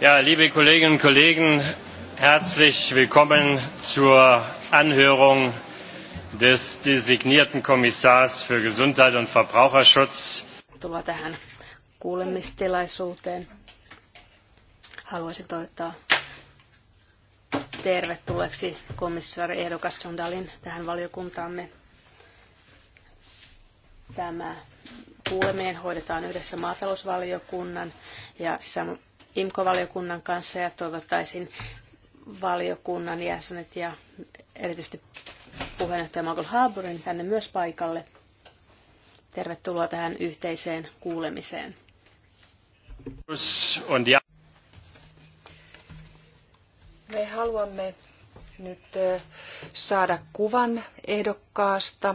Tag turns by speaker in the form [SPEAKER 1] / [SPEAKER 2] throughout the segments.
[SPEAKER 1] Ja, liebe Kolleginnen und Kollegen, herzlich willkommen zur Anhörung des designierten Kommissars für Gesundheit und Verbraucherschutz.
[SPEAKER 2] tähän kuulemistilaisuuteen. Haluaisin toivottaa tervetulleeksi komissaari ehdokas John tähän valiokuntaamme. Tämä kuuleminen hoidetaan yhdessä maatalousvaliokunnan ja IMKO-valiokunnan kanssa ja toivottaisin valiokunnan jäsenet ja erityisesti puheenjohtaja Michael Haaburin tänne myös paikalle. Tervetuloa tähän yhteiseen kuulemiseen.
[SPEAKER 3] Me haluamme nyt saada kuvan ehdokkaasta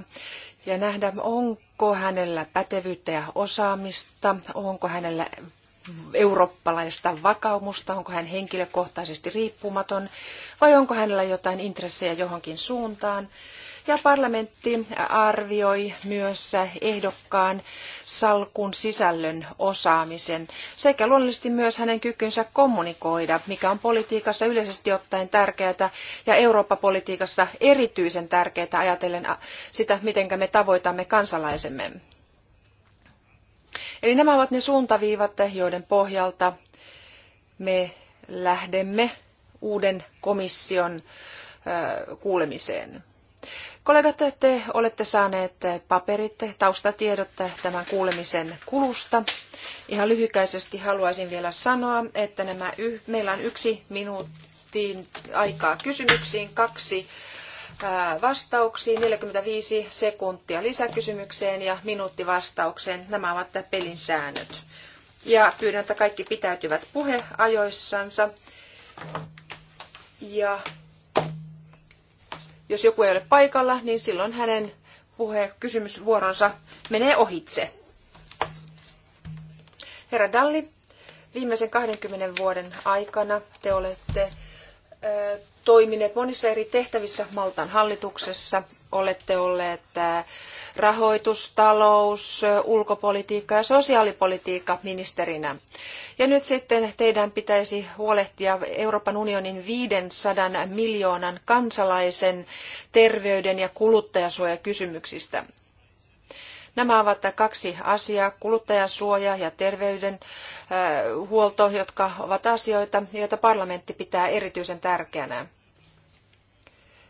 [SPEAKER 3] ja nähdä, on, Onko hänellä pätevyyttä ja osaamista? Onko hänellä eurooppalaista vakaumusta? Onko hän henkilökohtaisesti riippumaton? Vai onko hänellä jotain intressejä johonkin suuntaan? ja parlamentti arvioi myös ehdokkaan salkun sisällön osaamisen sekä luonnollisesti myös hänen kykynsä kommunikoida, mikä on politiikassa yleisesti ottaen tärkeää ja Eurooppa-politiikassa erityisen tärkeää ajatellen sitä, miten me tavoitamme kansalaisemme. Eli nämä ovat ne suuntaviivat, joiden pohjalta me lähdemme uuden komission kuulemiseen. Kollegat, te olette saaneet paperit, taustatiedot tämän kuulemisen kulusta. Ihan lyhykäisesti haluaisin vielä sanoa, että nämä meillä on yksi minuutin aikaa kysymyksiin, kaksi vastauksiin, 45 sekuntia lisäkysymykseen ja minuutti vastaukseen. Nämä ovat pelin säännöt. Ja pyydän, että kaikki pitäytyvät puheajoissansa. Ja jos joku ei ole paikalla, niin silloin hänen puhe, kysymysvuoronsa menee ohitse. Herra Dalli, viimeisen 20 vuoden aikana te olette toimineet monissa eri tehtävissä Maltan hallituksessa olette olleet rahoitus, talous, ulkopolitiikka ja sosiaalipolitiikka ministerinä. Ja nyt sitten teidän pitäisi huolehtia Euroopan unionin 500 miljoonan kansalaisen terveyden ja kuluttajasuojakysymyksistä. Nämä ovat kaksi asiaa, kuluttajasuoja ja terveydenhuolto, jotka ovat asioita, joita parlamentti pitää erityisen tärkeänä.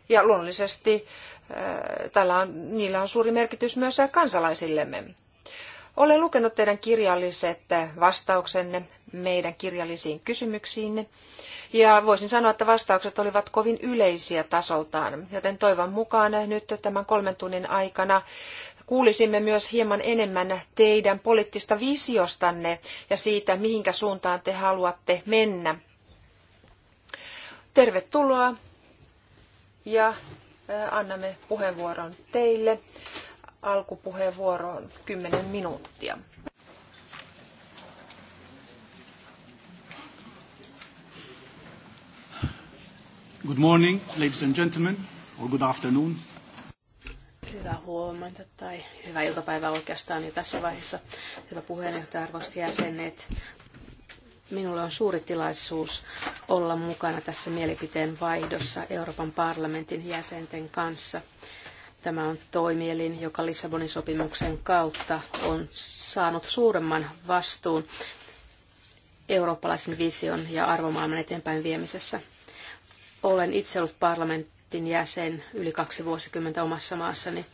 [SPEAKER 3] Ja luonnollisesti tällä on, niillä on suuri merkitys myös kansalaisillemme. Olen lukenut teidän kirjalliset vastauksenne meidän kirjallisiin kysymyksiinne, ja voisin sanoa, että vastaukset olivat kovin yleisiä tasoltaan, joten toivon mukaan nyt tämän kolmen tunnin aikana kuulisimme myös hieman enemmän teidän poliittista visiostanne ja siitä, mihinkä suuntaan te haluatte mennä. Tervetuloa ja annamme puheenvuoron teille. Alkupuheenvuoroon 10 minuuttia.
[SPEAKER 4] Good morning, ladies and gentlemen, or good afternoon.
[SPEAKER 2] Hyvää huomenta tai hyvää iltapäivää oikeastaan jo tässä vaiheessa. Hyvä puheenjohtaja, arvoisat jäsenet. Minulle on suuri tilaisuus olla mukana tässä mielipiteen vaihdossa Euroopan parlamentin jäsenten kanssa. Tämä on toimielin, joka Lissabonin sopimuksen kautta on saanut suuremman vastuun eurooppalaisen vision ja arvomaailman eteenpäin viemisessä. Olen itse ollut parlamentin jäsen yli kaksi vuosikymmentä omassa maassani.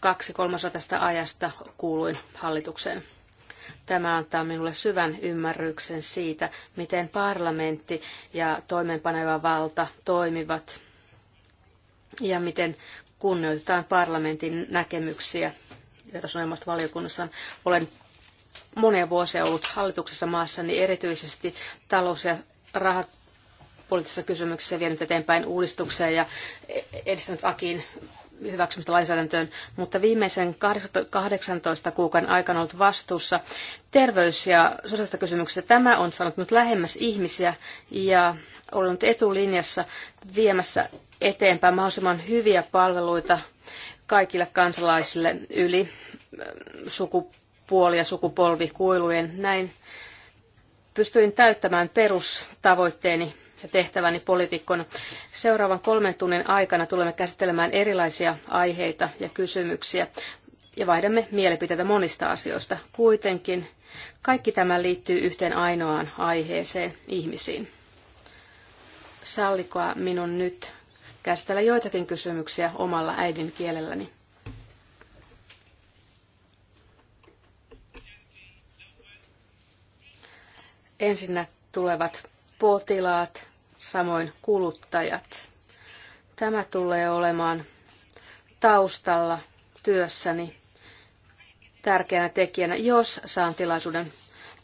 [SPEAKER 2] Kaksi kolmasosa tästä ajasta kuuluin hallitukseen. Tämä antaa minulle syvän ymmärryksen siitä, miten parlamentti ja toimeenpaneva valta toimivat ja miten kunnioitetaan parlamentin näkemyksiä. Tietosuojelmasta valiokunnassa olen monia vuosia ollut hallituksessa maassa, niin erityisesti talous- ja rahat poliittisissa kysymyksissä vienyt eteenpäin uudistuksia ja edistänyt Akin hyväksymistä lainsäädäntöön, mutta viimeisen 18 kuukauden aikana ollut vastuussa terveys- ja sosiaalista kysymyksistä. Tämä on saanut nyt lähemmäs ihmisiä ja ollut etulinjassa viemässä eteenpäin mahdollisimman hyviä palveluita kaikille kansalaisille yli äh, sukupuoli- ja sukupolvikuilujen. Näin pystyin täyttämään perustavoitteeni tehtäväni poliitikkona. Seuraavan kolmen tunnin aikana tulemme käsittelemään erilaisia aiheita ja kysymyksiä ja vaihdamme mielipiteitä monista asioista. Kuitenkin kaikki tämä liittyy yhteen ainoaan aiheeseen, ihmisiin. Sallikoa minun nyt käsitellä joitakin kysymyksiä omalla äidinkielelläni. Ensinnä tulevat potilaat, samoin kuluttajat. Tämä tulee olemaan taustalla työssäni tärkeänä tekijänä, jos saan tilaisuuden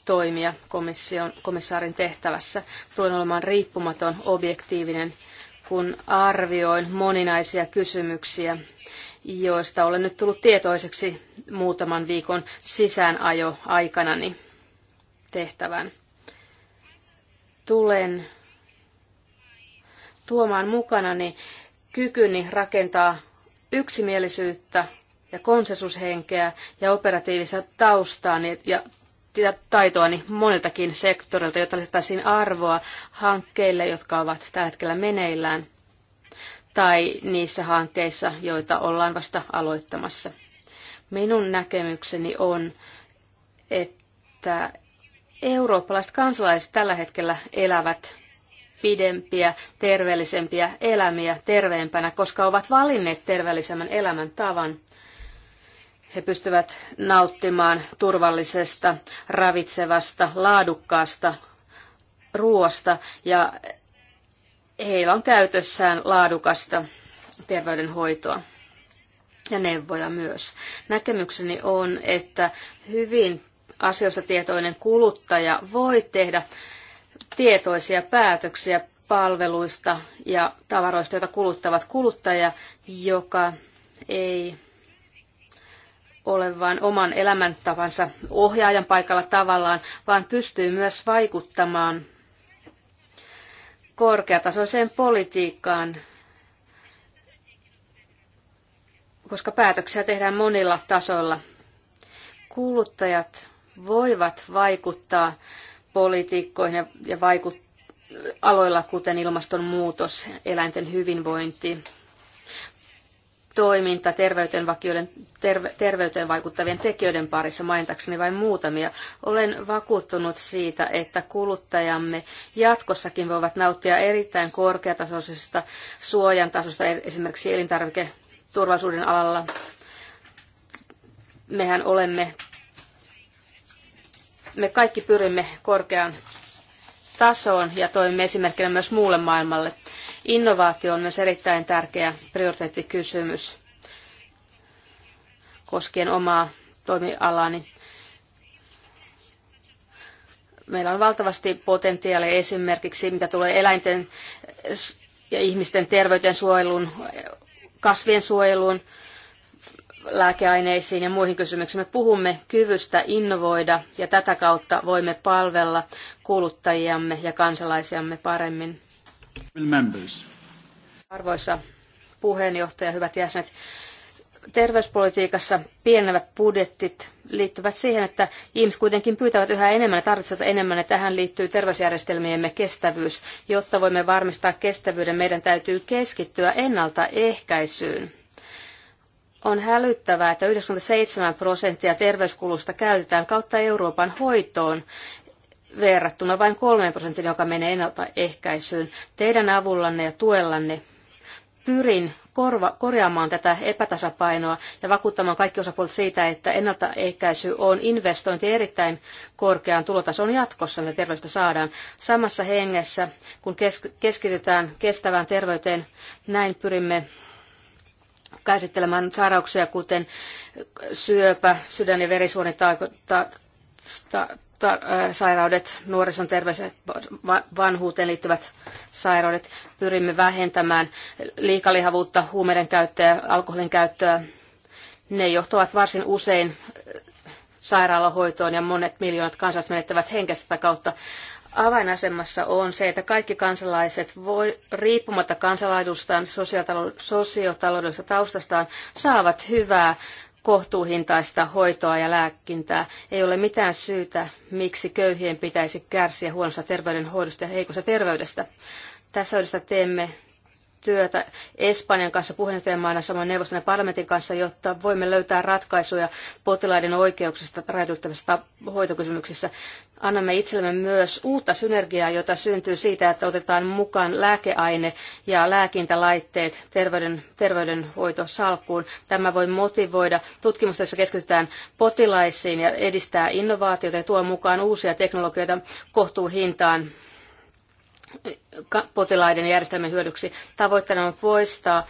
[SPEAKER 2] toimia komission, komissaarin tehtävässä. Tulen olemaan riippumaton, objektiivinen, kun arvioin moninaisia kysymyksiä, joista olen nyt tullut tietoiseksi muutaman viikon sisäänajo aikanani tehtävän. Tulen tuomaan mukanani niin kykyni rakentaa yksimielisyyttä ja konsensushenkeä ja operatiivista taustaani niin- ja taitoani moneltakin sektorilta, jotta lisättäisiin arvoa hankkeille, jotka ovat tällä hetkellä meneillään tai niissä hankkeissa, joita ollaan vasta aloittamassa. Minun näkemykseni on, että eurooppalaiset kansalaiset tällä hetkellä elävät pidempiä, terveellisempiä elämiä terveempänä, koska ovat valinneet terveellisemmän tavan. He pystyvät nauttimaan turvallisesta, ravitsevasta, laadukkaasta ruoasta ja heillä on käytössään laadukasta terveydenhoitoa ja neuvoja myös. Näkemykseni on, että hyvin asioista tietoinen kuluttaja voi tehdä tietoisia päätöksiä palveluista ja tavaroista, joita kuluttavat kuluttaja, joka ei ole vain oman elämäntavansa ohjaajan paikalla tavallaan, vaan pystyy myös vaikuttamaan korkeatasoiseen politiikkaan, koska päätöksiä tehdään monilla tasoilla. Kuluttajat voivat vaikuttaa politiikkoihin ja vaikut, aloilla, kuten ilmastonmuutos, eläinten hyvinvointi, toiminta terveyteen, terve, terveyteen vaikuttavien tekijöiden parissa, mainitakseni vain muutamia. Olen vakuuttunut siitä, että kuluttajamme jatkossakin voivat nauttia erittäin korkeatasoisesta suojan tasosta e- esimerkiksi elintarviketurvallisuuden alalla. Mehän olemme me kaikki pyrimme korkean tasoon ja toimimme esimerkkinä myös muulle maailmalle. Innovaatio on myös erittäin tärkeä prioriteettikysymys koskien omaa toimialani. Meillä on valtavasti potentiaalia esimerkiksi, mitä tulee eläinten ja ihmisten terveyden suojeluun, kasvien suojeluun, lääkeaineisiin ja muihin kysymyksiin. Me puhumme kyvystä innovoida ja tätä kautta voimme palvella kuluttajiamme ja kansalaisiamme paremmin. Arvoisa puheenjohtaja, hyvät jäsenet, terveyspolitiikassa pienevät budjetit liittyvät siihen, että ihmiset kuitenkin pyytävät yhä enemmän ja tarvitsevat enemmän, ja tähän liittyy terveysjärjestelmiemme kestävyys. Jotta voimme varmistaa kestävyyden, meidän täytyy keskittyä ennaltaehkäisyyn on hälyttävää, että 97 prosenttia terveyskulusta käytetään kautta Euroopan hoitoon verrattuna vain 3 prosenttiin, joka menee ennaltaehkäisyyn. Teidän avullanne ja tuellanne pyrin korva, korjaamaan tätä epätasapainoa ja vakuuttamaan kaikki osapuolet siitä, että ennaltaehkäisy on investointi erittäin korkeaan tulotason jatkossa, mitä terveystä saadaan. Samassa hengessä, kun keskitytään kestävään terveyteen, näin pyrimme käsittelemään sairauksia, kuten syöpä, sydän- ja verisuonisairaudet, äh, nuorison terveys ja vanhuuteen liittyvät sairaudet. Pyrimme vähentämään liikalihavuutta, huumeiden käyttöä ja alkoholin käyttöä. Ne johtavat varsin usein sairaalahoitoon ja monet miljoonat kansalaiset menettävät henkensä kautta avainasemassa on se, että kaikki kansalaiset, voi, riippumatta kansalaisuudestaan, sosiotaloudellisesta taustastaan, saavat hyvää kohtuuhintaista hoitoa ja lääkintää. Ei ole mitään syytä, miksi köyhien pitäisi kärsiä huonosta terveydenhoidosta ja heikosta terveydestä. Tässä yhdestä teemme työtä Espanjan kanssa puheenjohtajamaana samoin neuvoston ja parlamentin kanssa, jotta voimme löytää ratkaisuja potilaiden oikeuksista rajoitettavissa hoitokysymyksissä. Annamme itsellemme myös uutta synergiaa, jota syntyy siitä, että otetaan mukaan lääkeaine ja lääkintälaitteet terveyden, terveydenhoitosalkkuun. Tämä voi motivoida tutkimusta, jossa keskitytään potilaisiin ja edistää innovaatiota ja tuo mukaan uusia teknologioita kohtuuhintaan potilaiden järjestelmän hyödyksi. Tavoitteena on poistaa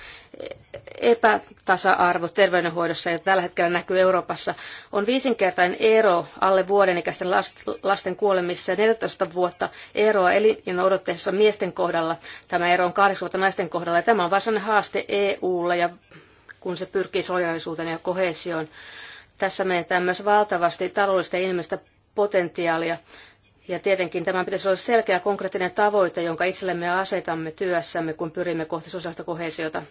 [SPEAKER 2] epätasa-arvo terveydenhoidossa, ja tällä hetkellä näkyy Euroopassa. On viisinkertainen ero alle vuoden ikäisten lasten kuolemissa ja 14 vuotta eroa elin odotteessa miesten kohdalla. Tämä ero on 8 vuotta naisten kohdalla, ja tämä on varsinainen haaste EUlle, ja kun se pyrkii solidaarisuuteen ja kohesioon. Tässä menetään myös valtavasti taloudellista ja inhimillistä potentiaalia ja tietenkin tämä pitäisi olla selkeä konkreettinen tavoite, jonka itsellemme asetamme työssämme, kun pyrimme kohti sosiaalista kohesiota.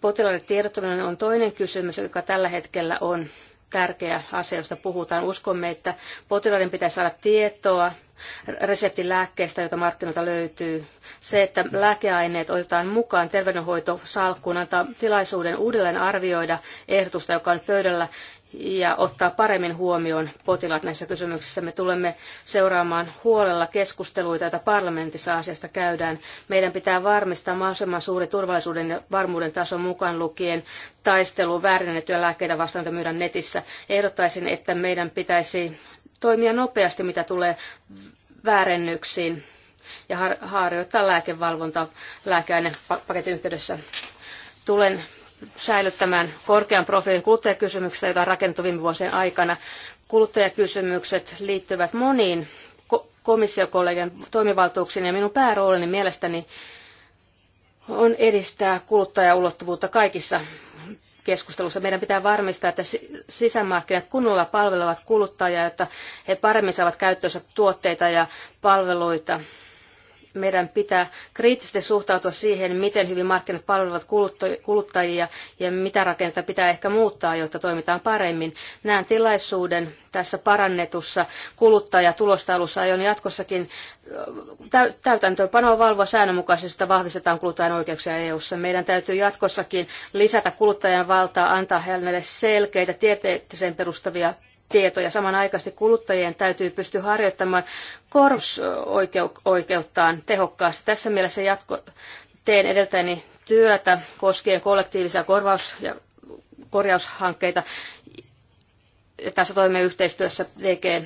[SPEAKER 2] Potilaiden tiedottaminen on toinen kysymys, joka tällä hetkellä on tärkeä asia, josta puhutaan. Uskomme, että potilaiden pitää saada tietoa reseptilääkkeistä, joita markkinoilta löytyy. Se, että lääkeaineet otetaan mukaan terveydenhoitosalkkuun, antaa tilaisuuden uudelleen arvioida ehdotusta, joka on pöydällä ja ottaa paremmin huomioon potilaat näissä kysymyksissä. Me tulemme seuraamaan huolella keskusteluita, joita parlamentissa asiasta käydään. Meidän pitää varmistaa mahdollisimman suuri turvallisuuden ja varmuuden taso mukaan lukien taistelu väärennettyjä lääkkeitä vastaan, joita myydään netissä. Ehdottaisin, että meidän pitäisi toimia nopeasti, mitä tulee väärennyksiin ja harjoittaa lääkevalvontaa lääkeainepaketin yhteydessä. Tulen säilyttämään korkean profiilin kuluttajakysymyksissä, joita on rakennettu viime vuosien aikana. Kuluttajakysymykset liittyvät moniin komissiokollegian toimivaltuuksiin ja minun pääroolini mielestäni on edistää kuluttajaulottuvuutta kaikissa keskustelussa. Meidän pitää varmistaa, että sisämarkkinat kunnolla palvelevat kuluttajia, että he paremmin saavat käyttöönsä tuotteita ja palveluita meidän pitää kriittisesti suhtautua siihen, miten hyvin markkinat palvelevat kuluttajia ja mitä rakenteita pitää ehkä muuttaa, jotta toimitaan paremmin. Näen tilaisuuden tässä parannetussa kuluttajatulostailussa aion jatkossakin täytäntöönpanoa valvoa säännönmukaisesti, vahvistetaan kuluttajan oikeuksia EU-ssa. Meidän täytyy jatkossakin lisätä kuluttajan valtaa, antaa hänelle selkeitä tieteellisen perustavia tietoja. Samanaikaisesti kuluttajien täytyy pystyä harjoittamaan korvausoikeuttaan tehokkaasti. Tässä mielessä jatko, teen edeltäni työtä koskien kollektiivisia korvaus- ja korjaushankkeita. Tässä toimme yhteistyössä DG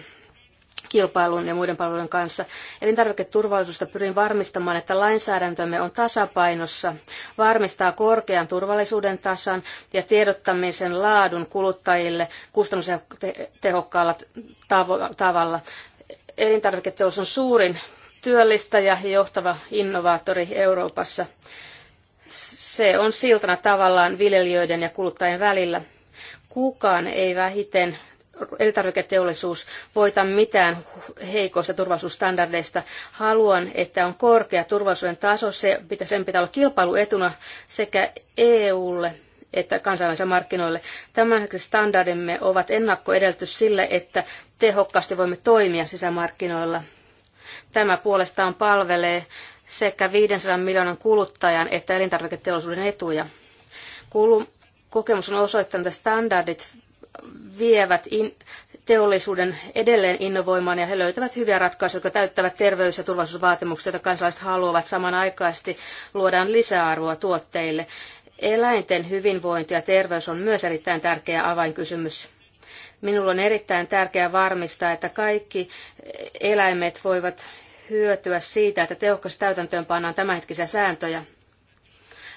[SPEAKER 2] kilpailun ja muiden palvelujen kanssa. Elintarviketurvallisuudesta pyrin varmistamaan, että lainsäädäntömme on tasapainossa, varmistaa korkean turvallisuuden tasan ja tiedottamisen laadun kuluttajille kustannustehokkaalla tavalla. Elintarviketeollisuus on suurin työllistäjä ja johtava innovaattori Euroopassa. Se on siltana tavallaan viljelijöiden ja kuluttajien välillä. Kukaan ei vähiten elintarviketeollisuus voita mitään heikoista turvallisuusstandardeista. Haluan, että on korkea turvallisuuden taso, se, sen pitää olla kilpailuetuna sekä EUlle että kansainvälisille markkinoille. Tämänhetkiset standardimme ovat ennakkoedellytys sille, että tehokkaasti voimme toimia sisämarkkinoilla. Tämä puolestaan palvelee sekä 500 miljoonan kuluttajan että elintarviketeollisuuden etuja. Kokemus on osoittanut, että standardit vievät in, teollisuuden edelleen innovoimaan ja he löytävät hyviä ratkaisuja, jotka täyttävät terveys- ja turvallisuusvaatimuksia, joita kansalaiset haluavat. Samanaikaisesti luodaan lisäarvoa tuotteille. Eläinten hyvinvointi ja terveys on myös erittäin tärkeä avainkysymys. Minulla on erittäin tärkeää varmistaa, että kaikki eläimet voivat hyötyä siitä, että tehokkaasti täytäntöön pannaan tämänhetkisiä sääntöjä.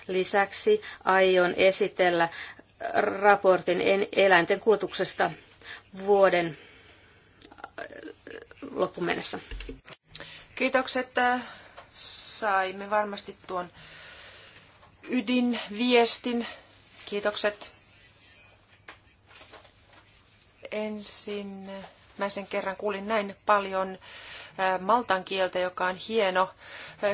[SPEAKER 2] Lisäksi aion esitellä raportin eläinten kulutuksesta vuoden äh, loppuun mennessä. Kiitokset. Äh,
[SPEAKER 3] saimme varmasti tuon ydinviestin. Kiitokset. ensin, äh, mä sen kerran kuulin näin paljon maltan kieltä, joka on hieno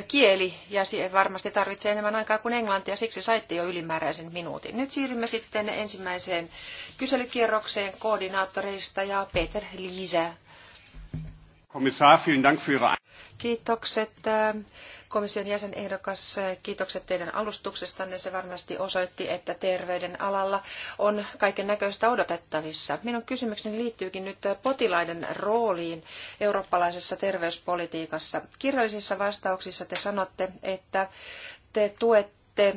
[SPEAKER 3] kieli ja varmasti tarvitsee enemmän aikaa kuin englantia, siksi saitte jo ylimääräisen minuutin. Nyt siirrymme sitten ensimmäiseen kyselykierrokseen koordinaattoreista ja Peter Liisä.
[SPEAKER 1] Kommissar, vielen Dank für Ihre...
[SPEAKER 3] Kiitokset komission jäsenehdokas, kiitokset teidän alustuksestanne. Se varmasti osoitti, että terveyden alalla on kaiken näköistä odotettavissa. Minun kysymykseni liittyykin nyt potilaiden rooliin eurooppalaisessa terveyspolitiikassa. Kirjallisissa vastauksissa te sanotte, että te tuette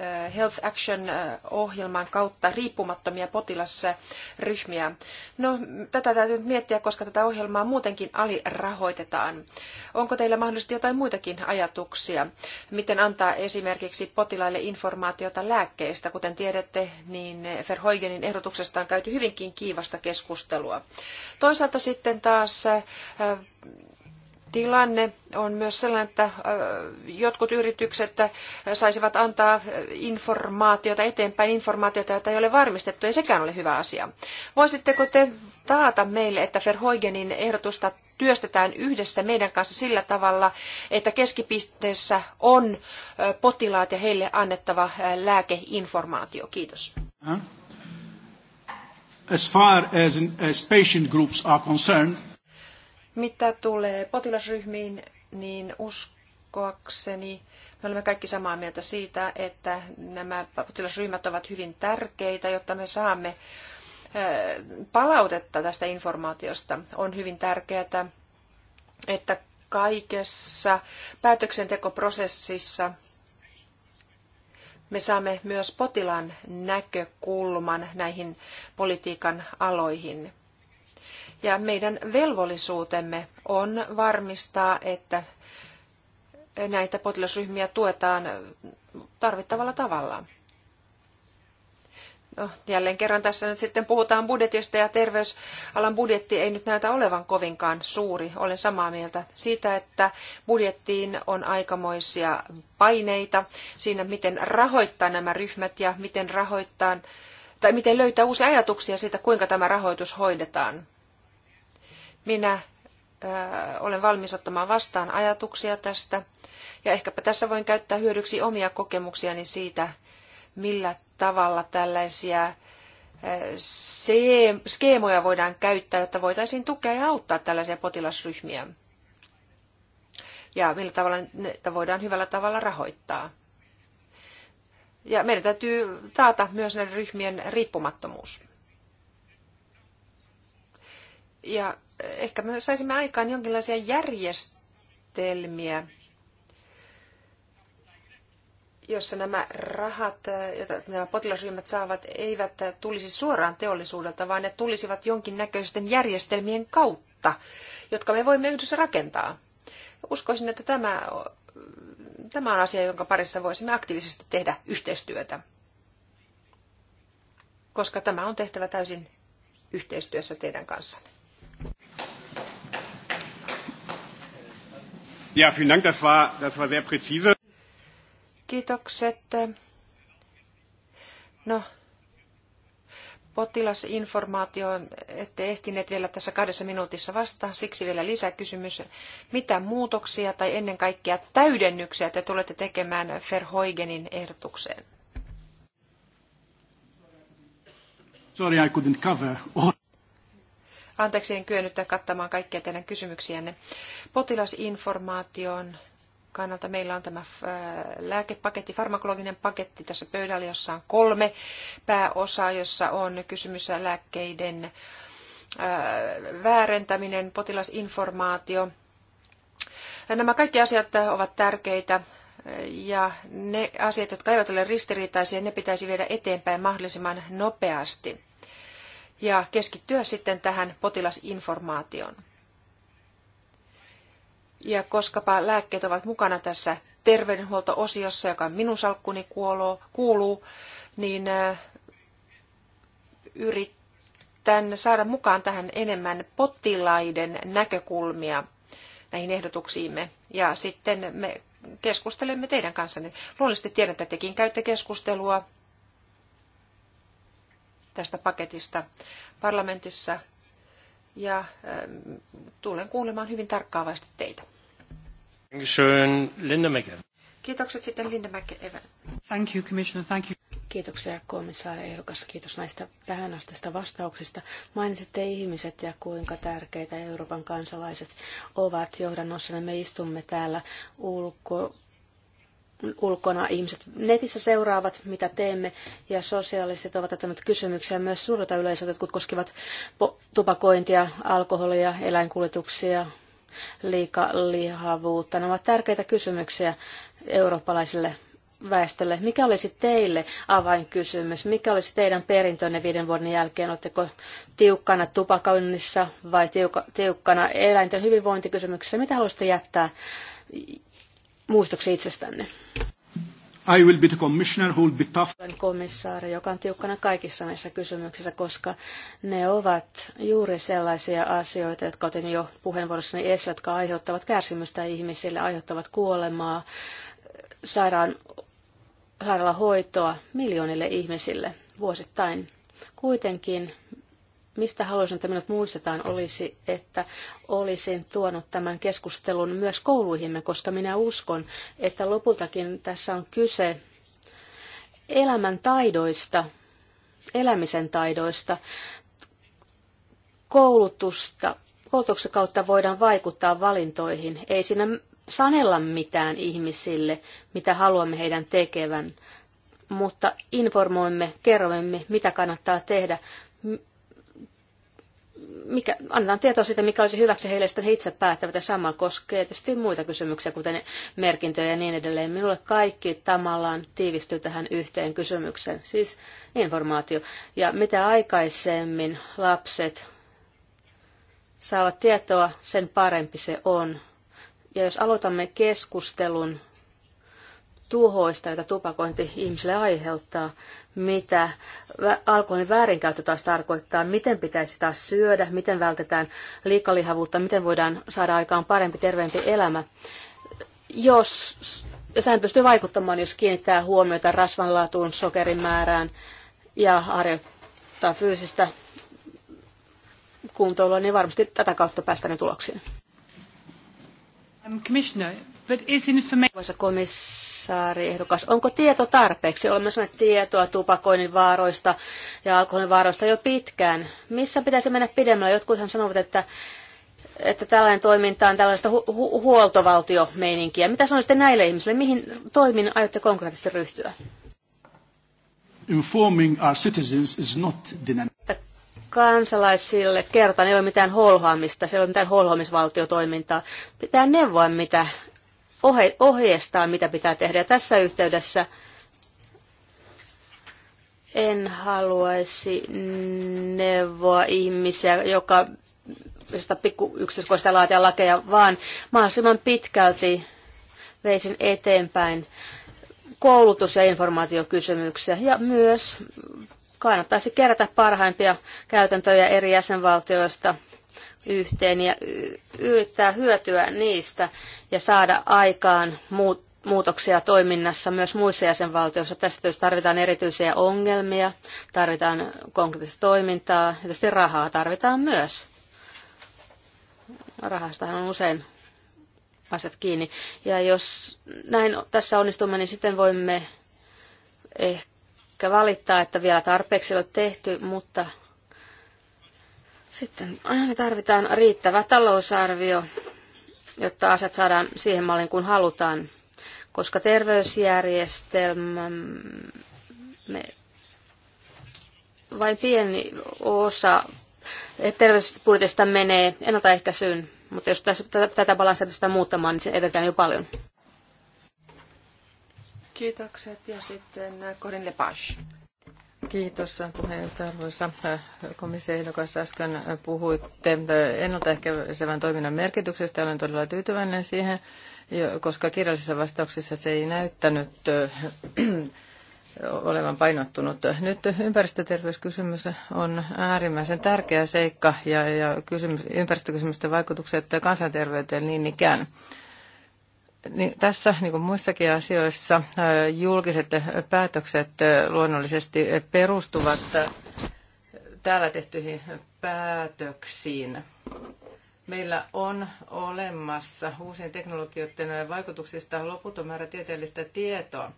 [SPEAKER 3] Eh, Health Action-ohjelman eh, kautta riippumattomia potilasryhmiä. No, tätä täytyy nyt miettiä, koska tätä ohjelmaa muutenkin alirahoitetaan. Onko teillä mahdollisesti jotain muitakin ajatuksia? Miten antaa esimerkiksi potilaille informaatiota lääkkeistä? Kuten tiedätte, niin Verhoigenin ehdotuksesta on käyty hyvinkin kiivasta keskustelua. Toisaalta sitten taas eh, tilanne on myös sellainen, että jotkut yritykset saisivat antaa informaatiota eteenpäin, informaatiota, jota ei ole varmistettu, ei sekään ole hyvä asia. Voisitteko te taata meille, että Verhoigenin ehdotusta työstetään yhdessä meidän kanssa sillä tavalla, että keskipisteessä on potilaat ja heille annettava lääkeinformaatio? Kiitos.
[SPEAKER 4] As far as, as patient groups are concerned,
[SPEAKER 3] mitä tulee potilasryhmiin, niin uskoakseni me olemme kaikki samaa mieltä siitä, että nämä potilasryhmät ovat hyvin tärkeitä, jotta me saamme palautetta tästä informaatiosta. On hyvin tärkeää, että kaikessa päätöksentekoprosessissa me saamme myös potilaan näkökulman näihin politiikan aloihin. Ja meidän velvollisuutemme on varmistaa, että näitä potilasryhmiä tuetaan tarvittavalla tavalla. No, jälleen kerran tässä nyt sitten puhutaan budjetista ja terveysalan budjetti ei nyt näytä olevan kovinkaan suuri. Olen samaa mieltä siitä, että budjettiin on aikamoisia paineita siinä, miten rahoittaa nämä ryhmät ja miten rahoittaa tai miten löytää uusia ajatuksia siitä, kuinka tämä rahoitus hoidetaan. Minä äh, olen valmis ottamaan vastaan ajatuksia tästä. Ja ehkäpä tässä voin käyttää hyödyksi omia kokemuksiani siitä, millä tavalla tällaisia äh, skeemoja voidaan käyttää, jotta voitaisiin tukea ja auttaa tällaisia potilasryhmiä. Ja millä tavalla niitä voidaan hyvällä tavalla rahoittaa. Ja meidän täytyy taata myös näiden ryhmien riippumattomuus. Ja ehkä me saisimme aikaan jonkinlaisia järjestelmiä, jossa nämä rahat, joita nämä potilasryhmät saavat, eivät tulisi suoraan teollisuudelta, vaan ne tulisivat jonkinnäköisten järjestelmien kautta, jotka me voimme yhdessä rakentaa. Uskoisin, että tämä, tämä on asia, jonka parissa voisimme aktiivisesti tehdä yhteistyötä, koska tämä on tehtävä täysin yhteistyössä teidän kanssanne.
[SPEAKER 1] Ja, vielen Dank, das war, das war sehr präzise.
[SPEAKER 3] Kiitokset. No, potilasinformaatio ette ehtineet vielä tässä kahdessa minuutissa vastaan. Siksi vielä lisäkysymys. Mitä muutoksia tai ennen kaikkea täydennyksiä te tulette tekemään Verhoigenin ehdotukseen?
[SPEAKER 4] Sorry, I couldn't cover all.
[SPEAKER 3] Anteeksi, en kyennyt kattamaan kaikkia teidän kysymyksiänne. Potilasinformaation kannalta meillä on tämä äh, lääkepaketti, farmakologinen paketti tässä pöydällä, jossa on kolme pääosaa, jossa on kysymys lääkkeiden äh, väärentäminen, potilasinformaatio. Nämä kaikki asiat ovat tärkeitä äh, ja ne asiat, jotka eivät ole ristiriitaisia, ne pitäisi viedä eteenpäin mahdollisimman nopeasti ja keskittyä sitten tähän potilasinformaatioon. Ja koskapa lääkkeet ovat mukana tässä terveydenhuolto-osiossa, joka minun salkkuni kuuluu, niin yritän saada mukaan tähän enemmän potilaiden näkökulmia näihin ehdotuksiimme. Ja sitten me keskustelemme teidän kanssanne. Luonnollisesti tiedän, että tekin käytte keskustelua tästä paketista parlamentissa ja ähm, tulen kuulemaan hyvin tarkkaavasti teitä. Kiitokset sitten Linda McEvan.
[SPEAKER 2] Thank you, Commissioner. Thank you. Kiitoksia komissaari ehdokas. Kiitos näistä tähän asteista vastauksista. Mainitsitte ihmiset ja kuinka tärkeitä Euroopan kansalaiset ovat johdannossa. Me istumme täällä ulko ulkona ihmiset netissä seuraavat, mitä teemme, ja sosiaaliset ovat ottaneet kysymyksiä myös suurelta yleisöltä, jotkut koskivat tupakointia, alkoholia, eläinkuljetuksia, liikalihavuutta. Nämä ovat tärkeitä kysymyksiä eurooppalaisille väestölle. Mikä olisi teille avainkysymys? Mikä olisi teidän perintönne viiden vuoden jälkeen? Oletteko tiukkana tupakoinnissa vai tiukkana eläinten hyvinvointikysymyksissä? Mitä haluaisitte jättää muistoksi itsestänne.
[SPEAKER 4] I will be the commissioner who will be tough.
[SPEAKER 2] Olen komissaari, joka on tiukkana kaikissa näissä kysymyksissä, koska ne ovat juuri sellaisia asioita, jotka otin jo puheenvuorossani esiin, jotka aiheuttavat kärsimystä ihmisille, aiheuttavat kuolemaa, sairaan, sairaalahoitoa miljoonille ihmisille vuosittain. Kuitenkin mistä haluaisin, että minut muistetaan, olisi, että olisin tuonut tämän keskustelun myös kouluihimme, koska minä uskon, että lopultakin tässä on kyse elämän taidoista, elämisen taidoista, koulutusta, koulutuksen kautta voidaan vaikuttaa valintoihin. Ei siinä sanella mitään ihmisille, mitä haluamme heidän tekevän, mutta informoimme, kerromme, mitä kannattaa tehdä, mikä, annetaan tietoa siitä, mikä olisi hyväksi heille, sitten he itse päättävät. Ja sama koskee tietysti muita kysymyksiä, kuten merkintöjä ja niin edelleen. Minulle kaikki tamallaan tiivistyy tähän yhteen kysymykseen, siis informaatio. Ja mitä aikaisemmin lapset saavat tietoa, sen parempi se on. Ja jos aloitamme keskustelun tuhoista, joita tupakointi ihmisille aiheuttaa, mitä alkoholin väärinkäyttö taas tarkoittaa, miten pitäisi taas syödä, miten vältetään liikalihavuutta, miten voidaan saada aikaan parempi, terveempi elämä. Jos, ja sehän pystyy vaikuttamaan, jos kiinnittää huomiota rasvanlaatuun, sokerin määrään ja harjoittaa fyysistä kuntoilua, niin varmasti tätä kautta päästään tuloksiin. Um, Commissioner, Arvoisa komissaari ehdokas, onko tieto tarpeeksi? Olemme saaneet tietoa tupakoinnin vaaroista ja alkoholin vaaroista jo pitkään. Missä pitäisi mennä pidemmällä? Jotkuthan sanovat, että että tällainen toiminta on tällaista hu- hu- huoltovaltiomeininkiä. Mitä sanoisitte näille ihmisille? Mihin toimiin aiotte konkreettisesti ryhtyä?
[SPEAKER 4] Informing our citizens is not
[SPEAKER 2] Kansalaisille kerrotaan, ei ole mitään holhoamista, se ei ole mitään holhoamisvaltiotoimintaa. Pitää neuvoa, mitä ohe, ohjeistaa, mitä pitää tehdä. Ja tässä yhteydessä en haluaisi neuvoa ihmisiä, joka josta pikku yksityiskoista laatia lakeja, vaan mahdollisimman pitkälti veisin eteenpäin koulutus- ja informaatiokysymyksiä ja myös kannattaisi kerätä parhaimpia käytäntöjä eri jäsenvaltioista yhteen ja yrittää hyötyä niistä ja saada aikaan muutoksia toiminnassa myös muissa jäsenvaltioissa. Tästä tietysti tarvitaan erityisiä ongelmia, tarvitaan konkreettista toimintaa ja tietysti rahaa tarvitaan myös. Rahastahan on usein asiat kiinni. Ja jos näin tässä onnistumme, niin sitten voimme ehkä valittaa, että vielä tarpeeksi ei ole tehty, mutta sitten aina tarvitaan riittävä talousarvio, jotta asiat saadaan siihen malliin kuin halutaan, koska terveysjärjestelmä me vain pieni osa terveysbudjetista menee ennaltaehkäisyyn, mutta jos tässä, tätä balanssia pystytään muuttamaan, niin se edetään jo paljon.
[SPEAKER 3] Kiitokset ja sitten Corinne Lepage.
[SPEAKER 5] Kiitos puheenjohtaja arvoisa äh, komissioehdokas. Äsken äh, puhuitte äh, ennaltaehkäisevän toiminnan merkityksestä. Olen todella tyytyväinen siihen, koska kirjallisissa vastauksissa se ei näyttänyt olevan painottunut. Nyt ympäristöterveyskysymys on äärimmäisen tärkeä seikka ja, ja kysymys, ympäristökysymysten vaikutukset kansanterveyteen niin ikään. Niin tässä, niin kuin muissakin asioissa, julkiset päätökset luonnollisesti perustuvat täällä tehtyihin päätöksiin. Meillä on olemassa uusien teknologioiden vaikutuksista loputon määrä tieteellistä tietoa.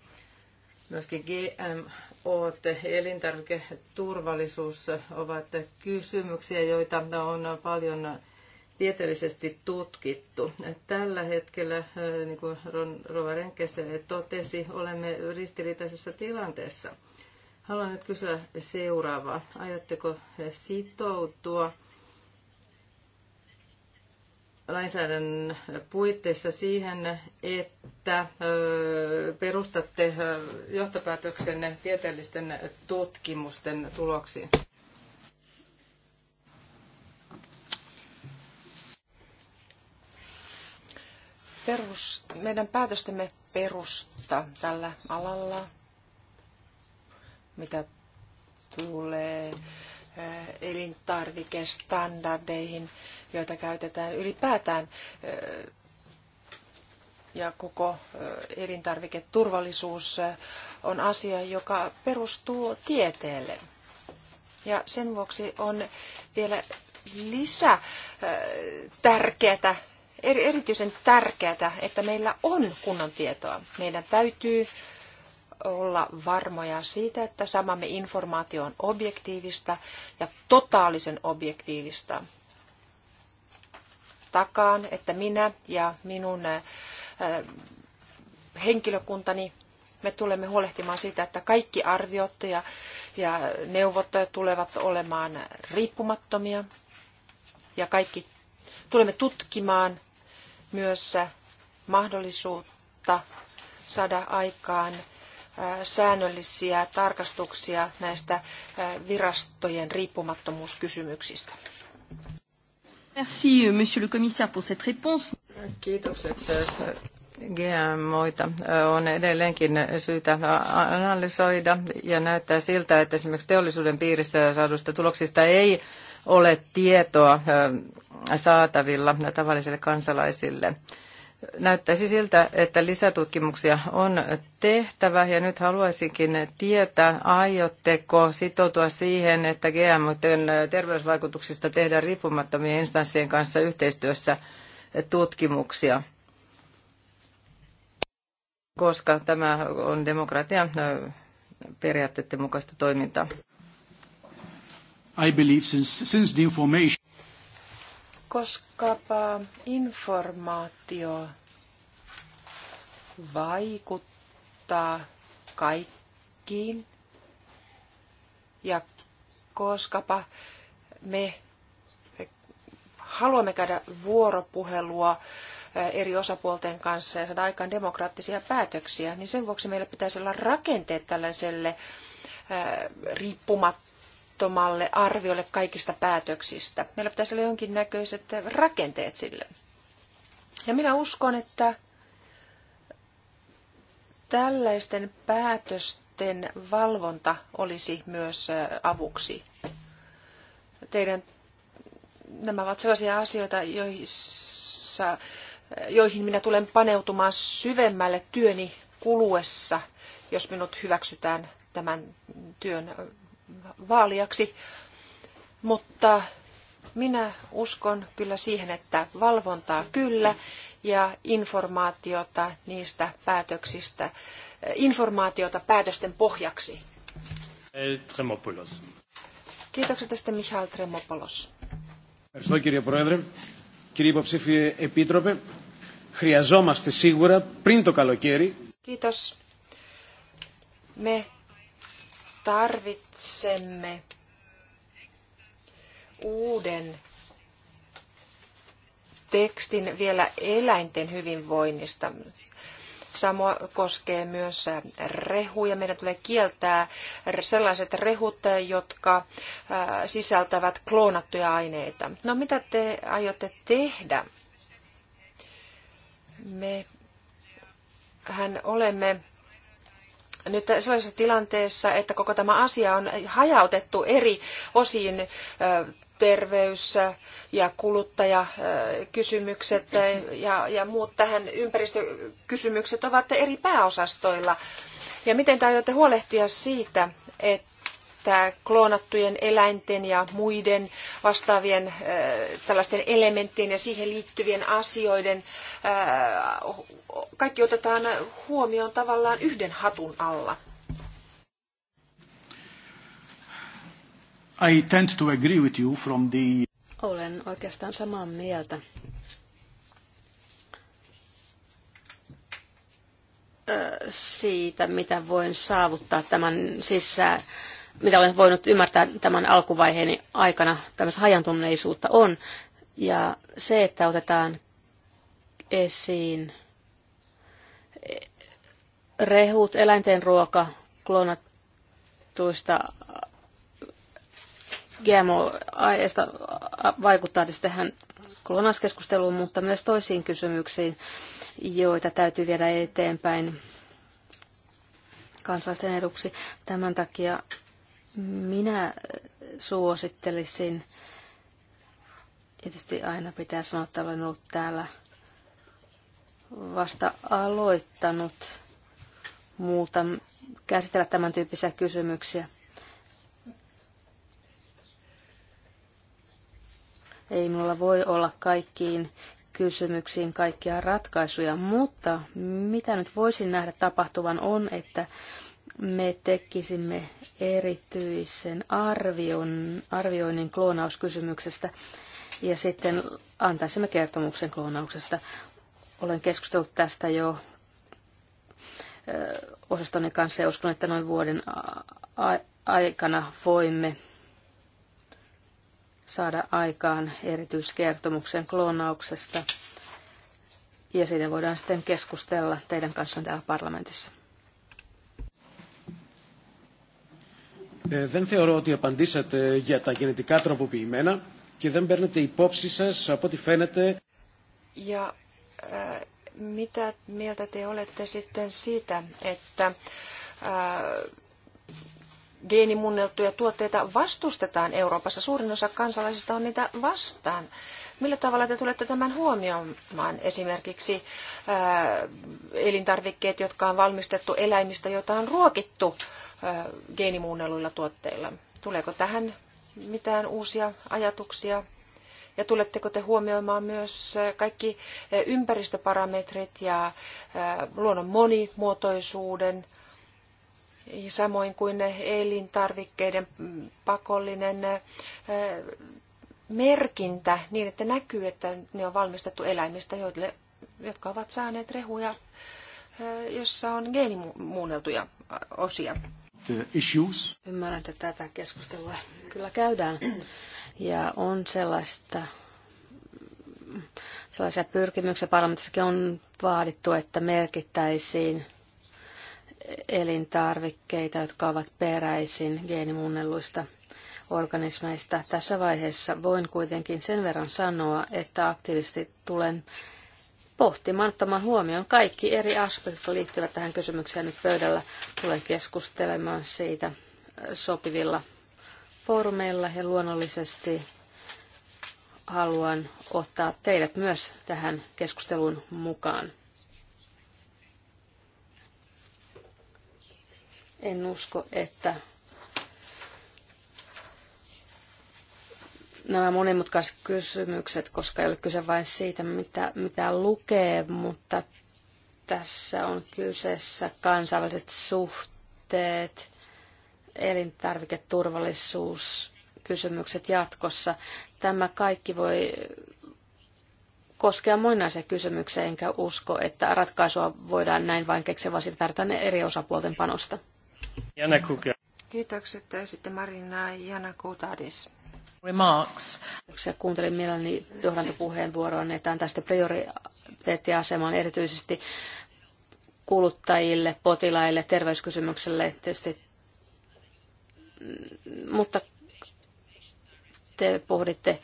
[SPEAKER 5] Myöskin GMO, elintarviketurvallisuus ovat kysymyksiä, joita on paljon tieteellisesti tutkittu. Tällä hetkellä, niin kuin Rova Renkese totesi, olemme ristiriitaisessa tilanteessa. Haluan nyt kysyä seuraavaa. Aiotteko sitoutua lainsäädännön puitteissa siihen, että perustatte johtopäätöksenne tieteellisten tutkimusten tuloksiin?
[SPEAKER 3] perus, meidän päätöstemme perusta tällä alalla, mitä tulee eh, elintarvikestandardeihin, joita käytetään ylipäätään eh, ja koko eh, elintarviketurvallisuus on asia, joka perustuu tieteelle. Ja sen vuoksi on vielä lisä tärkeää erityisen tärkeää, että meillä on kunnon tietoa. Meidän täytyy olla varmoja siitä, että samamme informaatio on objektiivista ja totaalisen objektiivista. Takaan, että minä ja minun äh, henkilökuntani me tulemme huolehtimaan siitä, että kaikki arviot ja, ja neuvot tulevat olemaan riippumattomia ja kaikki tulemme tutkimaan myös äh, mahdollisuutta saada aikaan äh, säännöllisiä tarkastuksia näistä äh, virastojen riippumattomuuskysymyksistä.
[SPEAKER 5] Merci, euh, monsieur le commissaire, pour cette réponse. Kiitokset. GMOita on edelleenkin syytä analysoida ja näyttää siltä, että esimerkiksi teollisuuden piirissä saadusta tuloksista ei ole tietoa saatavilla tavallisille kansalaisille. Näyttäisi siltä, että lisätutkimuksia on tehtävä ja nyt haluaisinkin tietää, aiotteko sitoutua siihen, että GMOiden terveysvaikutuksista tehdään riippumattomien instanssien kanssa yhteistyössä tutkimuksia, koska tämä on demokratian periaatteiden mukaista toimintaa.
[SPEAKER 4] I believe since, since the information
[SPEAKER 3] koska informaatio vaikuttaa kaikkiin ja koskapa me haluamme käydä vuoropuhelua eh, eri osapuolten kanssa ja saada aikaan demokraattisia päätöksiä, niin sen vuoksi meillä pitäisi olla rakenteet tällaiselle eh, riippumattomuudelle riippumattomalle arviolle kaikista päätöksistä. Meillä pitäisi olla jonkinnäköiset rakenteet sille. Ja minä uskon, että tällaisten päätösten valvonta olisi myös avuksi. Teidän, nämä ovat sellaisia asioita, joissa, joihin minä tulen paneutumaan syvemmälle työni kuluessa, jos minut hyväksytään tämän työn vaaliaksi, mutta minä uskon kyllä siihen, että valvontaa kyllä ja informaatiota niistä päätöksistä, informaatiota päätösten pohjaksi.
[SPEAKER 1] Tremopoulos.
[SPEAKER 3] Kiitoksia tästä Mihail Tremopoulos.
[SPEAKER 1] Ευχαριστώ κύριε Πρόεδρε.
[SPEAKER 4] Κύριε Υποψήφιε Επίτροπε, χρειαζόμαστε σίγουρα πριν το καλοκαίρι.
[SPEAKER 3] Kiitos. Me tarvitsemme tarvitsemme uuden tekstin vielä eläinten hyvinvoinnista. Samo koskee myös rehuja. Meidän tulee kieltää sellaiset rehut, jotka sisältävät kloonattuja aineita. No mitä te aiotte tehdä? Me hän olemme nyt sellaisessa tilanteessa, että koko tämä asia on hajautettu eri osiin terveys- ja kuluttajakysymykset ja, ja muut tähän ympäristökysymykset ovat eri pääosastoilla. Ja miten te aiotte huolehtia siitä, että että kloonattujen eläinten ja muiden vastaavien äh, tällaisten elementtien ja siihen liittyvien asioiden äh, kaikki otetaan huomioon tavallaan yhden hatun alla.
[SPEAKER 4] I tend to agree with you from the...
[SPEAKER 2] Olen oikeastaan samaa mieltä. siitä, mitä voin saavuttaa tämän sisään mitä olen voinut ymmärtää tämän alkuvaiheeni aikana, tämmöistä hajantunneisuutta on. Ja se, että otetaan esiin rehut, eläinten ruoka, klonattuista GMO-aiheesta vaikuttaa tietysti tähän klonaskeskusteluun, mutta myös toisiin kysymyksiin, joita täytyy viedä eteenpäin kansalaisten eduksi. Tämän takia minä suosittelisin, tietysti aina pitää sanoa, että olen ollut täällä vasta aloittanut muuta käsitellä tämän tyyppisiä kysymyksiä. Ei minulla voi olla kaikkiin kysymyksiin kaikkia ratkaisuja, mutta mitä nyt voisin nähdä tapahtuvan on, että me tekisimme erityisen arvion, arvioinnin kloonauskysymyksestä ja sitten antaisimme kertomuksen kloonauksesta. Olen keskustellut tästä jo osastoni kanssa ja uskon, että noin vuoden aikana voimme saada aikaan erityiskertomuksen kloonauksesta ja siitä voidaan sitten keskustella teidän kanssanne täällä parlamentissa.
[SPEAKER 4] Ε, δεν θεωρώ ότι απαντήσατε για τα γενετικά τροποποιημένα και δεν παίρνετε υπόψη σας από ό,τι φαίνεται.
[SPEAKER 3] Ja ε, mitä mieltä te olette sitten siitä, että äh, geenimunneltuja tuotteita vastustetaan Euroopassa? Suurin osa kansalaisista on niitä vastaan. Millä tavalla te tulette tämän huomioimaan? Esimerkiksi ää, elintarvikkeet, jotka on valmistettu eläimistä, joita on ruokittu ää, tuotteilla. Tuleeko tähän mitään uusia ajatuksia? Ja tuletteko te huomioimaan myös kaikki ympäristöparametrit ja luonnon monimuotoisuuden, samoin kuin elintarvikkeiden pakollinen merkintä niin, että näkyy, että ne on valmistettu eläimistä, joille, jotka ovat saaneet rehuja,
[SPEAKER 2] jossa on geenimuunneltuja osia.
[SPEAKER 3] Issues.
[SPEAKER 2] Ymmärrän, että tätä keskustelua kyllä käydään. Ja on sellaista, sellaisia pyrkimyksiä parlamentissakin on vaadittu, että merkittäisiin elintarvikkeita, jotka ovat peräisin geenimuunnelluista organismeista. Tässä vaiheessa voin kuitenkin sen verran sanoa, että aktiivisesti tulen pohtimaan, ottamaan huomioon kaikki eri aspektit, jotka liittyvät tähän kysymykseen nyt pöydällä. Tulen keskustelemaan siitä sopivilla foorumeilla ja luonnollisesti haluan ottaa teidät myös tähän keskusteluun mukaan. En usko, että nämä monimutkaiset kysymykset, koska ei ole kyse vain siitä, mitä, mitä lukee, mutta tässä on kyseessä kansainväliset suhteet, elintarviketurvallisuus, kysymykset jatkossa. Tämä kaikki voi koskea moninaisia kysymyksiä, enkä usko, että ratkaisua voidaan näin vain keksiä, vaan sitä tarvitaan eri osapuolten panosta.
[SPEAKER 1] Jana
[SPEAKER 3] Kiitokset. Sitten Marina
[SPEAKER 2] Jana Kutadis. Remarks. Kiitoksia. Kuuntelin mielelläni johdantopuheenvuoroon, että antaa sitten prioriteettiaseman erityisesti kuluttajille, potilaille, terveyskysymykselle tietysti. Mutta te pohditte eh,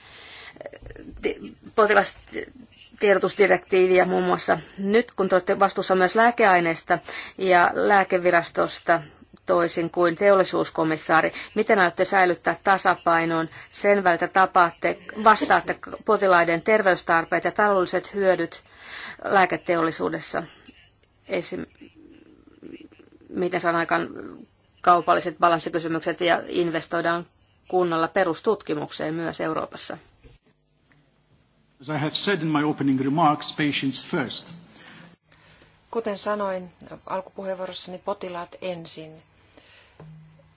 [SPEAKER 2] potilastiedotusdirektiiviä muun muassa nyt, kun te olette vastuussa myös lääkeaineista ja lääkevirastosta, toisin kuin teollisuuskomissaari. Miten aiotte säilyttää tasapainon sen välillä, tapaatte, vastaatte potilaiden terveystarpeet ja taloudelliset hyödyt lääketeollisuudessa? Esim, miten saadaan aikaan kaupalliset balanssikysymykset ja investoidaan kunnalla perustutkimukseen myös Euroopassa?
[SPEAKER 6] As I
[SPEAKER 4] have said in my opening remarks, patients first.
[SPEAKER 2] Kuten sanoin
[SPEAKER 3] alkupuheenvuorossani, potilaat ensin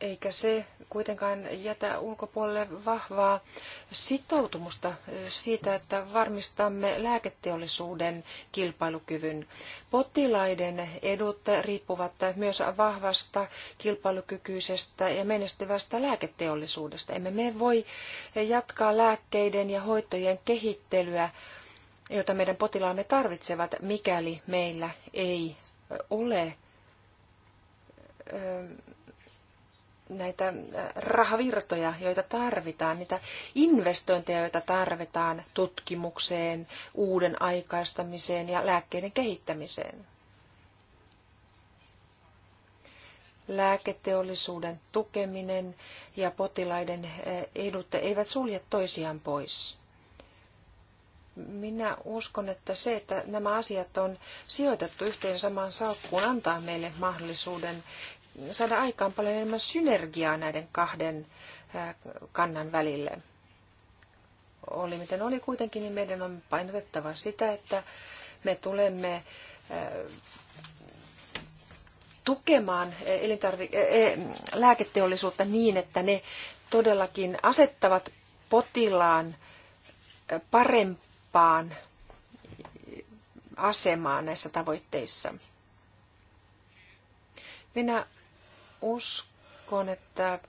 [SPEAKER 3] eikä se kuitenkaan jätä ulkopuolelle vahvaa sitoutumusta siitä, että varmistamme lääketeollisuuden kilpailukyvyn. Potilaiden edut riippuvat myös vahvasta, kilpailukykyisestä ja menestyvästä lääketeollisuudesta. Emme me voi jatkaa lääkkeiden ja hoitojen kehittelyä, jota meidän potilaamme tarvitsevat, mikäli meillä ei ole näitä äh, rahavirtoja, joita tarvitaan, niitä investointeja, joita tarvitaan tutkimukseen, uuden aikaistamiseen ja lääkkeiden kehittämiseen. Lääketeollisuuden tukeminen ja potilaiden äh, edut eivät sulje toisiaan pois. Minä uskon, että se, että nämä asiat on sijoitettu yhteen samaan salkkuun, antaa meille mahdollisuuden saada aikaan paljon enemmän synergiaa näiden kahden kannan välille. Oli miten oli kuitenkin, niin meidän on painotettava sitä, että me tulemme tukemaan elintarvi- lääketeollisuutta niin, että ne todellakin asettavat potilaan parempaan asemaan näissä tavoitteissa. Minä uskon, että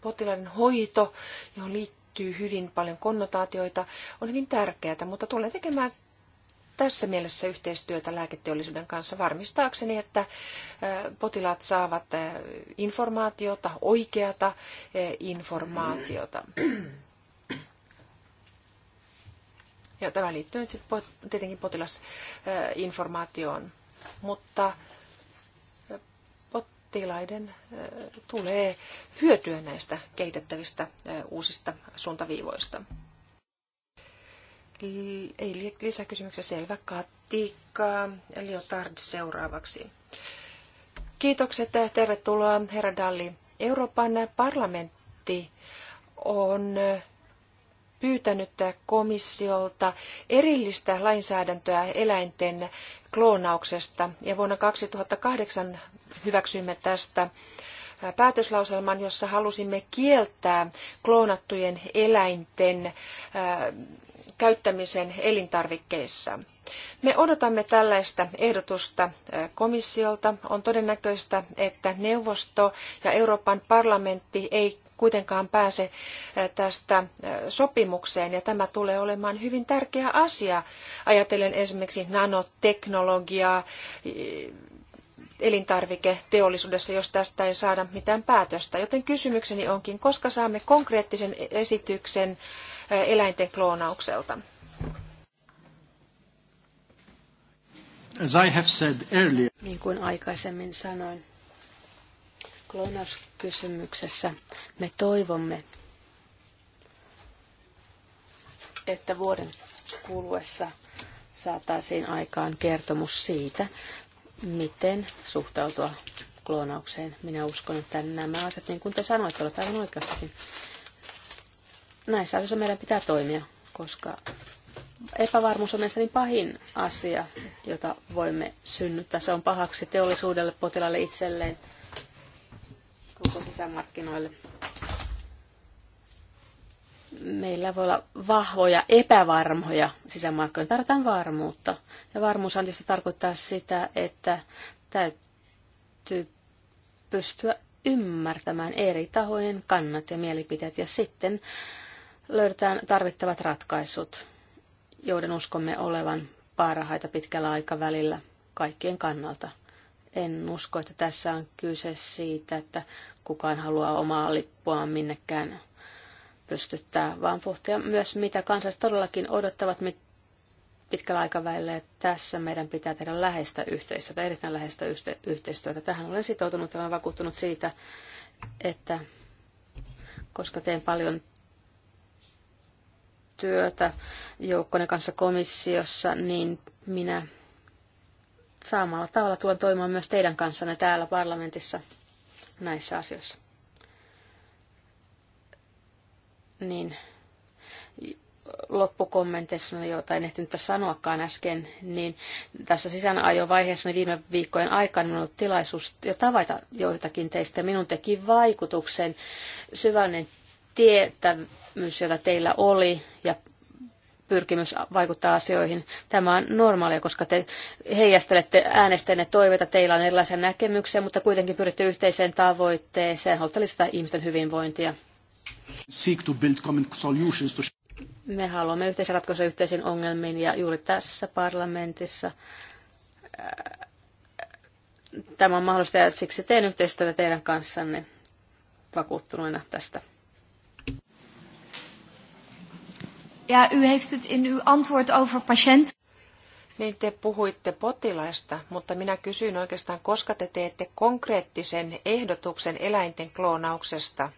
[SPEAKER 3] potilaiden hoito, johon liittyy hyvin paljon konnotaatioita, on hyvin tärkeää, mutta tulen tekemään tässä mielessä yhteistyötä lääketeollisuuden kanssa varmistaakseni, että potilaat saavat informaatiota, oikeata informaatiota. Ja tämä liittyy nyt sitten tietenkin potilasinformaatioon. Mutta tilaiden tulee hyötyä näistä kehitettävistä uusista suuntaviivoista. Ei lisäkysymyksiä selvä. Katiikka Liotard seuraavaksi. Kiitokset ja tervetuloa herra Dalli. Euroopan parlamentti on pyytänyt komissiolta erillistä lainsäädäntöä eläinten kloonauksesta. Ja vuonna 2008 hyväksyimme tästä päätöslauselman, jossa halusimme kieltää kloonattujen eläinten käyttämisen elintarvikkeissa. Me odotamme tällaista ehdotusta komissiolta. On todennäköistä, että neuvosto ja Euroopan parlamentti ei kuitenkaan pääse tästä sopimukseen ja tämä tulee olemaan hyvin tärkeä asia. Ajatellen esimerkiksi nanoteknologiaa, elintarviketeollisuudessa, jos tästä ei saada mitään päätöstä. Joten kysymykseni onkin, koska saamme konkreettisen esityksen eläinten kloonaukselta?
[SPEAKER 2] As I have
[SPEAKER 4] said earlier.
[SPEAKER 2] Niin kuin aikaisemmin sanoin, Klonauskysymyksessä me toivomme, että vuoden kuluessa saataisiin aikaan kertomus siitä, miten suhtautua kloonaukseen. Minä uskon, että nämä asiat, niin kuin te sanoitte, olette aivan oikeassakin. Näissä asioissa meidän pitää toimia, koska epävarmuus on mielestäni pahin asia, jota voimme synnyttää. Se on pahaksi teollisuudelle, potilaalle itselleen sisämarkkinoille. Meillä voi olla vahvoja, epävarmoja sisämarkkinoita. Tarvitaan varmuutta. Ja varmuus tietysti tarkoittaa sitä, että täytyy pystyä ymmärtämään eri tahojen kannat ja mielipiteet ja sitten löydetään tarvittavat ratkaisut, joiden uskomme olevan parhaita pitkällä aikavälillä kaikkien kannalta. En usko, että tässä on kyse siitä, että kukaan haluaa omaa lippuaan minnekään pystyttää, vaan pohtia myös, mitä kansalaiset todellakin odottavat pitkällä aikavälillä. että tässä meidän pitää tehdä läheistä yhteistyötä, erittäin läheistä yhteistyötä. Tähän olen sitoutunut ja olen vakuuttunut siitä, että koska teen paljon työtä joukkojen kanssa komissiossa, niin minä samalla tavalla tulen toimimaan myös teidän kanssanne täällä parlamentissa näissä asioissa. Niin loppukommenteissa, no tai en ehtinyt tässä sanoakaan äsken, niin tässä sisäänajovaiheessa niin viime viikkojen aikana minulla on ollut tilaisuus jo tavata joitakin teistä. Minun teki vaikutuksen syvällinen tietämys, jota teillä oli, ja pyrkimys vaikuttaa asioihin. Tämä on normaalia, koska te heijastelette äänestäjänne toiveita, teillä on erilaisia näkemyksiä, mutta kuitenkin pyritte yhteiseen tavoitteeseen, haluatte lisätä ihmisten hyvinvointia.
[SPEAKER 4] Seek to build common solutions to...
[SPEAKER 2] Me haluamme yhteisen ratkaisun yhteisiin ongelmiin ja juuri tässä parlamentissa tämä on mahdollista ja siksi teen yhteistyötä teidän kanssanne vakuuttuneena tästä.
[SPEAKER 3] Ja u heeft het in uw antwoord over patiënt. Niin te puhuitte potilaista, mutta minä kysyin oikeastaan, koska te teette konkreettisen ehdotuksen eläinten kloonauksesta.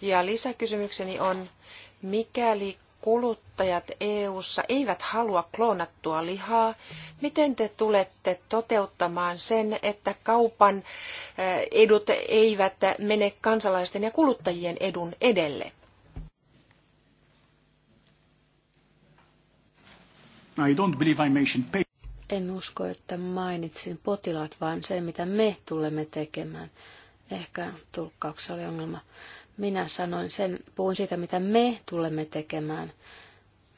[SPEAKER 3] Ja lisäkysymykseni on, mikäli kuluttajat EU:ssa eivät halua kloonattua lihaa, miten te tulette toteuttamaan sen, että kaupan edut eivät mene kansalaisten ja kuluttajien edun edelle?
[SPEAKER 4] I don't believe I mentioned pay.
[SPEAKER 2] En usko, että mainitsin potilaat, vaan sen, mitä me tulemme tekemään. Ehkä tulkkauksessa oli ongelma. Minä sanoin sen, puhun siitä, mitä me tulemme tekemään.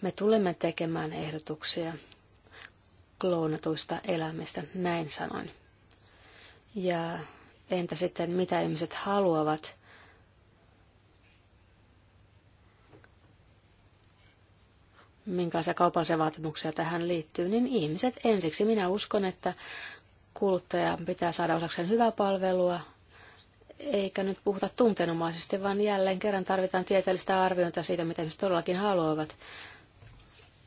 [SPEAKER 2] Me tulemme tekemään ehdotuksia kloonatuista elämistä, näin sanoin. Ja entä sitten, mitä ihmiset haluavat – minkälaisia kaupallisia vaatimuksia tähän liittyy, niin ihmiset ensiksi. Minä uskon, että kuluttaja pitää saada osakseen hyvää palvelua, eikä nyt puhuta tunteenomaisesti, vaan jälleen kerran tarvitaan tieteellistä arviointia siitä, mitä ihmiset todellakin haluavat.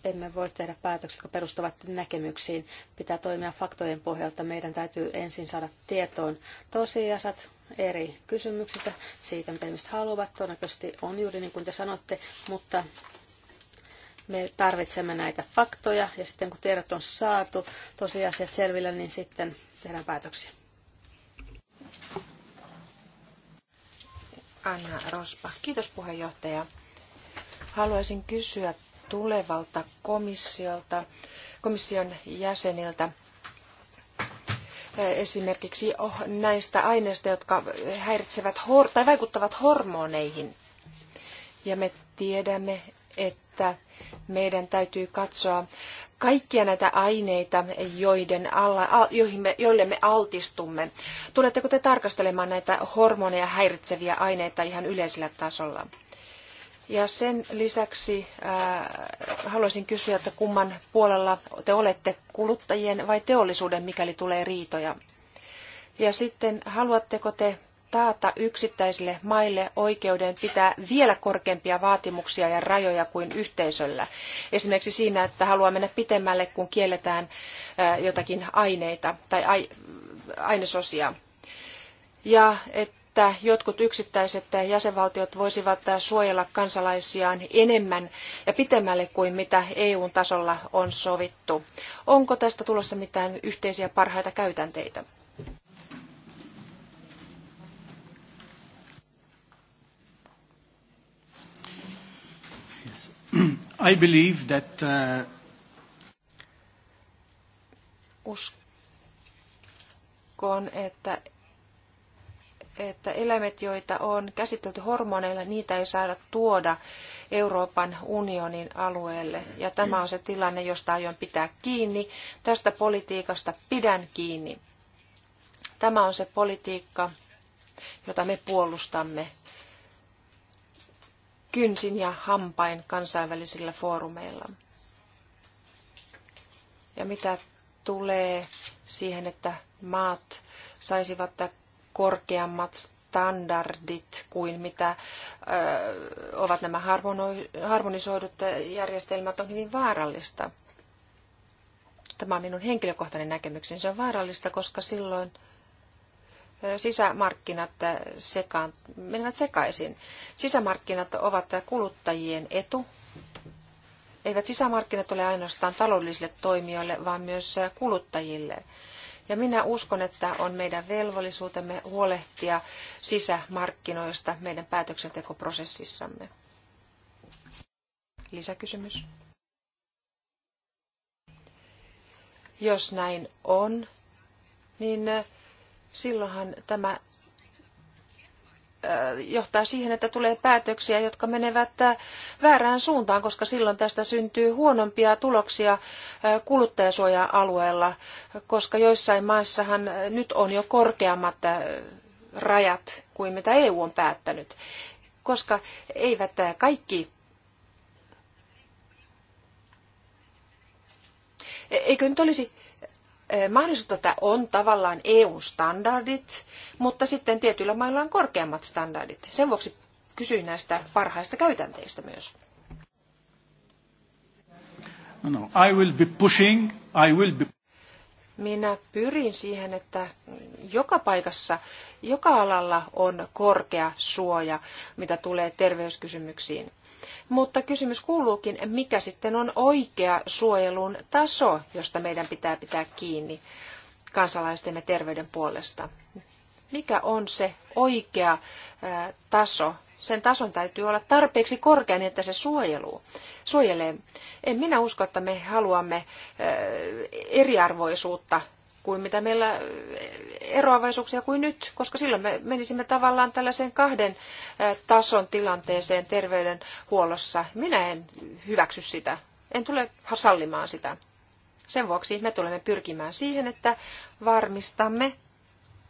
[SPEAKER 2] Emme voi tehdä päätöksiä, jotka perustuvat näkemyksiin. Pitää toimia faktojen pohjalta. Meidän täytyy ensin saada tietoon tosiasat eri kysymyksistä siitä, mitä ihmiset haluavat. Todennäköisesti on juuri niin kuin te sanotte, mutta me tarvitsemme näitä faktoja ja sitten kun tiedot on saatu, tosiasiat selville, niin sitten tehdään päätöksiä.
[SPEAKER 3] Anna Rospa. Kiitos puheenjohtaja. Haluaisin kysyä tulevalta komissiolta, komission jäseniltä esimerkiksi oh, näistä aineista, jotka häiritsevät tai vaikuttavat hormoneihin. Ja me tiedämme, että että meidän täytyy katsoa kaikkia näitä aineita, joiden alla, joihin me, joille me altistumme. Tuletteko te tarkastelemaan näitä hormoneja häiritseviä aineita ihan yleisellä tasolla? Ja sen lisäksi äh, haluaisin kysyä, että kumman puolella te olette kuluttajien vai teollisuuden, mikäli tulee riitoja. Ja sitten haluatteko te taata yksittäisille maille oikeuden pitää vielä korkeampia vaatimuksia ja rajoja kuin yhteisöllä. Esimerkiksi siinä, että haluaa mennä pitemmälle, kun kielletään äh, jotakin aineita tai ainesosia. Ja että jotkut yksittäiset jäsenvaltiot voisivat suojella kansalaisiaan enemmän ja pitemmälle kuin mitä eu tasolla on sovittu. Onko tästä tulossa mitään yhteisiä parhaita käytänteitä?
[SPEAKER 4] I believe that, uh...
[SPEAKER 3] Uskon, että, että eläimet, joita on käsitelty hormoneilla, niitä ei saada tuoda Euroopan unionin alueelle. Ja tämä on se tilanne, josta aion pitää kiinni. Tästä politiikasta pidän kiinni. Tämä on se politiikka, jota me puolustamme kynsin ja hampain kansainvälisillä foorumeilla. Ja mitä tulee siihen, että maat saisivat korkeammat standardit kuin mitä ö, ovat nämä harmonisoidut järjestelmät, on hyvin vaarallista. Tämä on minun henkilökohtainen näkemykseni. Se on vaarallista, koska silloin – sisämarkkinat sekaan, menevät sekaisin. Sisämarkkinat ovat kuluttajien etu. Eivät sisämarkkinat ole ainoastaan taloudellisille toimijoille, vaan myös kuluttajille. Ja minä uskon, että on meidän velvollisuutemme huolehtia sisämarkkinoista meidän päätöksentekoprosessissamme. Lisäkysymys. Jos näin on, niin silloinhan tämä äh, johtaa siihen, että tulee päätöksiä, jotka menevät äh, väärään suuntaan, koska silloin tästä syntyy huonompia tuloksia äh, kuluttajasuoja-alueella, koska joissain maissahan nyt on jo korkeammat rajat kuin mitä EU on päättänyt, koska eivät kaikki e- Eikö nyt olisi mahdollisuutta tätä on tavallaan EU-standardit, mutta sitten tietyillä mailla on korkeammat standardit. Sen vuoksi kysyin näistä parhaista käytänteistä myös.
[SPEAKER 6] No,
[SPEAKER 4] no. I will be pushing, I will be...
[SPEAKER 3] Minä pyrin siihen, että joka paikassa, joka alalla on korkea suoja, mitä tulee terveyskysymyksiin. Mutta kysymys kuuluukin, mikä sitten on oikea suojelun taso, josta meidän pitää pitää kiinni kansalaistemme terveyden puolesta. Mikä on se oikea taso? Sen tason täytyy olla tarpeeksi korkea, niin että se suojelu, suojelee. En minä usko, että me haluamme eriarvoisuutta kuin mitä meillä eroavaisuuksia kuin nyt, koska silloin me menisimme tavallaan tällaiseen kahden tason tilanteeseen terveydenhuollossa. Minä en hyväksy sitä. En tule sallimaan sitä. Sen vuoksi me tulemme pyrkimään siihen, että varmistamme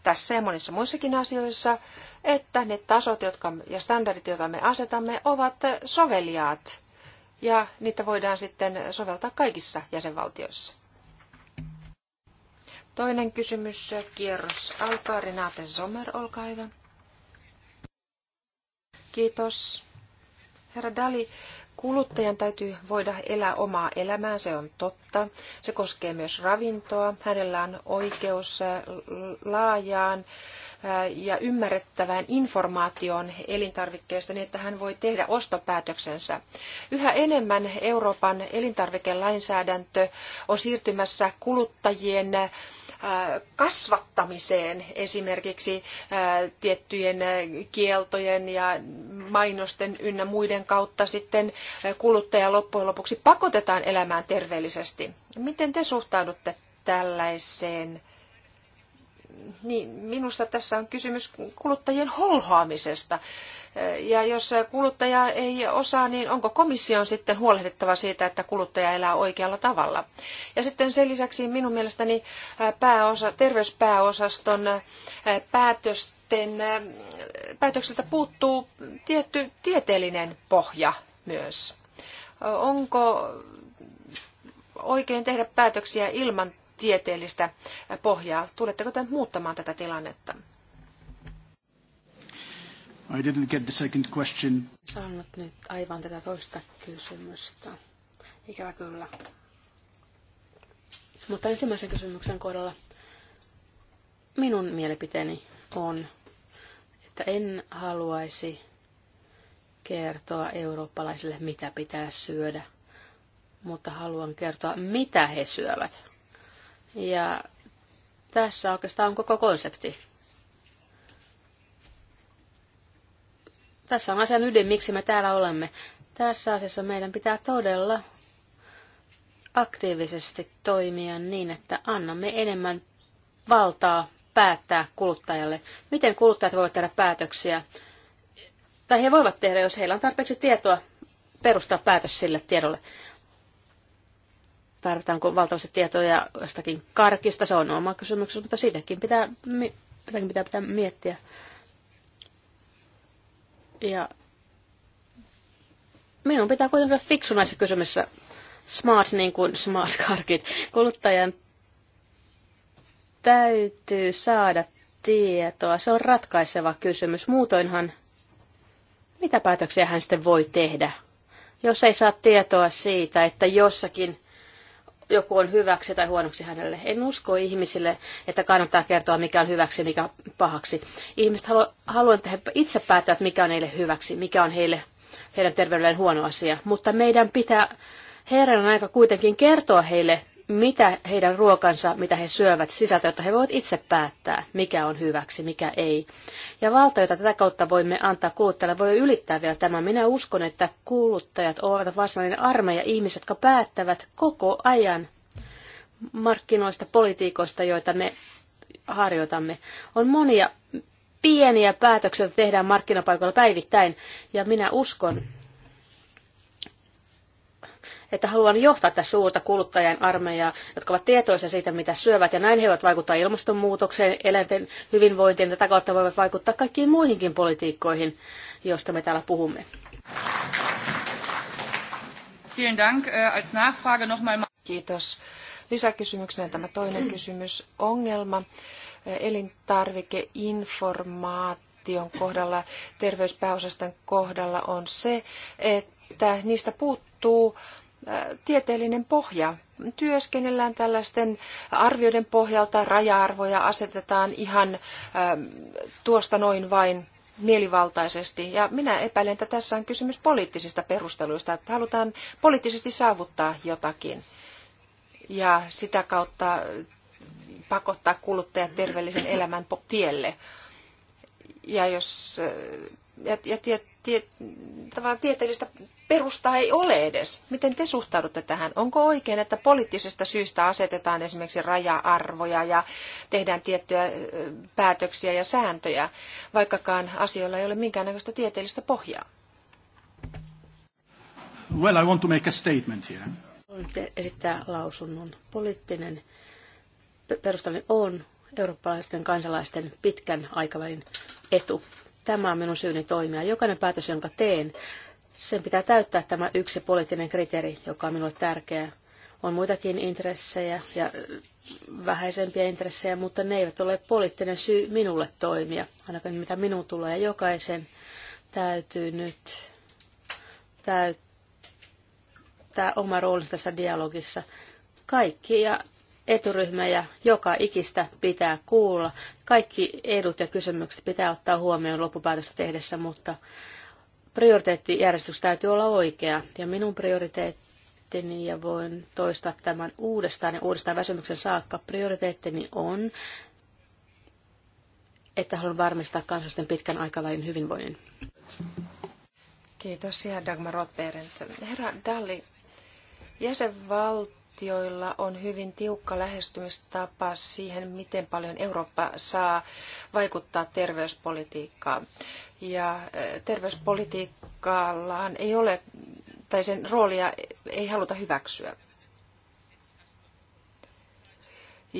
[SPEAKER 3] tässä ja monissa muissakin asioissa, että ne tasot jotka, ja standardit, joita me asetamme, ovat soveliaat ja niitä voidaan sitten soveltaa kaikissa jäsenvaltioissa. Toinen kysymys, kierros alkaa. Renate Sommer, olkaa hyvä. Kiitos. Herra Dali, kuluttajan täytyy voida elää omaa elämää, se on totta. Se koskee myös ravintoa. Hänellä on oikeus äh, laajaan äh, ja ymmärrettävään informaatioon elintarvikkeista niin, että hän voi tehdä ostopäätöksensä. Yhä enemmän Euroopan elintarvikelainsäädäntö on siirtymässä kuluttajien äh, kasvattamiseen esimerkiksi tiettyjen kieltojen ja mainosten ynnä muiden kautta sitten kuluttaja loppujen lopuksi pakotetaan elämään terveellisesti. Miten te suhtaudutte tällaiseen? Niin, minusta tässä on kysymys kuluttajien holhoamisesta ja jos kuluttaja ei osaa, niin onko komission sitten huolehdittava siitä, että kuluttaja elää oikealla tavalla? Ja sitten sen lisäksi minun mielestäni pääosa, terveyspääosaston päätösten, päätökseltä puuttuu tietty tieteellinen pohja myös. Onko oikein tehdä päätöksiä ilman tieteellistä pohjaa? Tuletteko te muuttamaan tätä tilannetta?
[SPEAKER 4] I didn't get the second question.
[SPEAKER 2] Saanut nyt aivan tätä toista kysymystä. Ikävä kyllä. Mutta ensimmäisen kysymyksen kohdalla minun mielipiteeni on, että en haluaisi kertoa eurooppalaisille, mitä pitää syödä, mutta haluan kertoa, mitä he syövät. Ja tässä oikeastaan on koko konsepti. Tässä on asian ydin, miksi me täällä olemme. Tässä asiassa meidän pitää todella aktiivisesti toimia niin, että annamme enemmän valtaa päättää kuluttajalle. Miten kuluttajat voivat tehdä päätöksiä? Tai he voivat tehdä, jos heillä on tarpeeksi tietoa, perustaa päätös sille tiedolle. Tarvitaanko valtavasti tietoja jostakin karkista, se on oma kysymyksensä, mutta siitäkin pitää, pitää, pitää miettiä. Ja minun pitää kuitenkin olla fiksu näissä kysymyksissä. Smart niin kuin smart karkit. Kuluttajan täytyy saada tietoa. Se on ratkaiseva kysymys. Muutoinhan, mitä päätöksiä hän sitten voi tehdä? Jos ei saa tietoa siitä, että jossakin joku on hyväksi tai huonoksi hänelle. En usko ihmisille, että kannattaa kertoa, mikä on hyväksi ja mikä pahaksi. Ihmiset halu- haluavat, että he itse päättävät, mikä on heille hyväksi, mikä on heille, heidän terveydelleen huono asia. Mutta meidän pitää herran aika kuitenkin kertoa heille mitä heidän ruokansa, mitä he syövät, sisältö, jotta he voivat itse päättää, mikä on hyväksi, mikä ei. Ja valta, jota tätä kautta voimme antaa kuluttajalle, voi ylittää vielä tämän. Minä uskon, että kuluttajat ovat varsinainen armeija ihmiset, jotka päättävät koko ajan markkinoista, politiikoista, joita me harjoitamme. On monia pieniä päätöksiä, joita tehdään markkinapaikoilla päivittäin, ja minä uskon, että haluan johtaa tätä suurta kuluttajien armeijaa, jotka ovat tietoisia siitä, mitä syövät, ja näin he voivat vaikuttaa ilmastonmuutokseen, eläinten hyvinvointiin, ja tätä kautta voivat vaikuttaa kaikkiin muihinkin politiikkoihin, joista me täällä puhumme.
[SPEAKER 3] Äh, Kiitos. Lisäkysymyksenä tämä toinen kysymys. Ongelma äh, elintarvikeinformaation kohdalla, terveyspääosaston kohdalla on se, että niistä puuttuu tieteellinen pohja. Työskennellään tällaisten arvioiden pohjalta, raja-arvoja asetetaan ihan tuosta noin vain mielivaltaisesti. Ja minä epäilen, että tässä on kysymys poliittisista perusteluista, että halutaan poliittisesti saavuttaa jotakin. Ja sitä kautta pakottaa kuluttajat terveellisen elämän tielle. Ja jos ja, ja tiet, tie, tieteellistä perustaa ei ole edes. Miten te suhtaudutte tähän? Onko oikein, että poliittisesta syystä asetetaan esimerkiksi raja-arvoja ja tehdään tiettyjä päätöksiä ja sääntöjä, vaikkakaan asioilla ei ole minkäännäköistä tieteellistä pohjaa?
[SPEAKER 4] Well, I want to make a statement here.
[SPEAKER 2] esittää lausunnon. Poliittinen perustani on eurooppalaisten kansalaisten pitkän aikavälin etu. Tämä on minun syyni toimia. Jokainen päätös, jonka teen, sen pitää täyttää tämä yksi poliittinen kriteeri, joka on minulle tärkeä. On muitakin intressejä ja vähäisempiä intressejä, mutta ne eivät ole poliittinen syy minulle toimia, ainakaan mitä minun tulee. Ja jokaisen täytyy nyt täyttää oma roolinsa tässä dialogissa. Kaikki ja eturyhmä ja joka ikistä pitää kuulla. Kaikki edut ja kysymykset pitää ottaa huomioon loppupäätöstä tehdessä, mutta prioriteettijärjestys täytyy olla oikea. Ja minun prioriteettini, ja voin toistaa tämän uudestaan ja uudestaan väsymyksen saakka, prioriteettini on, että haluan varmistaa kansalaisten pitkän aikavälin hyvinvoinnin.
[SPEAKER 3] Kiitos ja Dagmar Rothberg. Herra Dalli, jäsenvaltio jäsenvaltioilla on hyvin tiukka lähestymistapa siihen, miten paljon Eurooppa saa vaikuttaa terveyspolitiikkaan. Ja eh, terveyspolitiikallaan ei ole, tai sen roolia ei haluta hyväksyä.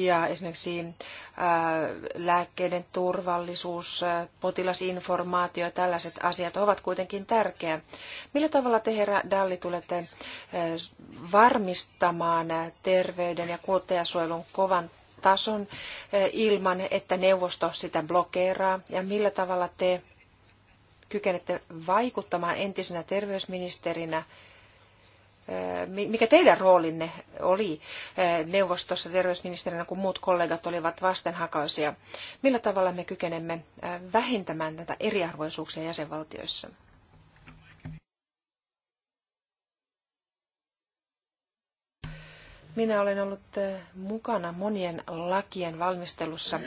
[SPEAKER 3] ja esimerkiksi äh, lääkkeiden turvallisuus, äh, potilasinformaatio, tällaiset asiat ovat kuitenkin tärkeä. Millä tavalla te, herra Dalli, tulette äh, varmistamaan terveyden ja kuluttajasuojelun kovan tason ilman, että neuvosto sitä blokeeraa, ja millä tavalla te kykenette vaikuttamaan entisenä terveysministerinä mikä teidän roolinne oli neuvostossa terveysministerinä, kun muut kollegat olivat vastenhakaisia? Millä tavalla me kykenemme vähentämään tätä eriarvoisuuksia jäsenvaltioissa? Minä olen ollut mukana monien lakien valmistelussa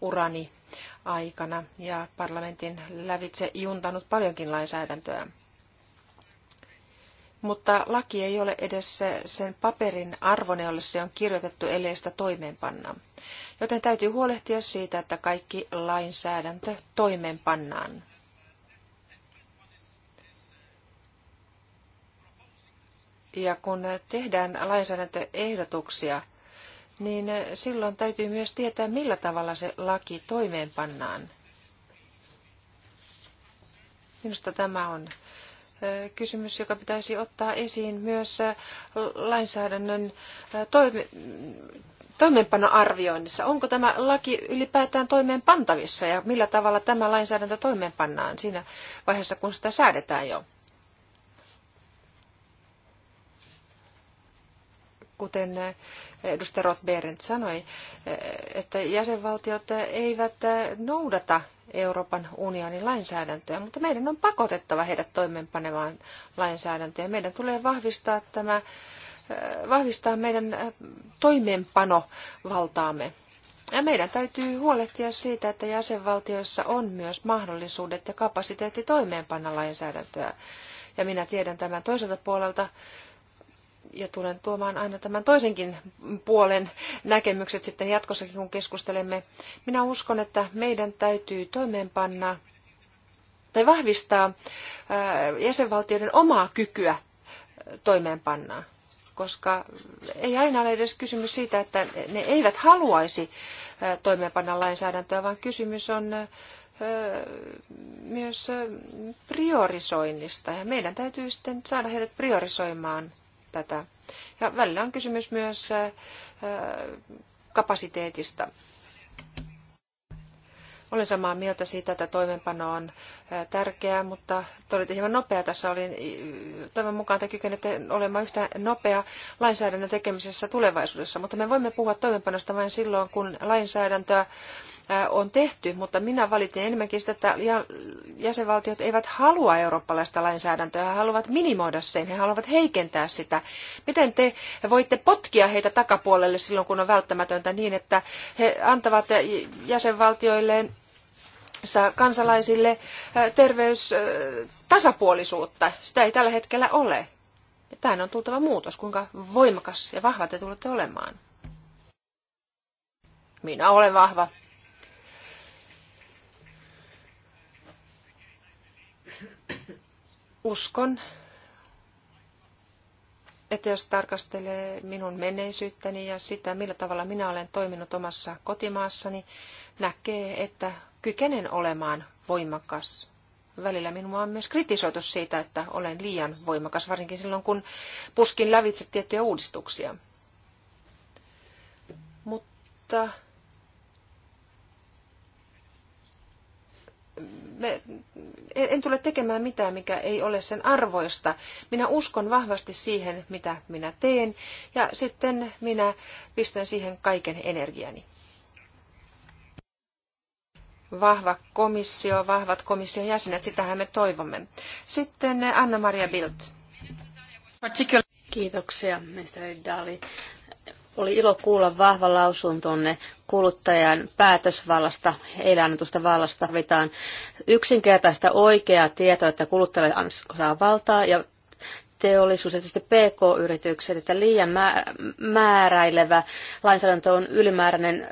[SPEAKER 3] urani aikana ja parlamentin lävitse juntanut paljonkin lainsäädäntöä mutta laki ei ole edes sen paperin arvone, jolle se on kirjoitettu, ellei sitä toimeenpanna. Joten täytyy huolehtia siitä, että kaikki lainsäädäntö toimeenpannaan. Ja kun tehdään lainsäädäntöehdotuksia, niin silloin täytyy myös tietää, millä tavalla se laki toimeenpannaan. Minusta tämä on kysymys, joka pitäisi ottaa esiin myös lainsäädännön toime, toimeenpanoarvioinnissa. Onko tämä laki ylipäätään toimeenpantavissa ja millä tavalla tämä lainsäädäntö toimeenpannaan siinä vaiheessa, kun sitä säädetään jo? Kuten edustaja Rothberg sanoi, että jäsenvaltiot eivät noudata Euroopan unionin lainsäädäntöä, mutta meidän on pakotettava heidät toimeenpanemaan lainsäädäntöä. Meidän tulee vahvistaa tämä äh, vahvistaa meidän äh, toimeenpanovaltaamme. Ja meidän täytyy huolehtia siitä, että jäsenvaltioissa on myös mahdollisuudet ja kapasiteetti toimeenpanna lainsäädäntöä. Ja minä tiedän tämän toiselta puolelta, ja tulen tuomaan aina tämän toisenkin puolen näkemykset sitten jatkossakin, kun keskustelemme. Minä uskon, että meidän täytyy toimeenpanna tai vahvistaa äh, jäsenvaltioiden omaa kykyä toimeenpanna, koska ei aina ole edes kysymys siitä, että ne eivät haluaisi äh, toimeenpanna lainsäädäntöä, vaan kysymys on äh, myös priorisoinnista ja meidän täytyy sitten saada heidät priorisoimaan tätä. Ja välillä on kysymys myös äh, kapasiteetista. Olen samaa mieltä siitä, että toimenpano on äh, tärkeää, mutta te olitte hieman nopea tässä. Olin toivon mukaan te kykenette olemaan yhtä nopea lainsäädännön tekemisessä tulevaisuudessa, mutta me voimme puhua toimenpanosta vain silloin, kun lainsäädäntöä on tehty, mutta minä valitin enemmänkin sitä, että jäsenvaltiot eivät halua eurooppalaista lainsäädäntöä, he haluavat minimoida sen, he haluavat heikentää sitä. Miten te voitte potkia heitä takapuolelle silloin, kun on välttämätöntä niin, että he antavat jäsenvaltioilleen kansalaisille terveystasapuolisuutta. Sitä ei tällä hetkellä ole. tähän on tultava muutos, kuinka voimakas ja vahva te tulette olemaan. Minä olen vahva, uskon, että jos tarkastelee minun menneisyyttäni ja sitä, millä tavalla minä olen toiminut omassa kotimaassani, näkee, että kykenen olemaan voimakas. Välillä minua on myös kritisoitu siitä, että olen liian voimakas, varsinkin silloin, kun puskin lävitse tiettyjä uudistuksia. Mutta me, en tule tekemään mitään, mikä ei ole sen arvoista. Minä uskon vahvasti siihen, mitä minä teen, ja sitten minä pistän siihen kaiken energiani. Vahva komissio, vahvat komission jäsenet, sitähän me toivomme. Sitten Anna-Maria Bildt. Kiitoksia, ministeri Dali.
[SPEAKER 2] Oli ilo kuulla vahva lausuntonne kuluttajan päätösvallasta, heille annetusta vallasta. Tarvitaan yksinkertaista oikeaa tietoa, että kuluttajalle saa valtaa ja teollisuus, ja PK-yritykset, että liian määräilevä lainsäädäntö on ylimääräinen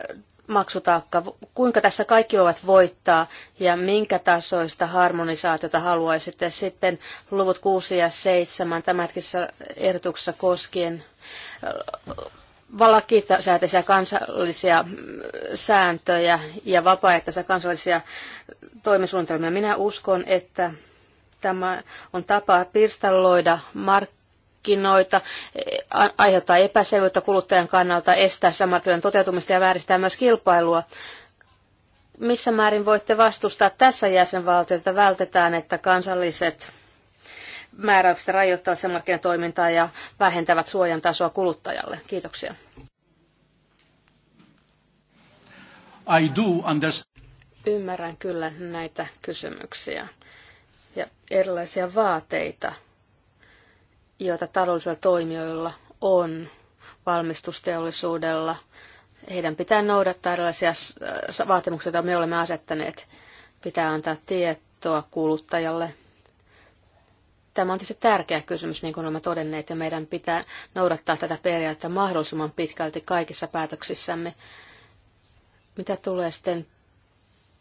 [SPEAKER 2] maksutaakka. Kuinka tässä kaikki voivat voittaa ja minkä tasoista harmonisaatiota haluaisitte sitten luvut 6 ja 7 tämänhetkisessä ehdotuksessa koskien valakisäätöisiä kansallisia mm, sääntöjä ja vapaaehtoisia kansallisia toimisuunnitelmia. Minä uskon, että tämä on tapa pirstaloida markkinoita, eh, aiheuttaa epäselvyyttä kuluttajan kannalta, estää samarkkinoiden toteutumista ja vääristää myös kilpailua. Missä määrin voitte vastustaa tässä jäsenvaltioita, vältetään, että kansalliset määräykset rajoittavat sen toimintaa ja vähentävät suojan tasoa kuluttajalle. Kiitoksia.
[SPEAKER 4] I do understand.
[SPEAKER 2] Ymmärrän kyllä näitä kysymyksiä ja erilaisia vaateita, joita taloudellisilla toimijoilla on valmistusteollisuudella. Heidän pitää noudattaa erilaisia vaatimuksia, joita me olemme asettaneet. Pitää antaa tietoa kuluttajalle, Tämä on tietysti tärkeä kysymys, niin kuin olemme todenneet, ja meidän pitää noudattaa tätä periaatetta mahdollisimman pitkälti kaikissa päätöksissämme. Mitä tulee sitten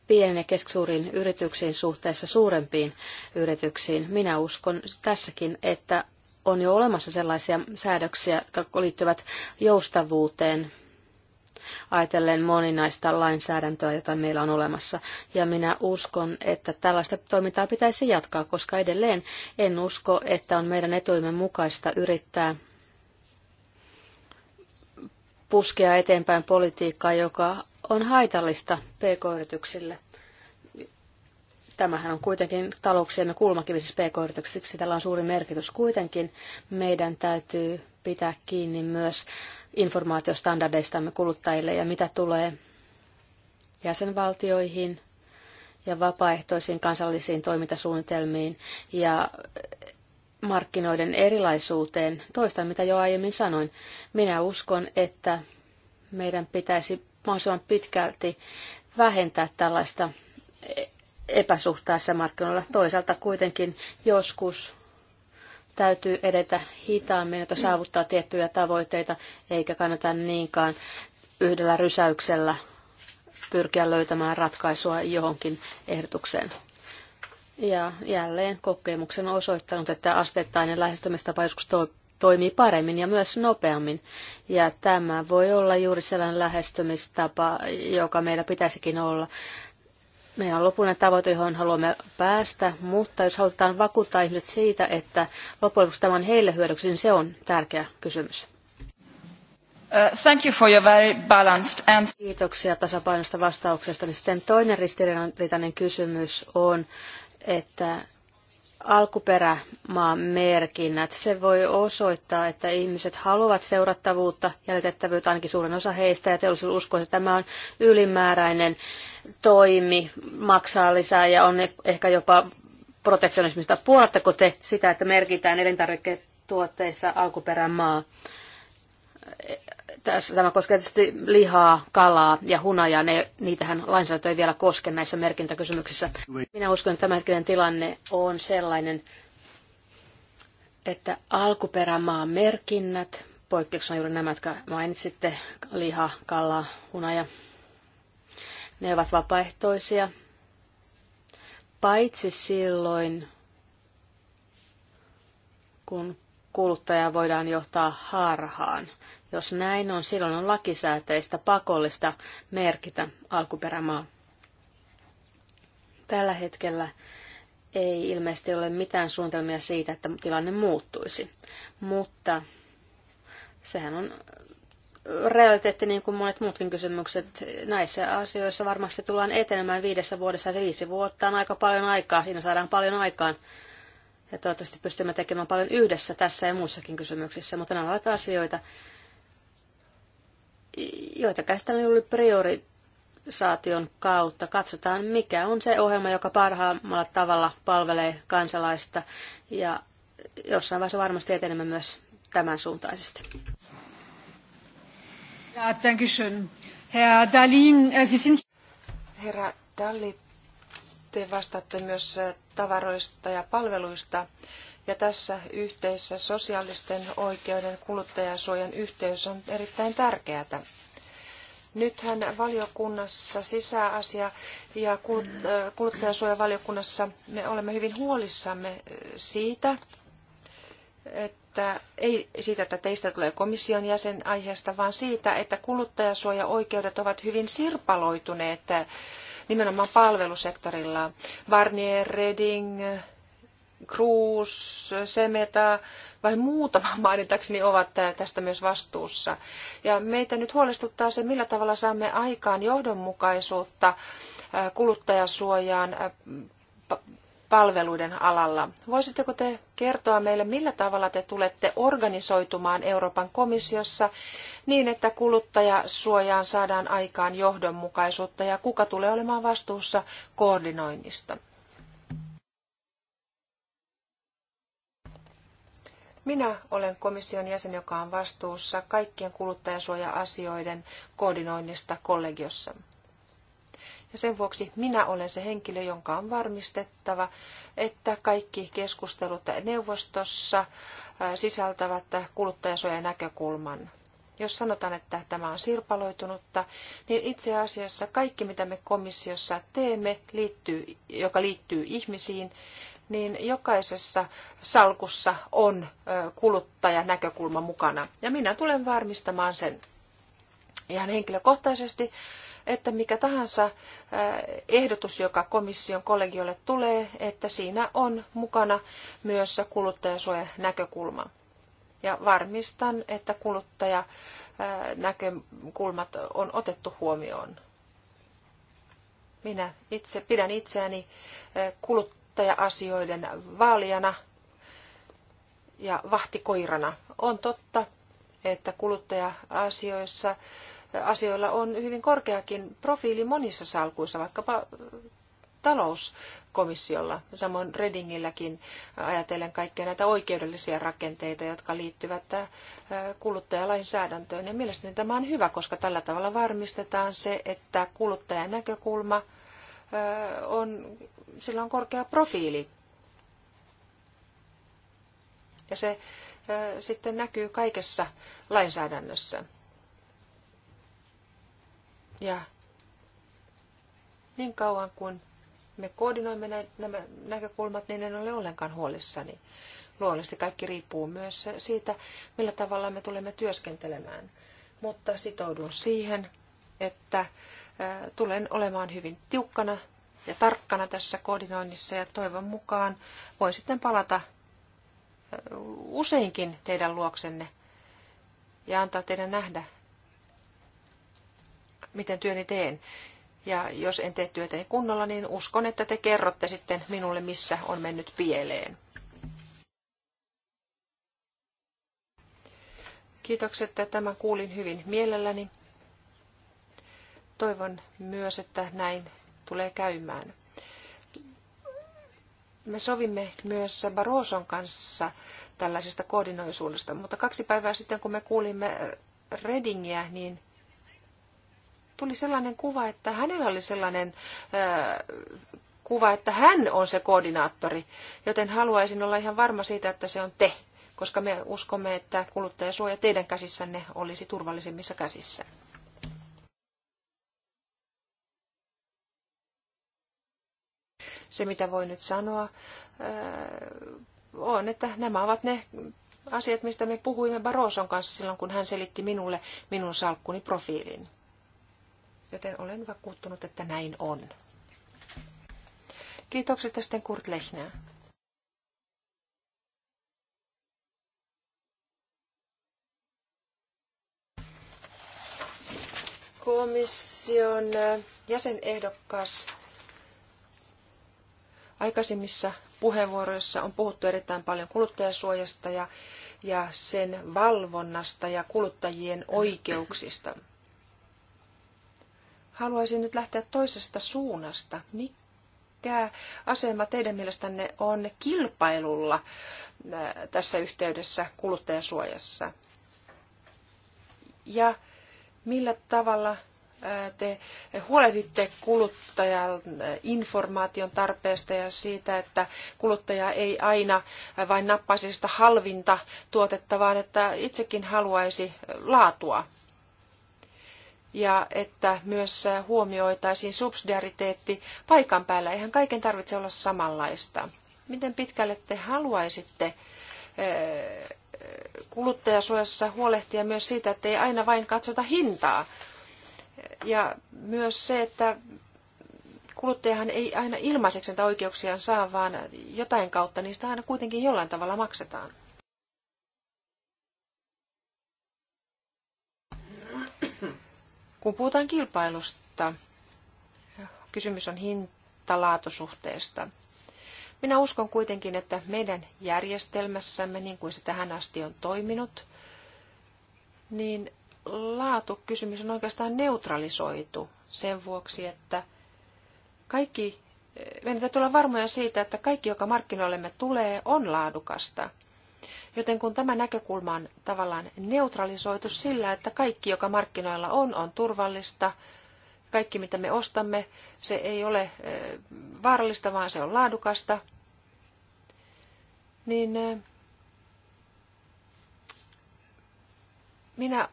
[SPEAKER 2] pienen ja keskisuuriin yrityksiin suhteessa suurempiin yrityksiin. Minä uskon tässäkin, että on jo olemassa sellaisia säädöksiä, jotka liittyvät joustavuuteen ajatellen moninaista lainsäädäntöä, jota meillä on olemassa. Ja minä uskon, että tällaista toimintaa pitäisi jatkaa, koska edelleen en usko, että on meidän etuimen mukaista yrittää puskea eteenpäin politiikkaa, joka on haitallista pk-yrityksille. Tämähän on kuitenkin talouksiemme kulmakivisissä siis pk-yrityksiksi tällä on suuri merkitys. Kuitenkin meidän täytyy pitää kiinni myös informaatiostandardeistamme kuluttajille ja mitä tulee jäsenvaltioihin ja vapaaehtoisiin kansallisiin toimintasuunnitelmiin ja markkinoiden erilaisuuteen. Toistan, mitä jo aiemmin sanoin. Minä uskon, että meidän pitäisi mahdollisimman pitkälti vähentää tällaista e- epäsuhtaassa markkinoilla. Toisaalta kuitenkin joskus Täytyy edetä hitaammin, että saavuttaa tiettyjä tavoitteita, eikä kannata niinkaan yhdellä rysäyksellä pyrkiä löytämään ratkaisua johonkin ehdotukseen. Ja jälleen kokemuksen on osoittanut, että asteittainen lähestymistapa joskus to- toimii paremmin ja myös nopeammin. Ja tämä voi olla juuri sellainen lähestymistapa, joka meillä pitäisikin olla. Meidän lopullinen tavoite, johon haluamme päästä, mutta jos halutaan vakuuttaa ihmiset siitä, että lopuksi tämä on heille hyödyksi, niin se on tärkeä kysymys. Uh, thank you for your very balanced answer. Kiitoksia tasapainosta vastauksesta. Niin sitten toinen ristiriitainen kysymys on, että alkuperämaan merkinnät. Se voi osoittaa, että ihmiset haluavat seurattavuutta, jäljitettävyyttä ainakin suurin osa heistä, ja teollisuus uskoo, että tämä on ylimääräinen toimi, maksaa lisää ja on ehkä jopa protektionismista. Puolatteko te sitä, että merkitään elintarviketuotteissa alkuperämaa? Tässä, tämä koskee tietysti lihaa, kalaa ja hunajaa. Ne, niitähän lainsäädäntö ei vielä koske näissä merkintäkysymyksissä. Minä uskon, että tämänhetkinen tilanne on sellainen, että alkuperämaan merkinnät, poikkeuksena juuri nämä, jotka mainitsitte, liha, kala, hunaja, ne ovat vapaaehtoisia, paitsi silloin, kun kuluttajaa voidaan johtaa harhaan. Jos näin on, silloin on lakisääteistä pakollista merkitä alkuperämaa. Tällä hetkellä ei ilmeisesti ole mitään suunnitelmia siitä, että tilanne muuttuisi. Mutta sehän on realiteetti niin kuin monet muutkin kysymykset. Näissä asioissa varmasti tullaan etenemään viidessä vuodessa. Se siis viisi vuotta on aika paljon aikaa. Siinä saadaan paljon aikaan. Ja toivottavasti pystymme tekemään paljon yhdessä tässä ja muissakin kysymyksissä, mutta nämä ovat asioita, joita käsitellään juuri priorisaation kautta. Katsotaan, mikä on se ohjelma, joka parhaimmalla tavalla palvelee kansalaista ja jossain vaiheessa varmasti etenemme myös tämän suuntaisesti.
[SPEAKER 6] Ja, Herr Dalin, äh, Sie sind...
[SPEAKER 3] Herra Dalli, te vastaatte myös äh, tavaroista ja palveluista. Ja tässä yhteisessä sosiaalisten oikeuden kuluttajasuojan yhteys on erittäin tärkeää. Nythän valiokunnassa sisäasia- ja äh, kuluttajasuojavaliokunnassa me olemme hyvin huolissamme äh, siitä, että ei siitä, että teistä tulee komission jäsen aiheesta, vaan siitä, että kuluttajasuojaoikeudet ovat hyvin sirpaloituneet nimenomaan palvelusektorilla. Varnier, Reding, Cruz, Semeta vai muutama mainitakseni ovat tästä myös vastuussa. Ja meitä nyt huolestuttaa se, millä tavalla saamme aikaan johdonmukaisuutta kuluttajasuojaan palveluiden alalla. Voisitteko te kertoa meille, millä tavalla te tulette organisoitumaan Euroopan komissiossa niin, että kuluttajasuojaan saadaan aikaan johdonmukaisuutta ja kuka tulee olemaan vastuussa koordinoinnista? Minä olen komission jäsen, joka on vastuussa kaikkien kuluttajasuoja-asioiden koordinoinnista kollegiossa sen vuoksi minä olen se henkilö, jonka on varmistettava, että kaikki keskustelut neuvostossa sisältävät näkökulman. Jos sanotaan, että tämä on sirpaloitunutta, niin itse asiassa kaikki, mitä me komissiossa teemme, liittyy, joka liittyy ihmisiin, niin jokaisessa salkussa on kuluttajanäkökulma mukana. Ja minä tulen varmistamaan sen ihan henkilökohtaisesti että mikä tahansa ehdotus, joka komission kollegiolle tulee, että siinä on mukana myös kuluttajansuojan näkökulma. Ja varmistan, että kuluttajanäkökulmat on otettu huomioon. Minä itse pidän itseäni kuluttaja-asioiden vaalijana ja vahtikoirana. On totta, että kuluttaja-asioissa asioilla on hyvin korkeakin profiili monissa salkuissa, vaikkapa äh, talouskomissiolla, samoin Redingilläkin ajatellen kaikkia näitä oikeudellisia rakenteita, jotka liittyvät äh, kuluttajalainsäädäntöön. Ja mielestäni tämä on hyvä, koska tällä tavalla varmistetaan se, että kuluttajan näkökulma äh, on, sillä on korkea profiili. Ja se sitten näkyy kaikessa lainsäädännössä. Ja niin kauan kuin me koordinoimme nä- nämä näkökulmat, niin en ole ollenkaan huolissani. Luonnollisesti kaikki riippuu myös siitä, millä tavalla me tulemme työskentelemään. Mutta sitoudun siihen, että tulen olemaan hyvin tiukkana ja tarkkana tässä koordinoinnissa ja toivon mukaan voin sitten palata useinkin teidän luoksenne ja antaa teidän nähdä, miten työni teen. Ja jos en tee työtäni kunnolla, niin uskon, että te kerrotte sitten minulle, missä on mennyt pieleen. Kiitokset, että tämän kuulin hyvin mielelläni. Toivon myös, että näin tulee käymään. Me sovimme myös Baroson kanssa tällaisesta koordinoisuudesta, mutta kaksi päivää sitten, kun me kuulimme Redingiä, niin tuli sellainen kuva, että hänellä oli sellainen kuva, että hän on se koordinaattori, joten haluaisin olla ihan varma siitä, että se on te, koska me uskomme, että kuluttajasuoja teidän käsissänne olisi turvallisemmissa käsissä. Se, mitä voi nyt sanoa, on, että nämä ovat ne asiat, mistä me puhuimme Baroson kanssa silloin, kun hän selitti minulle minun salkkuni profiilin joten olen vakuuttunut, että näin on. Kiitokset tästä Kurt Lechner. komission jäsenehdokas aikaisemmissa puheenvuoroissa on puhuttu erittäin paljon kuluttajasuojasta ja, ja sen valvonnasta ja kuluttajien oikeuksista haluaisin nyt lähteä toisesta suunnasta. Mikä asema teidän mielestänne on kilpailulla tässä yhteydessä kuluttajasuojassa Ja millä tavalla te huolehditte kuluttajan informaation tarpeesta ja siitä, että kuluttaja ei aina vain nappaisi sitä halvinta tuotetta, vaan että itsekin haluaisi laatua ja että myös huomioitaisiin subsidiariteetti paikan päällä. Eihän kaiken tarvitse olla samanlaista. Miten pitkälle te haluaisitte eh, kuluttajasuojassa huolehtia myös siitä, että ei aina vain katsota hintaa. Ja myös se, että kuluttajahan ei aina ilmaiseksi näitä oikeuksiaan saa, vaan jotain kautta niistä aina kuitenkin jollain tavalla maksetaan. Kun puhutaan kilpailusta, kysymys on hintalaatusuhteesta. Minä uskon kuitenkin, että meidän järjestelmässämme, niin kuin se tähän asti on toiminut, niin laatukysymys on oikeastaan neutralisoitu sen vuoksi, että kaikki, meidän täytyy olla varmoja siitä, että kaikki, joka markkinoillemme tulee, on laadukasta – Joten kun tämä näkökulma on tavallaan neutralisoitu sillä, että kaikki, joka markkinoilla on, on turvallista, kaikki mitä me ostamme, se ei ole vaarallista, vaan se on laadukasta, niin minä,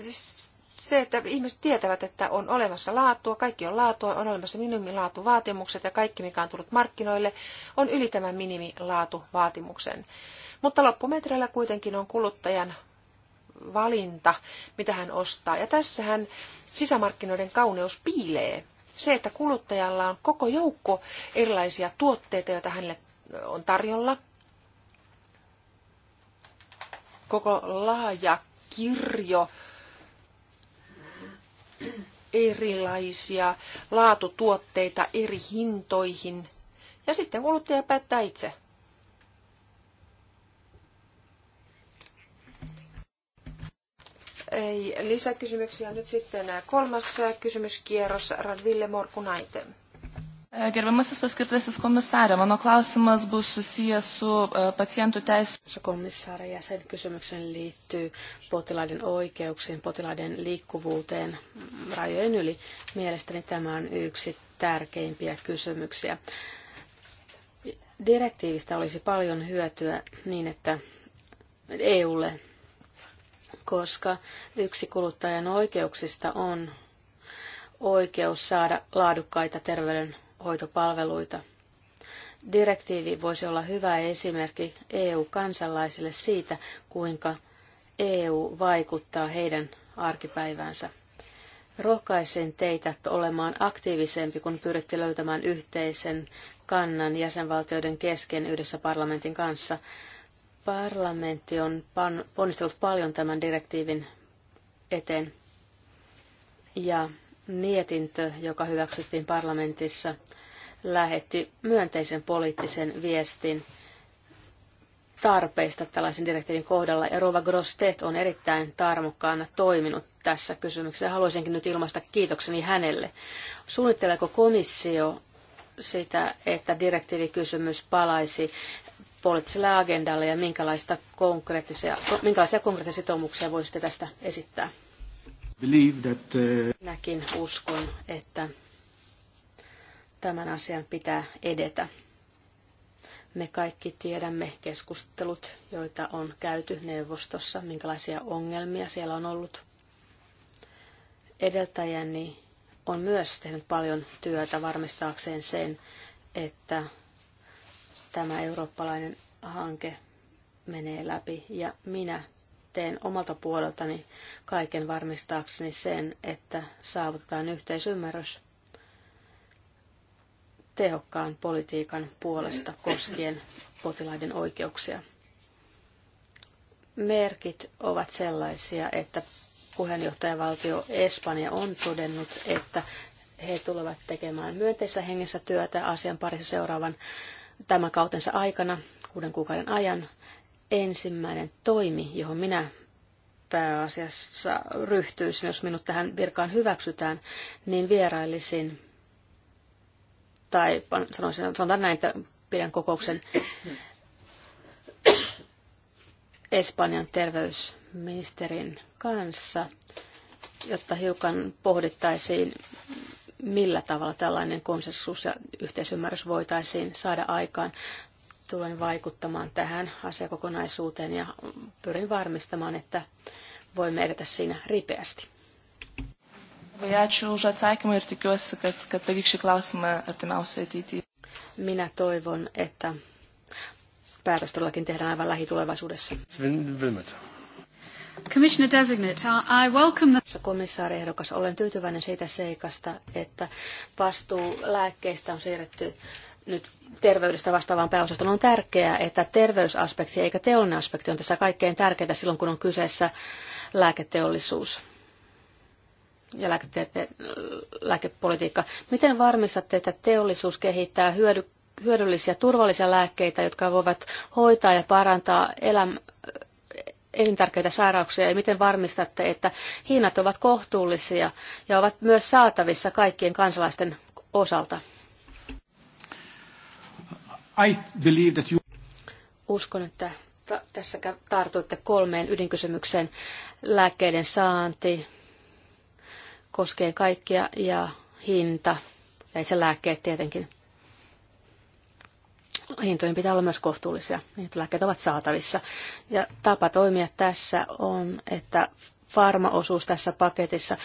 [SPEAKER 3] siis se, että ihmiset tietävät, että on olemassa laatua, kaikki on laatua, on olemassa minimilaatuvaatimukset ja kaikki, mikä on tullut markkinoille, on yli tämän minimilaatuvaatimuksen. Mutta loppumetreillä kuitenkin on kuluttajan valinta, mitä hän ostaa. Ja tässähän sisämarkkinoiden kauneus piilee. Se, että kuluttajalla on koko joukko erilaisia tuotteita, joita hänelle on tarjolla, koko laaja kirjo erilaisia laatutuotteita eri hintoihin. Ja sitten kuluttaja päättää itse, ei lisäkysymyksiä. Nyt sitten kolmas kysymyskierros, Radville Morkunaite.
[SPEAKER 2] Gerbiamasis paskirtasis komisarė, mano klausimas bus susijęs su pacientų teisų. Komissaari ja sen kysymyksen liittyy potilaiden oikeuksiin, potilaiden liikkuvuuteen rajojen yli. Mielestäni tämä on yksi tärkeimpiä kysymyksiä. Direktiivistä olisi paljon hyötyä niin, että EUlle koska yksi kuluttajan oikeuksista on oikeus saada laadukkaita terveydenhoitopalveluita. Direktiivi voisi olla hyvä esimerkki EU-kansalaisille siitä, kuinka EU vaikuttaa heidän arkipäiväänsä. Rohkaisin teitä olemaan aktiivisempi, kun pyritte löytämään yhteisen kannan jäsenvaltioiden kesken yhdessä parlamentin kanssa. Parlamentti on ponnistellut paljon tämän direktiivin eteen ja mietintö, joka hyväksyttiin parlamentissa, lähetti myönteisen poliittisen viestin tarpeista tällaisen direktiivin kohdalla. Ja Rova Grostet on erittäin tarmokkaana toiminut tässä kysymyksessä. Haluaisinkin nyt ilmaista kiitokseni hänelle. Suunnitteleeko komissio sitä, että direktiivikysymys palaisi poliittiselle agendalle ja minkälaista konkreettisia, minkälaisia konkreettisia sitoumuksia voisitte tästä esittää?
[SPEAKER 4] That, uh...
[SPEAKER 2] Minäkin uskon, että tämän asian pitää edetä. Me kaikki tiedämme keskustelut, joita on käyty neuvostossa, minkälaisia ongelmia siellä on ollut. Edeltäjäni on myös tehnyt paljon työtä varmistaakseen sen, että tämä eurooppalainen hanke menee läpi ja minä teen omalta puoleltani kaiken varmistaakseni sen, että saavutetaan yhteisymmärrys tehokkaan politiikan puolesta koskien potilaiden oikeuksia. Merkit ovat sellaisia, että puheenjohtajavaltio Espanja on todennut, että he tulevat tekemään myönteisessä hengessä työtä asian parissa seuraavan tämän kautensa aikana, kuuden kuukauden ajan, ensimmäinen toimi, johon minä pääasiassa ryhtyisin, jos minut tähän virkaan hyväksytään, niin vierailisin, tai sanoisin, sanotaan näin, että pidän kokouksen Espanjan terveysministerin kanssa, jotta hiukan pohdittaisiin millä tavalla tällainen konsensus ja yhteisymmärrys voitaisiin saada aikaan. Tulen vaikuttamaan tähän asiakokonaisuuteen ja pyrin varmistamaan, että voimme edetä siinä ripeästi. Minä toivon, että päätös todellakin tehdään aivan lähitulevaisuudessa. Sven Wilmot. Commissioner designate, I welcome the... Komissaari ehdokas, olen tyytyväinen siitä seikasta, että vastuu lääkkeistä on siirretty nyt terveydestä vastaavaan pääosastoon. On tärkeää, että terveysaspekti eikä teollinen aspekti on tässä kaikkein tärkeintä silloin, kun on kyseessä lääketeollisuus ja lääkepolitiikka. Miten varmistatte, että teollisuus kehittää hyödy- hyödyllisiä turvallisia lääkkeitä, jotka voivat hoitaa ja parantaa elämää? elintärkeitä sairauksia ja miten varmistatte, että hinnat ovat kohtuullisia ja ovat myös saatavissa kaikkien kansalaisten osalta?
[SPEAKER 4] I believe that you...
[SPEAKER 2] Uskon, että tässä tartuitte kolmeen ydinkysymykseen. Lääkkeiden saanti koskee kaikkia ja hinta ja itse lääkkeet tietenkin hintojen pitää olla myös kohtuullisia, niin että lääkkeet ovat saatavissa. Ja tapa toimia tässä on, että farmaosuus tässä paketissa,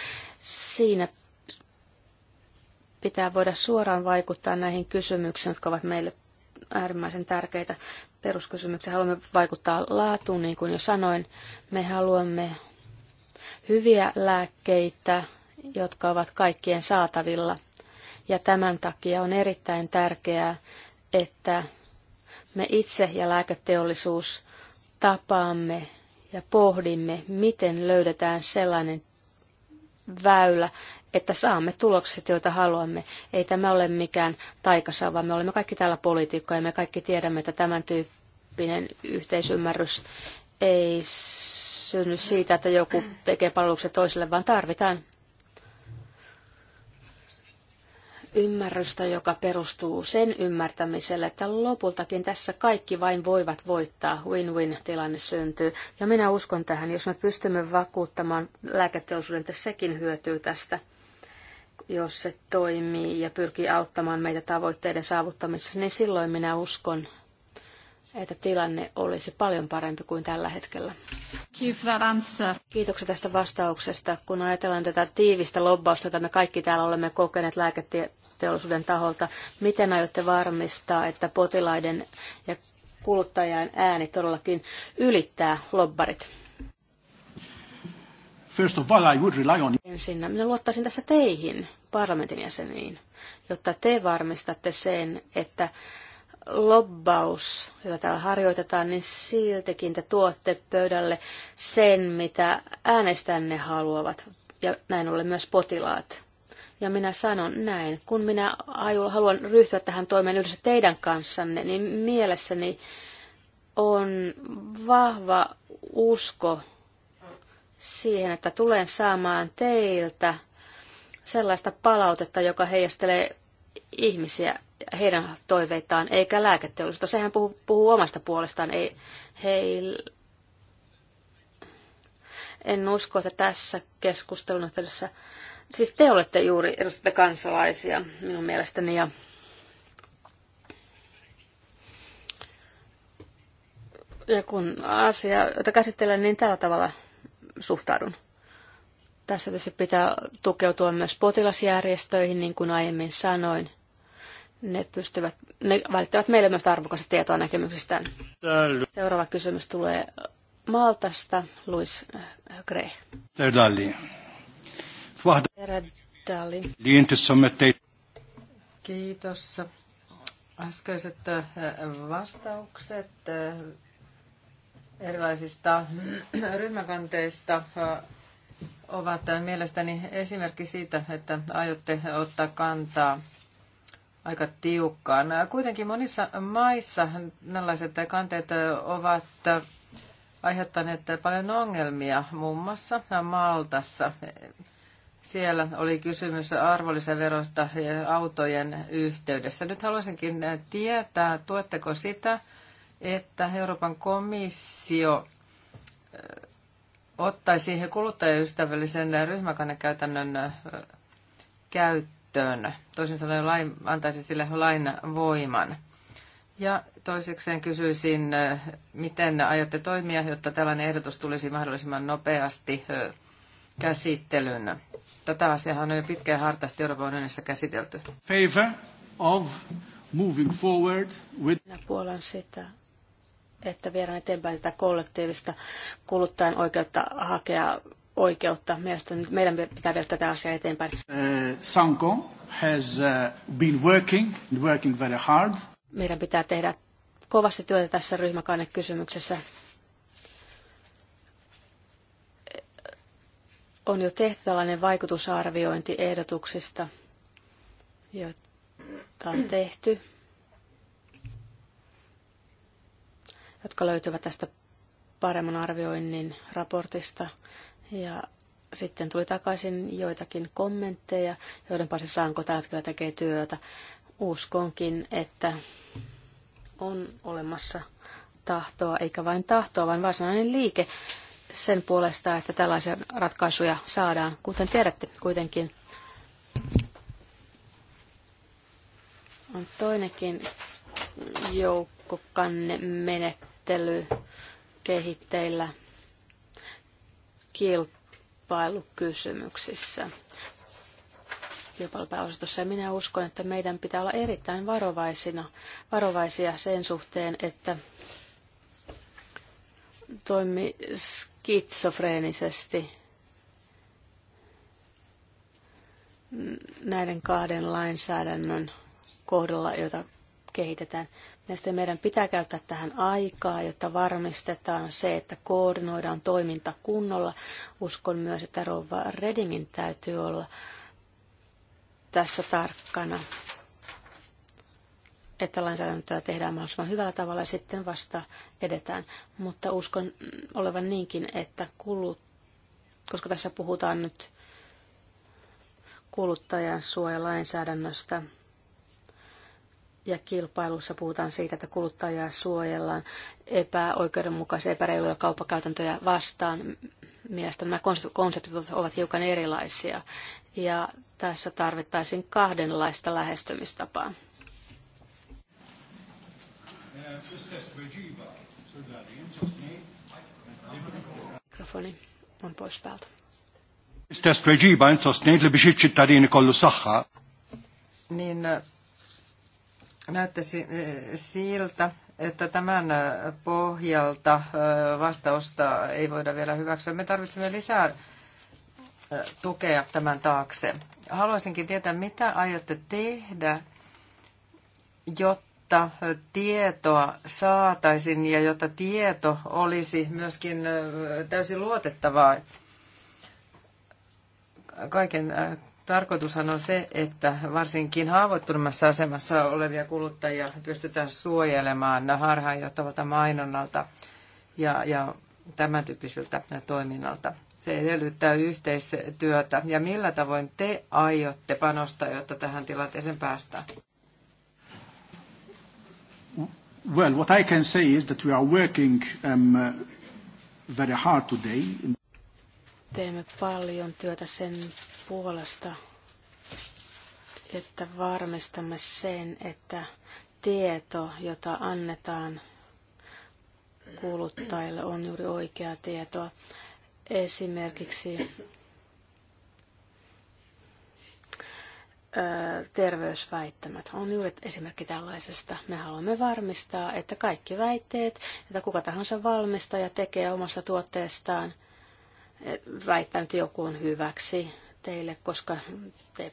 [SPEAKER 2] siinä pitää voida suoraan vaikuttaa näihin kysymyksiin, jotka ovat meille äärimmäisen tärkeitä peruskysymyksiä. Haluamme vaikuttaa laatuun, niin kuin jo sanoin. Me haluamme hyviä lääkkeitä, jotka ovat kaikkien saatavilla. Ja tämän takia on erittäin tärkeää, että me itse ja lääketeollisuus tapaamme ja pohdimme, miten löydetään sellainen väylä, että saamme tulokset, joita haluamme. Ei tämä ole mikään taikasa, vaan me olemme kaikki täällä poliitikkoja ja me kaikki tiedämme, että tämän tyyppinen yhteisymmärrys ei synny siitä, että joku tekee palveluksen toiselle, vaan tarvitaan ymmärrystä, joka perustuu sen ymmärtämiselle, että lopultakin tässä kaikki vain voivat voittaa, win-win-tilanne syntyy. Ja minä uskon tähän, jos me pystymme vakuuttamaan lääketeollisuuden, että sekin hyötyy tästä, jos se toimii ja pyrkii auttamaan meitä tavoitteiden saavuttamisessa, niin silloin minä uskon, että tilanne olisi paljon parempi kuin tällä hetkellä. Kiitoksia tästä vastauksesta. Kun ajatellaan tätä tiivistä lobbausta, jota me kaikki täällä olemme kokeneet lääkete- teollisuuden taholta. Miten aiotte varmistaa, että potilaiden ja kuluttajien ääni todellakin ylittää lobbarit?
[SPEAKER 4] First of all, I would rely on...
[SPEAKER 2] Ensinnä minä luottaisin tässä teihin, parlamentin jäseniin, jotta te varmistatte sen, että lobbaus, jota täällä harjoitetaan, niin siltikin te tuotte pöydälle sen, mitä äänestänne haluavat ja näin ollen myös potilaat. Ja minä sanon näin, kun minä haluan ryhtyä tähän toimeen yhdessä teidän kanssanne, niin mielessäni on vahva usko siihen, että tulen saamaan teiltä sellaista palautetta, joka heijastelee ihmisiä heidän toiveitaan, eikä lääketeollisuutta. Sehän puhuu, puhuu omasta puolestaan. Ei, heil... En usko, että tässä keskustelun yhteydessä Siis te olette juuri, edustatte kansalaisia minun mielestäni ja ja kun asia, jota käsittelen, niin tällä tavalla suhtaudun. Tässä tietysti pitää tukeutua myös potilasjärjestöihin, niin kuin aiemmin sanoin. Ne, pystyvät, ne välittävät meille myös arvokasta tietoa näkemyksistään. Seuraava kysymys tulee Maltasta, Luis Gre. Herra
[SPEAKER 5] Kiitos. Äskeiset äh, vastaukset äh, erilaisista ryhmäkanteista äh, ovat mielestäni esimerkki siitä, että aiotte ottaa kantaa aika tiukkaan. Kuitenkin monissa maissa tällaiset kanteet ovat aiheuttaneet paljon ongelmia, muun muassa Maltassa. Siellä oli kysymys arvonlisäverosta autojen yhteydessä. Nyt haluaisinkin äh, tietää, tuetteko sitä, että Euroopan komissio äh, ottaisi kuluttajaystävällisen ryhmäkannekäytännön äh, käyttöön. Toisin sanoen lain, antaisi sille lain voiman. Ja toisekseen kysyisin, miten aiotte toimia, jotta tällainen ehdotus tulisi mahdollisimman nopeasti käsittelyyn. Tätä asiaa on jo pitkään hartaasti Euroopan unionissa käsitelty.
[SPEAKER 4] Favor of moving forward with... Minä puolan sitä,
[SPEAKER 2] että viedään eteenpäin tätä kollektiivista kuluttajan oikeutta hakea oikeutta. Mielestäni meidän pitää viedä tätä asiaa eteenpäin.
[SPEAKER 4] Uh, Sanko has uh, been working, working very hard.
[SPEAKER 2] Meidän pitää tehdä kovasti työtä tässä ryhmäkannekysymyksessä. on jo tehty tällainen vaikutusarviointi ehdotuksista, joita on tehty, jotka löytyvät tästä paremman arvioinnin raportista. Ja sitten tuli takaisin joitakin kommentteja, joiden parissa Sanko tällä hetkellä tekee työtä. Uskonkin, että on olemassa tahtoa, eikä vain tahtoa, vaan varsinainen liike sen puolesta, että tällaisia ratkaisuja saadaan, kuten tiedätte kuitenkin. On toinenkin joukkokanne menettely kehitteillä kilpailukysymyksissä Ja minä uskon, että meidän pitää olla erittäin varovaisina, varovaisia sen suhteen, että toimi, skitsofreenisesti näiden kahden lainsäädännön kohdalla, joita kehitetään. Mielestäni meidän pitää käyttää tähän aikaa, jotta varmistetaan se, että koordinoidaan toiminta kunnolla. Uskon myös, että Rova Redingin täytyy olla tässä tarkkana että lainsäädäntöä tehdään mahdollisimman hyvällä tavalla ja sitten vasta edetään. Mutta uskon olevan niinkin, että kulut, koska tässä puhutaan nyt kuluttajan suojalainsäädännöstä ja kilpailussa puhutaan siitä, että kuluttajaa suojellaan epäoikeudenmukaisia, epäreiluja kauppakäytäntöjä vastaan. Mielestäni nämä konseptit ovat hiukan erilaisia ja tässä tarvittaisiin kahdenlaista lähestymistapaa. Mikrofoni, un poċ belt.
[SPEAKER 5] Niin näyttäisi siltä, että tämän pohjalta vastausta ei voida vielä hyväksyä. Me tarvitsemme lisää tukea tämän taakse. Haluaisinkin tietää, mitä aiotte tehdä, jotta jotta tietoa saataisiin ja jotta tieto olisi myöskin täysin luotettavaa. Kaiken tarkoitushan on se, että varsinkin haavoittuneemmassa asemassa olevia kuluttajia pystytään suojelemaan harhaanjohtavalta mainonnalta ja, ja tämän tyyppiseltä toiminnalta. Se edellyttää yhteistyötä. Ja millä tavoin te aiotte panostaa, jotta tähän tilanteeseen päästään?
[SPEAKER 4] Well, what I can say is that we are working um, uh, very hard today.
[SPEAKER 2] Teemme paljon työtä sen puolesta, että varmistamme sen, että tieto, jota annetaan kuluttajille, on juuri oikea tietoa. Esimerkiksi terveysväittämät on juuri esimerkki tällaisesta. Me haluamme varmistaa, että kaikki väitteet, että kuka tahansa valmistaja tekee omasta tuotteestaan, väittää nyt joku on hyväksi teille, koska te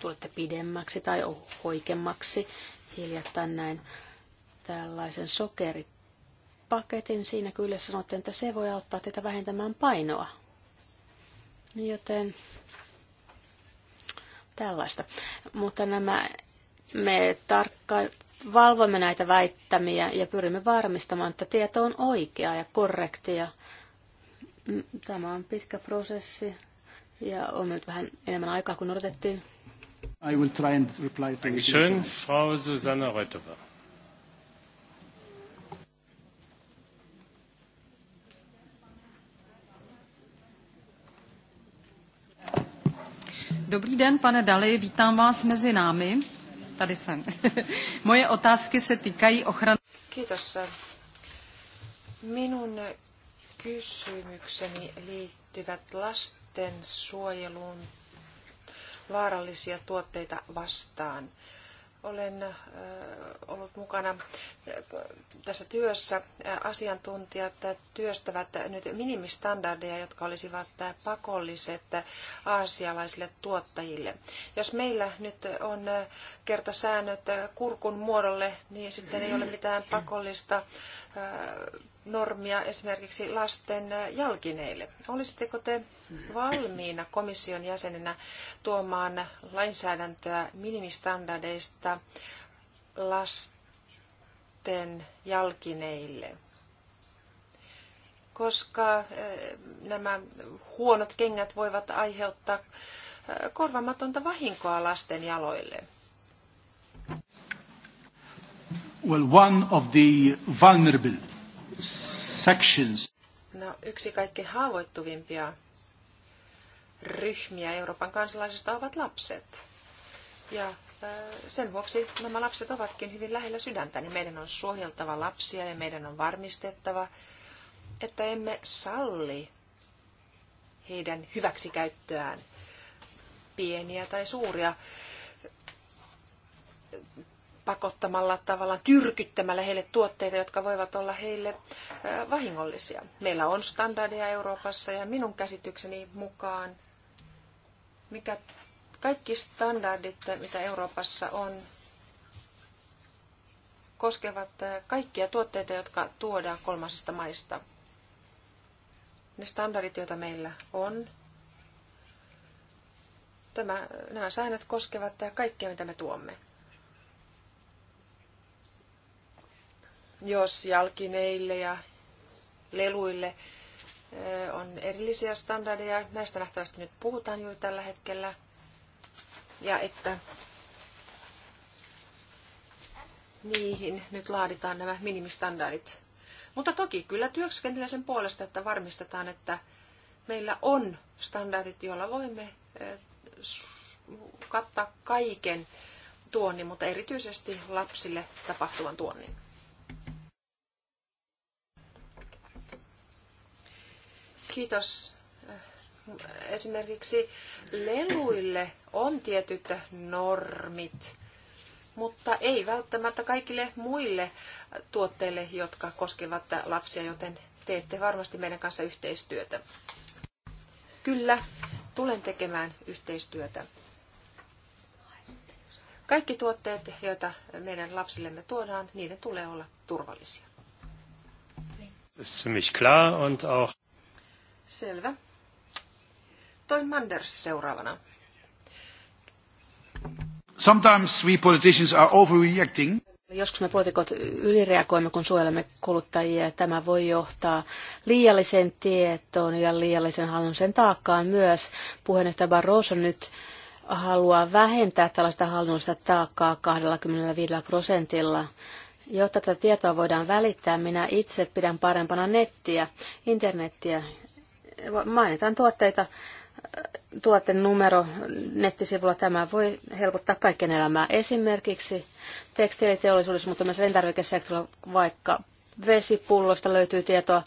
[SPEAKER 2] tulette pidemmäksi tai oikeammaksi hiljattain näin tällaisen sokeripaketin. Siinä kyllä sanotte, että se voi auttaa teitä vähentämään painoa. Joten tällaista. Mutta nämä, me tarkkaan valvomme näitä väittämiä ja pyrimme varmistamaan, että tieto on oikea ja korrektia. Mm, tämä on pitkä prosessi ja on nyt vähän enemmän aikaa kuin odotettiin.
[SPEAKER 4] I will try and
[SPEAKER 1] reply to Frau Susanna Reutova.
[SPEAKER 2] Dobrý den, pane Dali, vítám vás mezi námi. Tady jsem. Moje otázky se týkají ochrany.
[SPEAKER 3] Kiitos. Minun kysymykseni liittyvät lasten suojeluun vaarallisia tuotteita vastaan olen ollut mukana tässä työssä. Asiantuntijat työstävät nyt minimistandardeja, jotka olisivat pakolliset aasialaisille tuottajille. Jos meillä nyt on kerta säännöt kurkun muodolle, niin sitten ei ole mitään pakollista normia esimerkiksi lasten jalkineille. Olisitteko te valmiina komission jäsenenä tuomaan lainsäädäntöä minimistandardeista lasten jalkineille? Koska eh, nämä huonot kengät voivat aiheuttaa eh, korvamatonta vahinkoa lasten jaloille.
[SPEAKER 4] Well, one of the vulnerable sections.
[SPEAKER 3] No, yksi kaikkein haavoittuvimpia ryhmiä Euroopan kansalaisista ovat lapset. Ja sen vuoksi nämä lapset ovatkin hyvin lähellä sydäntäni. Niin meidän on suojeltava lapsia ja meidän on varmistettava, että emme salli heidän hyväksikäyttöään pieniä tai suuria pakottamalla tavallaan tyrkyttämällä heille tuotteita, jotka voivat olla heille äh, vahingollisia. Meillä on standardeja Euroopassa ja minun käsitykseni mukaan mikä kaikki standardit, mitä Euroopassa on, koskevat äh, kaikkia tuotteita, jotka tuodaan kolmansista maista. Ne standardit, joita meillä on, tämä, nämä säännöt koskevat kaikkia, mitä me tuomme. jos jalkineille ja leluille eh, on erillisiä standardeja. Näistä nähtävästi nyt puhutaan juuri tällä hetkellä. Ja että niihin nyt laaditaan nämä minimistandardit. Mutta toki kyllä työskentelen sen puolesta, että varmistetaan, että meillä on standardit, joilla voimme eh, kattaa kaiken tuonnin, mutta erityisesti lapsille tapahtuvan tuonnin. Kiitos. Esimerkiksi leluille on tietyt normit, mutta ei välttämättä kaikille muille tuotteille, jotka koskevat lapsia, joten teette varmasti meidän kanssa yhteistyötä. Kyllä, tulen tekemään yhteistyötä. Kaikki tuotteet, joita meidän lapsillemme tuodaan, niiden tulee olla turvallisia.
[SPEAKER 1] Das ist ziemlich klar und auch
[SPEAKER 3] Selvä. Toin
[SPEAKER 2] Manders seuraavana.
[SPEAKER 1] Sometimes we politicians
[SPEAKER 4] are overreacting.
[SPEAKER 2] Joskus me poliitikot ylireagoimme, kun suojelemme kuluttajia. Tämä voi johtaa liiallisen tietoon ja liiallisen hallinnon taakkaan myös. Puheenjohtaja Barroso nyt haluaa vähentää tällaista hallinnollista taakkaa 25 prosentilla. Jotta tätä tietoa voidaan välittää, minä itse pidän parempana nettiä, internettiä, mainitaan tuotteita, tuotteen numero nettisivulla. Tämä voi helpottaa kaiken elämää. Esimerkiksi tekstiiliteollisuudessa, mutta myös elintarvikesektorilla vaikka vesipullosta löytyy tietoa.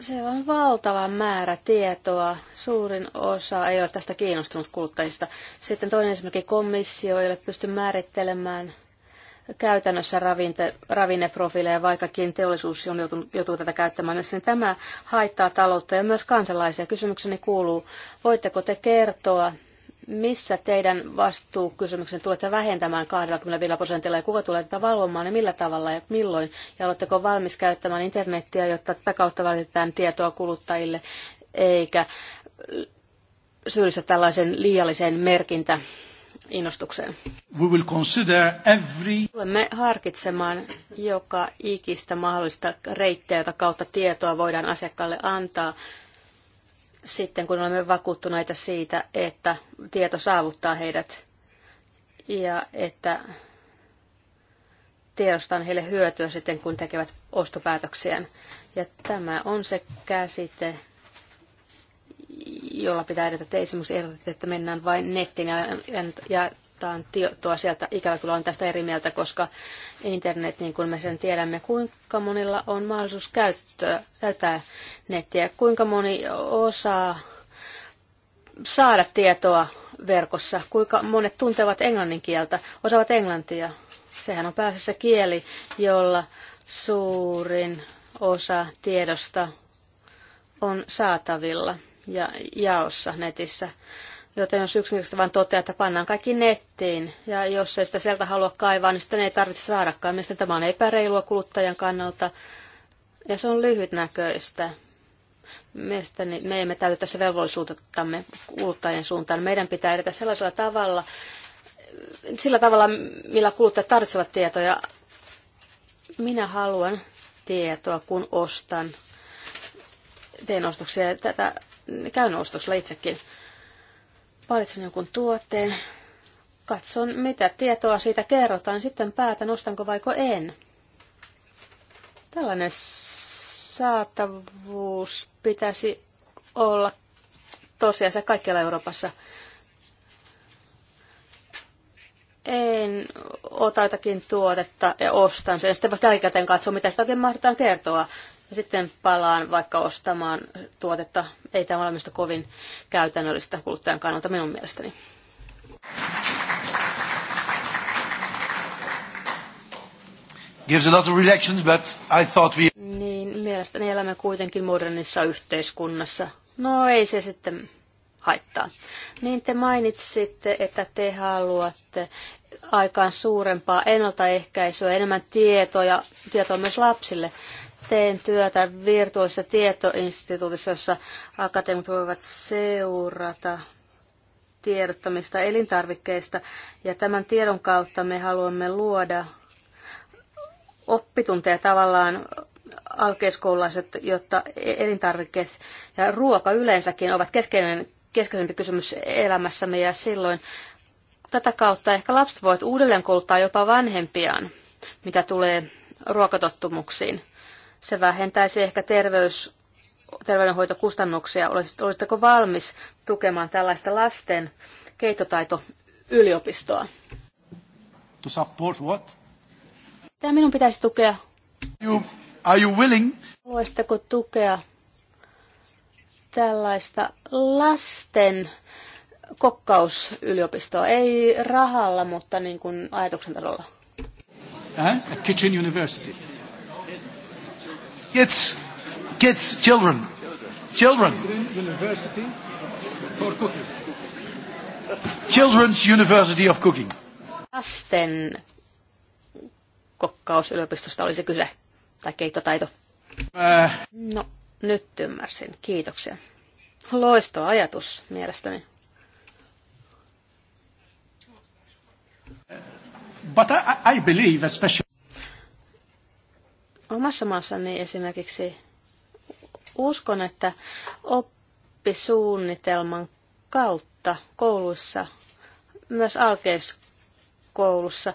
[SPEAKER 2] Se on valtava määrä tietoa. Suurin osa ei ole tästä kiinnostunut kuluttajista. Sitten toinen esimerkki komissio ei ole pysty määrittelemään – käytännössä ravinte, ravinneprofiileja, vaikkakin teollisuus on joutunut, joutuu tätä käyttämään myös, niin tämä haittaa taloutta ja myös kansalaisia. Kysymykseni kuuluu, voitteko te kertoa, missä teidän vastuukysymyksen tulette vähentämään 25 prosentilla ja kuka tulee tätä valvomaan ja millä tavalla ja milloin? Ja oletteko valmis käyttämään internettiä, jotta tätä kautta välitetään tietoa kuluttajille eikä syyllistä tällaisen liiallisen merkintä innostukseen.
[SPEAKER 4] We will consider
[SPEAKER 2] every... Tulemme harkitsemaan joka ikistä mahdollista reittiä, jota kautta tietoa voidaan asiakkaalle antaa sitten, kun olemme vakuuttuneita siitä, että tieto saavuttaa heidät ja että tiedostaan heille hyötyä sitten, kun tekevät ostopäätöksiään. Ja tämä on se käsite, jolla pitää edetä. ei esimerkiksi ehdotitte, että mennään vain nettiin ja jaetaan tietoa sieltä. Ikävä kyllä on tästä eri mieltä, koska internet, niin kuin me sen tiedämme, kuinka monilla on mahdollisuus käyttää, käyttää nettiä, kuinka moni osaa saada tietoa verkossa, kuinka monet tuntevat englannin kieltä, osaavat englantia. Sehän on pääasiassa kieli, jolla suurin osa tiedosta on saatavilla ja jaossa netissä. Joten jos yksinkertaisesti vain toteaa, että pannaan kaikki nettiin, ja jos ei sitä sieltä halua kaivaa, niin ne ei tarvitse saadakaan. Mielestäni tämä on epäreilua kuluttajan kannalta, ja se on lyhytnäköistä. Mielestäni me emme täytä tässä velvollisuutettamme kuluttajien suuntaan. Meidän pitää edetä sellaisella tavalla, sillä tavalla, millä kuluttajat tarvitsevat tietoja. Minä haluan tietoa, kun ostan teen ostoksia. Tätä käyn ostoksella itsekin. Valitsen jonkun tuotteen, katson mitä tietoa siitä kerrotaan, sitten päätän ostanko vaiko en. Tällainen saatavuus pitäisi olla se kaikkialla Euroopassa. En ota jotakin tuotetta ja ostan sen. Sitten vasta jälkikäteen katso, mitä sitä oikein mahdotaan kertoa sitten palaan vaikka ostamaan tuotetta. Ei tämä ole minusta kovin käytännöllistä kuluttajan kannalta minun mielestäni.
[SPEAKER 4] Gives a lot of reactions, but I thought we... Niin,
[SPEAKER 2] mielestäni elämme kuitenkin modernissa yhteiskunnassa. No ei se sitten haittaa. Niin te mainitsitte, että te haluatte aikaan suurempaa ennaltaehkäisyä, enemmän tietoja, tietoa myös lapsille teen työtä virtuaalisessa tietoinstituutissa, jossa akateemit voivat seurata tiedottamista elintarvikkeista. Ja tämän tiedon kautta me haluamme luoda oppitunteja tavallaan alkeiskoululaiset, jotta e- elintarvikkeet ja ruoka yleensäkin ovat keskeinen, keskeisempi kysymys elämässämme ja silloin tätä kautta ehkä lapset voivat uudelleen kouluttaa jopa vanhempiaan, mitä tulee ruokatottumuksiin. Se vähentäisi ehkä terveys, terveydenhoitokustannuksia. Olisitteko valmis tukemaan tällaista lasten keittotaitoyliopistoa?
[SPEAKER 4] To support what?
[SPEAKER 2] Tämä minun pitäisi tukea. You, are you willing? Haluaisitteko tukea tällaista lasten kokkausyliopistoa? Ei rahalla, mutta niin kuin ajatuksen tasolla.
[SPEAKER 4] Eh? A kitchen university. Kids, kids, children, children.
[SPEAKER 2] University for cooking.
[SPEAKER 4] Children's University of Cooking.
[SPEAKER 2] Lasten kokkausyliopistosta oli se kyse, tai keittotaito. Äh. No, nyt ymmärsin. Kiitoksia. Loistava ajatus mielestäni.
[SPEAKER 4] But I, I believe especially...
[SPEAKER 2] Omassa maassani esimerkiksi uskon, että oppisuunnitelman kautta kouluissa, myös alkeiskoulussa,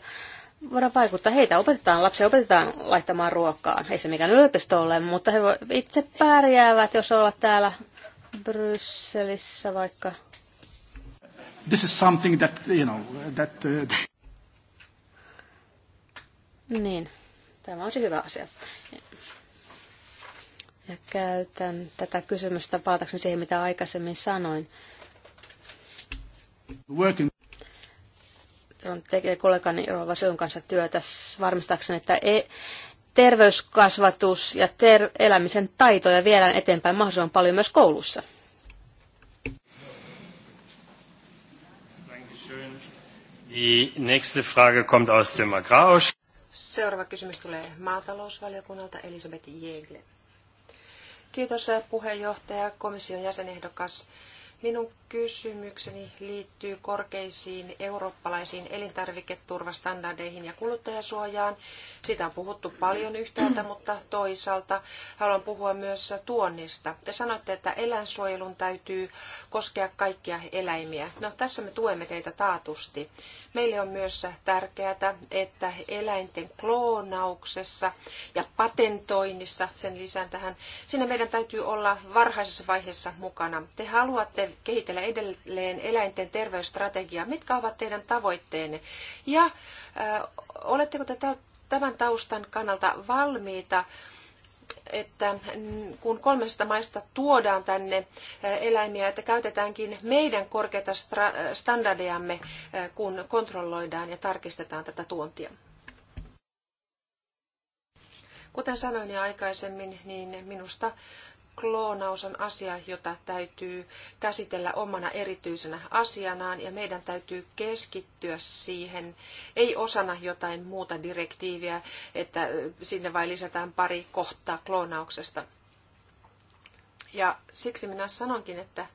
[SPEAKER 2] voidaan vaikuttaa. Heitä opetetaan, lapsia opetetaan laittamaan ruokaa. Ei se mikään yliopisto ole, mutta he itse pärjäävät, jos ovat täällä Brysselissä vaikka.
[SPEAKER 4] This is something that, you know, that... Uh...
[SPEAKER 2] Niin. Tämä on se hyvä asia. Ja käytän tätä kysymystä palatakseni siihen, mitä aikaisemmin sanoin. Working. Tekee kollegani Rova Seun kanssa työtä varmistaakseni, että ei, terveyskasvatus ja ter- elämisen taitoja viedään eteenpäin mahdollisimman paljon myös koulussa.
[SPEAKER 1] Die nächste Frage kommt aus dem Agrarausschuss.
[SPEAKER 3] Seuraava kysymys tulee maatalousvaliokunnalta Elisabeth Jegle. Kiitos puheenjohtaja, komission jäsenehdokas. Minun kysymykseni liittyy korkeisiin eurooppalaisiin elintarviketurvastandardeihin ja kuluttajasuojaan. Siitä on puhuttu paljon yhtäältä, mutta toisaalta haluan puhua myös tuonnista. Te sanoitte, että eläinsuojelun täytyy koskea kaikkia eläimiä. No tässä me tuemme teitä taatusti. Meille on myös tärkeää, että eläinten kloonauksessa ja patentoinnissa, sen lisään tähän, meidän täytyy olla varhaisessa vaiheessa mukana. Te haluatte kehitellä hetkellä edelleen eläinten terveysstrategiaa. Mitkä ovat teidän tavoitteenne? Ja ö, oletteko te tämän taustan kannalta valmiita että kun kolmesta maista tuodaan tänne eläimiä, että käytetäänkin meidän korkeita standardejamme, kun kontrolloidaan ja tarkistetaan tätä tuontia. Kuten sanoin jo aikaisemmin, niin minusta kloonaus on asia, jota täytyy käsitellä omana erityisenä asianaan ja meidän täytyy keskittyä siihen, ei osana jotain muuta direktiiviä, että sinne vain lisätään pari kohtaa kloonauksesta. Ja siksi minä sanonkin, että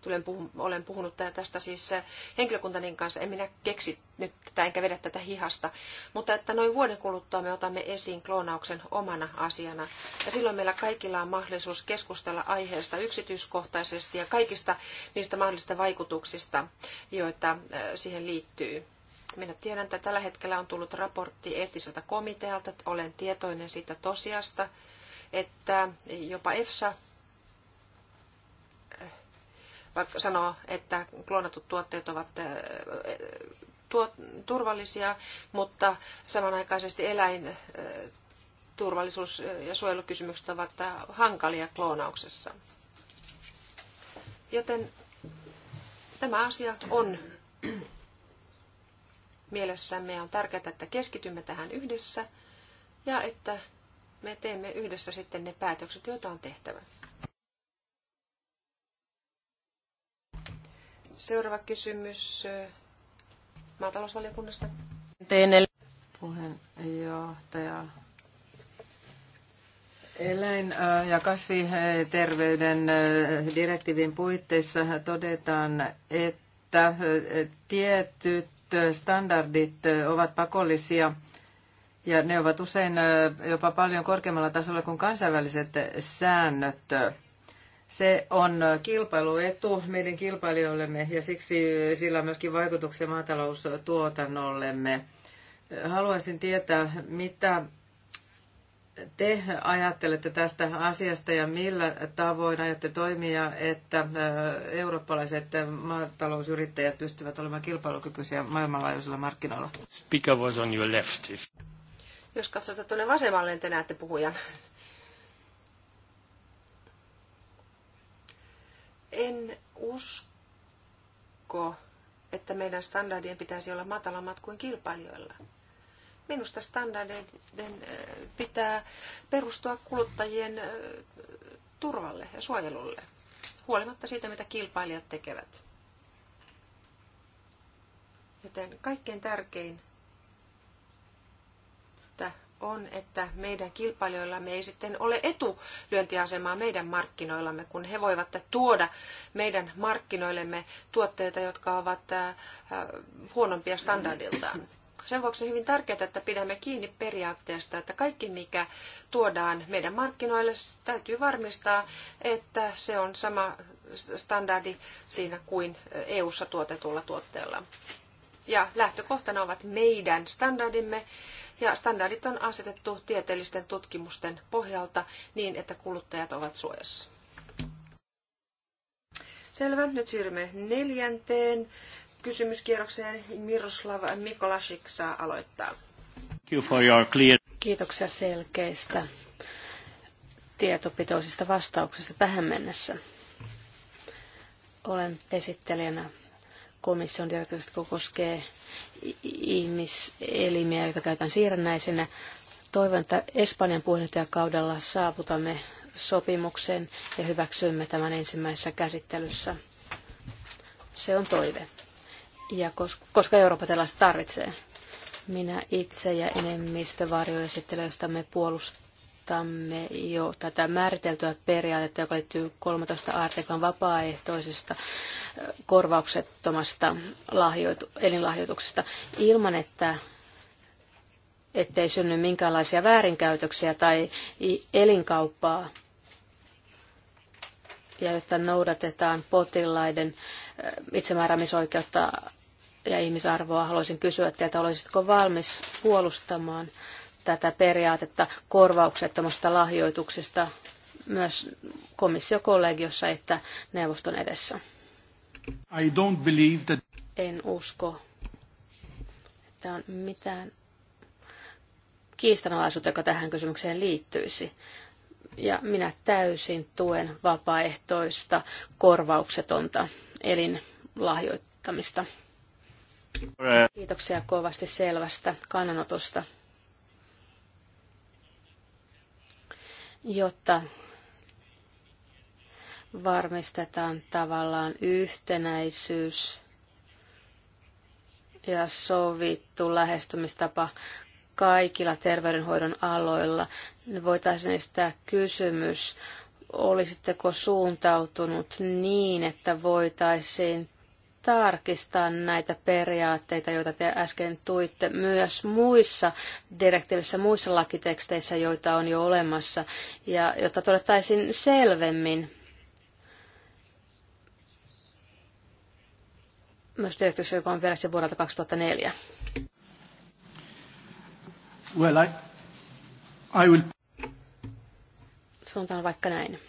[SPEAKER 3] Tulen puhu, olen puhunut tästä siis äh, henkilökuntani kanssa. En minä keksi nyt tätä enkä vedä tätä hihasta. Mutta että noin vuoden kuluttua me otamme esiin kloonauksen omana asiana. Ja silloin meillä kaikilla on mahdollisuus keskustella aiheesta yksityiskohtaisesti ja kaikista niistä mahdollisista vaikutuksista, joita äh, siihen liittyy. Minä tiedän, että tällä hetkellä on tullut raportti eettiseltä komitealta. Olen tietoinen siitä tosiasta, että jopa EFSA vaikka sanoo, että kloonatut tuotteet ovat äh, tuot, turvallisia, mutta samanaikaisesti eläin äh, turvallisuus- äh, ja suojelukysymykset ovat hankalia kloonauksessa. Joten tämä asia on mielessämme ja on tärkeää, että keskitymme tähän yhdessä ja että me teemme yhdessä sitten ne päätökset, joita on tehtävä. Seuraava kysymys maatalousvaliokunnasta.
[SPEAKER 5] Teinel. Puheenjohtaja. Eläin- ja kasviterveyden direktiivin puitteissa todetaan, että tietyt standardit ovat pakollisia ja ne ovat usein jopa paljon korkeammalla tasolla kuin kansainväliset säännöt. Se on kilpailuetu meidän kilpailijoillemme ja siksi sillä on myöskin vaikutuksia maataloustuotannollemme. Haluaisin tietää, mitä te ajattelette tästä asiasta ja millä tavoin aiotte toimia, että äh, eurooppalaiset maatalousyrittäjät pystyvät olemaan kilpailukykyisiä maailmanlaajuisilla markkinoilla?
[SPEAKER 1] Speaker was on your left.
[SPEAKER 3] Jos katsotte tuonne vasemmalle, niin te näette puhujan. En usko, että meidän standardien pitäisi olla matalammat kuin kilpailijoilla. Minusta standardien äh, pitää perustua kuluttajien äh, turvalle ja suojelulle, huolimatta siitä, mitä kilpailijat tekevät. Joten kaikkein tärkein että on, että meidän kilpailijoillamme ei sitten ole etulyöntiasemaa meidän markkinoillamme, kun he voivat tuoda meidän markkinoillemme tuotteita, jotka ovat äh, äh, huonompia standardiltaan. Sen vuoksi on hyvin tärkeää, että pidämme kiinni periaatteesta, että kaikki mikä tuodaan meidän markkinoille, täytyy varmistaa, että se on sama standardi siinä kuin äh, EU-ssa tuotetulla tuotteella. Ja lähtökohtana ovat meidän standardimme, ja standardit on asetettu tieteellisten tutkimusten pohjalta niin, että kuluttajat ovat suojassa. Selvä. Nyt siirrymme neljänteen kysymyskierrokseen. Miroslav Mikolasik saa aloittaa.
[SPEAKER 2] Kiitoksia selkeistä tietopitoisista vastauksista tähän mennessä. Olen esittelijänä komission direktiivistä, joka koskee ihmiselimiä, joita käytetään siirrännäisenä. Toivon, että Espanjan puheenjohtajakaudella saavutamme sopimuksen ja hyväksymme tämän ensimmäisessä käsittelyssä. Se on toive. Ja koska Eurooppa tällaista tarvitsee. Minä itse ja enemmistö varjoesittelijöistämme puolustamme jo tätä määriteltyä periaatetta, joka liittyy 13 artiklan vapaaehtoisesta korvauksettomasta lahjoitu- elinlahjoituksesta ilman, että ettei synny minkäänlaisia väärinkäytöksiä tai elinkauppaa ja jotta noudatetaan potilaiden äh, itsemääräämisoikeutta ja ihmisarvoa, haluaisin kysyä teiltä, olisitko valmis puolustamaan tätä periaatetta korvauksettomasta lahjoituksesta myös komissiokollegiossa että neuvoston edessä?
[SPEAKER 4] I don't believe that...
[SPEAKER 2] En usko, että on mitään kiistanalaisuutta, joka tähän kysymykseen liittyisi. Ja minä täysin tuen vapaaehtoista, korvauksetonta elinlahjoittamista. Kiitoksia kovasti selvästä kannanotosta. Jotta varmistetaan tavallaan yhtenäisyys ja sovittu lähestymistapa kaikilla terveydenhoidon aloilla. Voitaisiin estää kysymys, olisitteko suuntautunut niin, että voitaisiin tarkistaa näitä periaatteita, joita te äsken tuitte, myös muissa direktiivissä, muissa lakiteksteissä, joita on jo olemassa, ja jotta todettaisiin selvemmin myös direktiivissä, joka on peräisin vuodelta 2004?
[SPEAKER 4] Well, I, I will...
[SPEAKER 2] Sanotaan vaikka näin.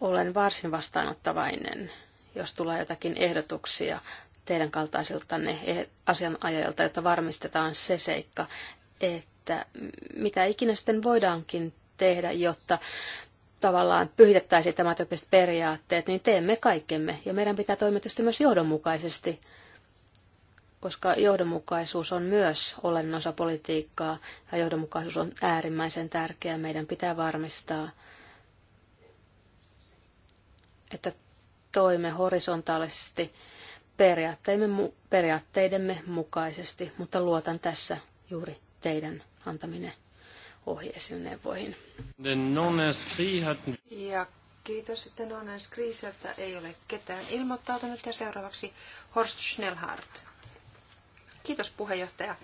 [SPEAKER 2] Olen varsin vastaanottavainen, jos tulee jotakin ehdotuksia teidän kaltaisiltanne eh, asianajajilta, jotta varmistetaan se seikka, että mitä ikinä sitten voidaankin tehdä, jotta tavallaan pyhitettäisiin tämä tyyppiset periaatteet, niin teemme kaikkemme. Ja meidän pitää toimia tietysti myös johdonmukaisesti, koska johdonmukaisuus on myös olennon osa politiikkaa ja johdonmukaisuus on äärimmäisen tärkeää. Meidän pitää varmistaa, että toimme horisontaalisesti periaatteidemme, periaatteidemme mukaisesti, mutta luotan tässä juuri teidän antaminen ohjeisiin neuvoihin.
[SPEAKER 3] Ja kiitos, sitten on skriiseltä ei ole ketään ilmoittautunut ja seuraavaksi Horst Schnellhardt. Kiitos puheenjohtaja.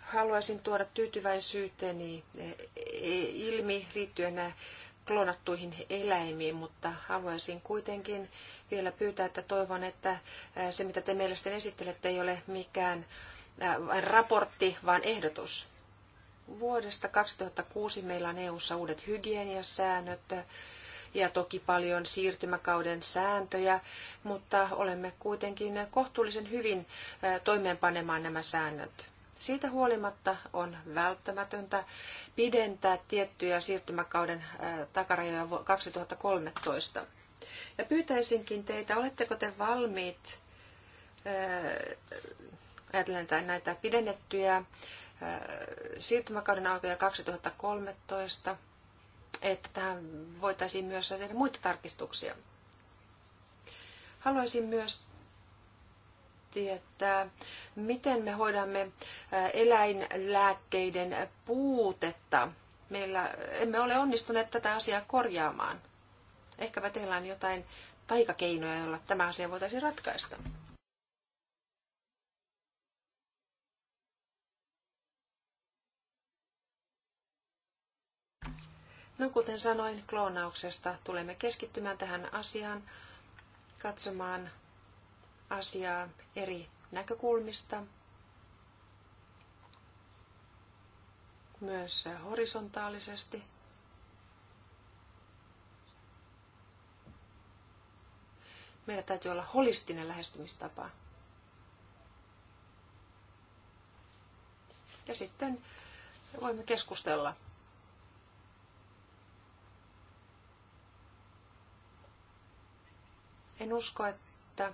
[SPEAKER 3] Haluaisin tuoda tyytyväisyyteni eh, eh, ilmi liittyen eh, klonattuihin eläimiin, mutta haluaisin kuitenkin vielä pyytää, että toivon, että se mitä te mielestäni esittelette ei ole mikään raportti, vaan ehdotus. Vuodesta 2006 meillä on EU-ssa uudet hygieniasäännöt ja toki paljon siirtymäkauden sääntöjä, mutta olemme kuitenkin kohtuullisen hyvin toimeenpanemaan nämä säännöt. Siitä huolimatta on välttämätöntä pidentää tiettyjä siirtymäkauden takarajoja 2013. Ja pyytäisinkin teitä, oletteko te valmiit, ajatellen näitä pidennettyjä siirtymäkauden alkuja 2013, että tähän voitaisiin myös tehdä muita tarkistuksia. Haluaisin myös tietää, miten me hoidamme eläinlääkkeiden puutetta. Meillä emme ole onnistuneet tätä asiaa korjaamaan. Ehkäpä teillä on jotain taikakeinoja, joilla tämä asia voitaisiin ratkaista. No kuten sanoin, kloonauksesta tulemme keskittymään tähän asiaan, katsomaan asiaa eri näkökulmista, myös horisontaalisesti. Meillä täytyy olla holistinen lähestymistapa. Ja sitten voimme keskustella En usko, että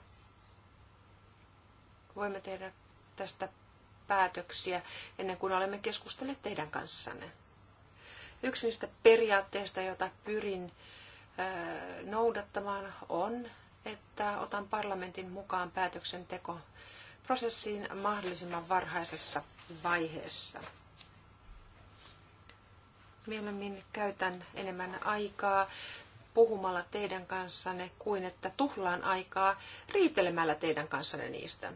[SPEAKER 3] voimme tehdä tästä päätöksiä ennen kuin olemme keskustelleet teidän kanssanne. Yksi niistä periaatteista, jota pyrin noudattamaan, on, että otan parlamentin mukaan päätöksenteko prosessiin mahdollisimman varhaisessa vaiheessa. Mieluummin käytän enemmän aikaa puhumalla teidän kanssanne kuin että tuhlaan aikaa riitelemällä teidän kanssanne niistä.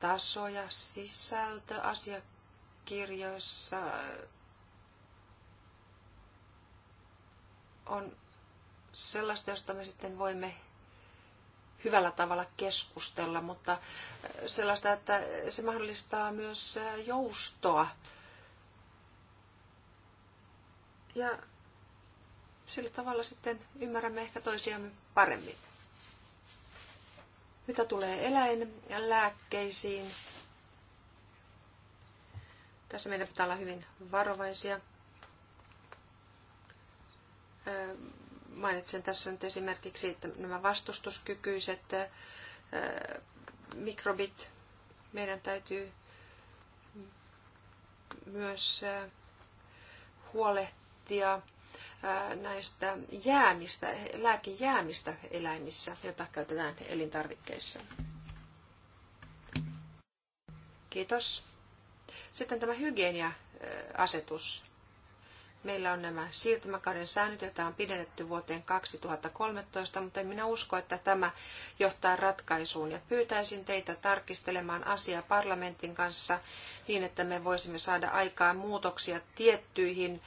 [SPEAKER 3] tasoja sisältö asiakirjoissa on sellaista, josta me sitten voimme hyvällä tavalla keskustella, mutta sellaista, että se mahdollistaa myös joustoa ja sillä tavalla sitten ymmärrämme ehkä toisiamme paremmin. Mitä tulee eläin- ja lääkkeisiin. tässä meidän pitää olla hyvin varovaisia. Mainitsen tässä nyt esimerkiksi että nämä vastustuskykyiset mikrobit. Meidän täytyy myös huolehtia prosenttia näistä jäämistä, lääkejäämistä eläimissä, jota käytetään elintarvikkeissa. Kiitos. Sitten tämä hygienia-asetus. Meillä on nämä siirtymäkauden säännöt, joita on pidennetty vuoteen 2013, mutta en minä usko, että tämä johtaa ratkaisuun. Ja pyytäisin teitä tarkistelemaan asiaa parlamentin kanssa niin, että me voisimme saada aikaan muutoksia tiettyihin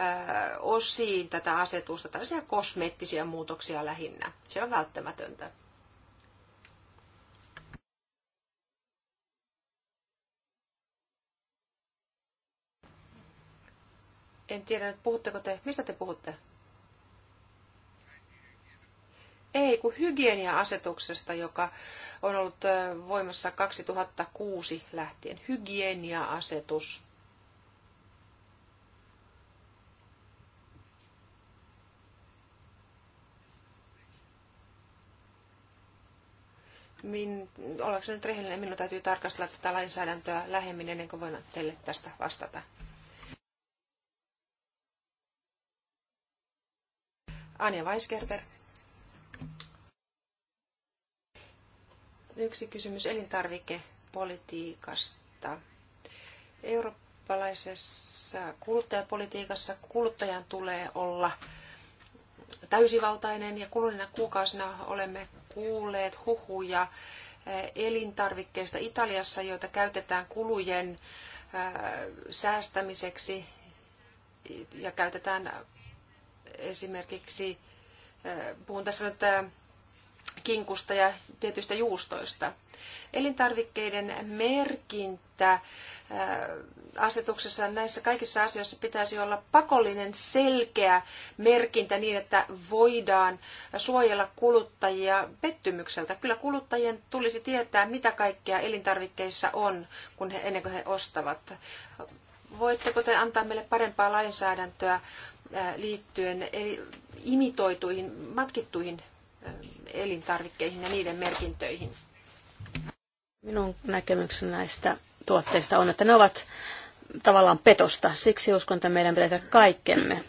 [SPEAKER 3] äh, osiin tätä asetusta, tällaisia kosmeettisia muutoksia lähinnä. Se on välttämätöntä. En tiedä että puhutteko te, mistä te puhutte? Ei, kun hygienia-asetuksesta, joka on ollut voimassa 2006 lähtien. Hygienia-asetus. Min, ollaanko nyt rehellinen, minun täytyy tarkastella tätä lainsäädäntöä lähemmin ennen kuin voin teille tästä vastata. Anja Weisgerber. Yksi kysymys elintarvikepolitiikasta. Eurooppalaisessa kuluttajapolitiikassa kuluttajan tulee olla täysivaltainen ja kuluneena kuukausina olemme kuulleet huhuja eh, elintarvikkeista Italiassa, joita käytetään kulujen eh, säästämiseksi ja käytetään esimerkiksi, puhun tässä nyt kinkusta ja tietyistä juustoista. Elintarvikkeiden merkintä asetuksessa näissä kaikissa asioissa pitäisi olla pakollinen selkeä merkintä niin, että voidaan suojella kuluttajia pettymykseltä. Kyllä kuluttajien tulisi tietää, mitä kaikkea elintarvikkeissa on, kun he, ennen kuin he ostavat. Voitteko te antaa meille parempaa lainsäädäntöä liittyen imitoituihin, matkittuihin elintarvikkeihin ja niiden merkintöihin?
[SPEAKER 2] Minun näkemykseni näistä tuotteista on, että ne ovat tavallaan petosta. Siksi uskon, että meidän pitää tehdä kaikkemme,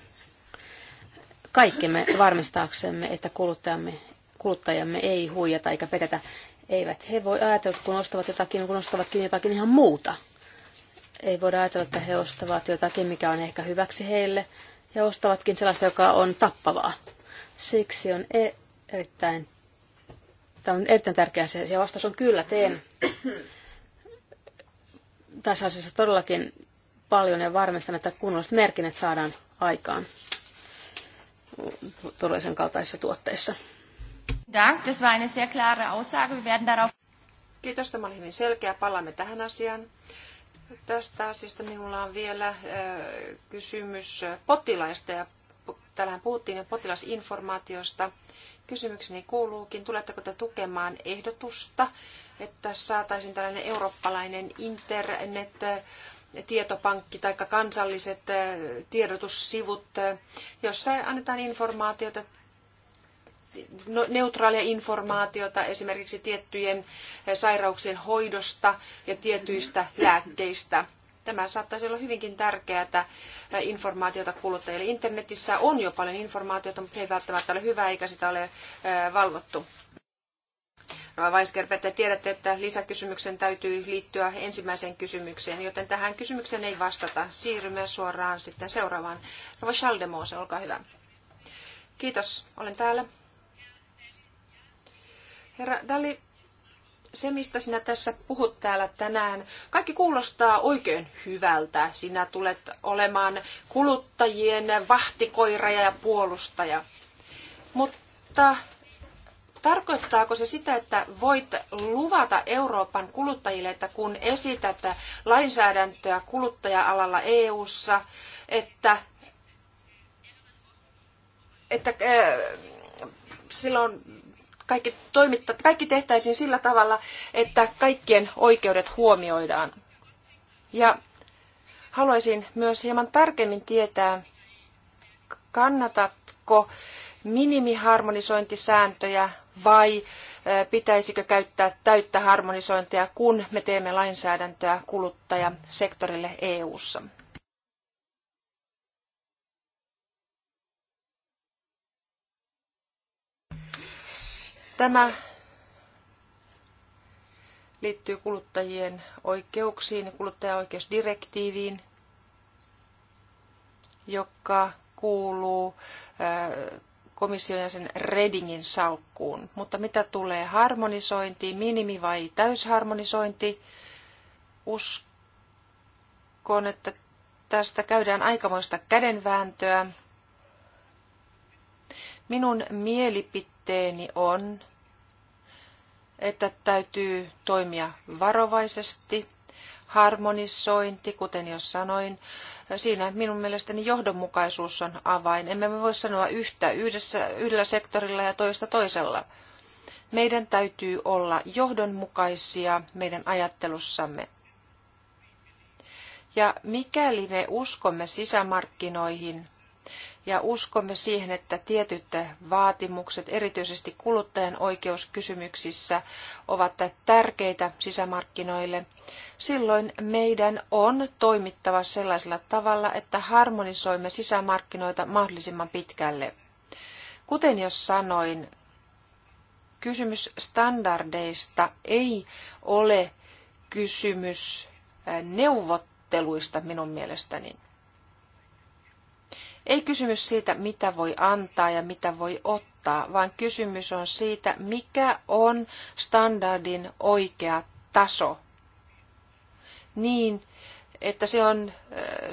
[SPEAKER 2] kaikkemme varmistaaksemme, että kuluttajamme, kuluttajamme ei huijata eikä petetä. Eivät he voi ajatella, kun ostavat jotakin, kun ostavatkin jotakin ihan muuta. Ei voida ajatella, että he ostavat jotakin, mikä on ehkä hyväksi heille, ja ostavatkin sellaista, joka on tappavaa. Siksi on e- erittäin, tämä on erittäin tärkeä asia. Ja vastaus on kyllä, teen tässä asiassa todellakin paljon ja varmistan, että kunnolliset merkinnät saadaan aikaan turvallisen kaltaisissa tuotteissa.
[SPEAKER 3] Dank, das war eine sehr klare Aussage. Wir werden darauf Kiitos, tämä oli hyvin selkeä. Palaamme tähän asiaan tästä asiasta minulla on vielä äh, kysymys potilaista ja täällähän puhuttiin jo potilasinformaatiosta. Kysymykseni kuuluukin, tuletteko te tukemaan ehdotusta, että saataisiin tällainen eurooppalainen internet äh, tietopankki tai kansalliset äh, tiedotussivut, jossa annetaan informaatiota No, neutraalia informaatiota esimerkiksi tiettyjen eh, sairauksien hoidosta ja tietyistä lääkkeistä. Tämä saattaisi olla hyvinkin tärkeää eh, informaatiota kuluttajille. Internetissä on jo paljon informaatiota, mutta se ei välttämättä ole hyvä eikä sitä ole eh, valvottu. Weisgerber, te tiedätte, että lisäkysymyksen täytyy liittyä ensimmäiseen kysymykseen, joten tähän kysymykseen ei vastata. Siirrymme suoraan sitten seuraavaan. Rova Schaldemose, olkaa hyvä. Kiitos, olen täällä. Herra Dali, se mistä sinä tässä puhut täällä tänään, kaikki kuulostaa oikein hyvältä. Sinä tulet olemaan kuluttajien vahtikoira ja puolustaja. Mutta Tarkoittaako se sitä, että voit luvata Euroopan kuluttajille, että kun esität lainsäädäntöä kuluttaja-alalla EU-ssa, että, että äh, silloin kaikki, toimitta, kaikki tehtäisiin sillä tavalla, että kaikkien oikeudet huomioidaan. Ja haluaisin myös hieman tarkemmin tietää, kannatatko minimiharmonisointisääntöjä vai pitäisikö käyttää täyttä harmonisointia, kun me teemme lainsäädäntöä kuluttajasektorille EU-ssa. Tämä liittyy kuluttajien oikeuksiin, kuluttajaoikeusdirektiiviin, joka kuuluu komission jäsen Redingin salkkuun. Mutta mitä tulee harmonisointiin, minimi- vai täysharmonisointi, uskon, että tästä käydään aikamoista kädenvääntöä. Minun mielipiteeni on, että täytyy toimia varovaisesti. Harmonisointi, kuten jo sanoin, siinä minun mielestäni johdonmukaisuus on avain. Emme me voi sanoa yhtä yhdessä, yhdellä sektorilla ja toista toisella. Meidän täytyy olla johdonmukaisia meidän ajattelussamme. Ja mikäli me uskomme sisämarkkinoihin, ja uskomme siihen, että tietyt vaatimukset, erityisesti kuluttajan oikeuskysymyksissä, ovat tärkeitä sisämarkkinoille. Silloin meidän on toimittava sellaisella tavalla, että harmonisoimme sisämarkkinoita mahdollisimman pitkälle. Kuten jo sanoin, kysymys standardeista ei ole kysymys neuvotteluista minun mielestäni. Ei kysymys siitä, mitä voi antaa ja mitä voi ottaa, vaan kysymys on siitä, mikä on standardin oikea taso. Niin, että se on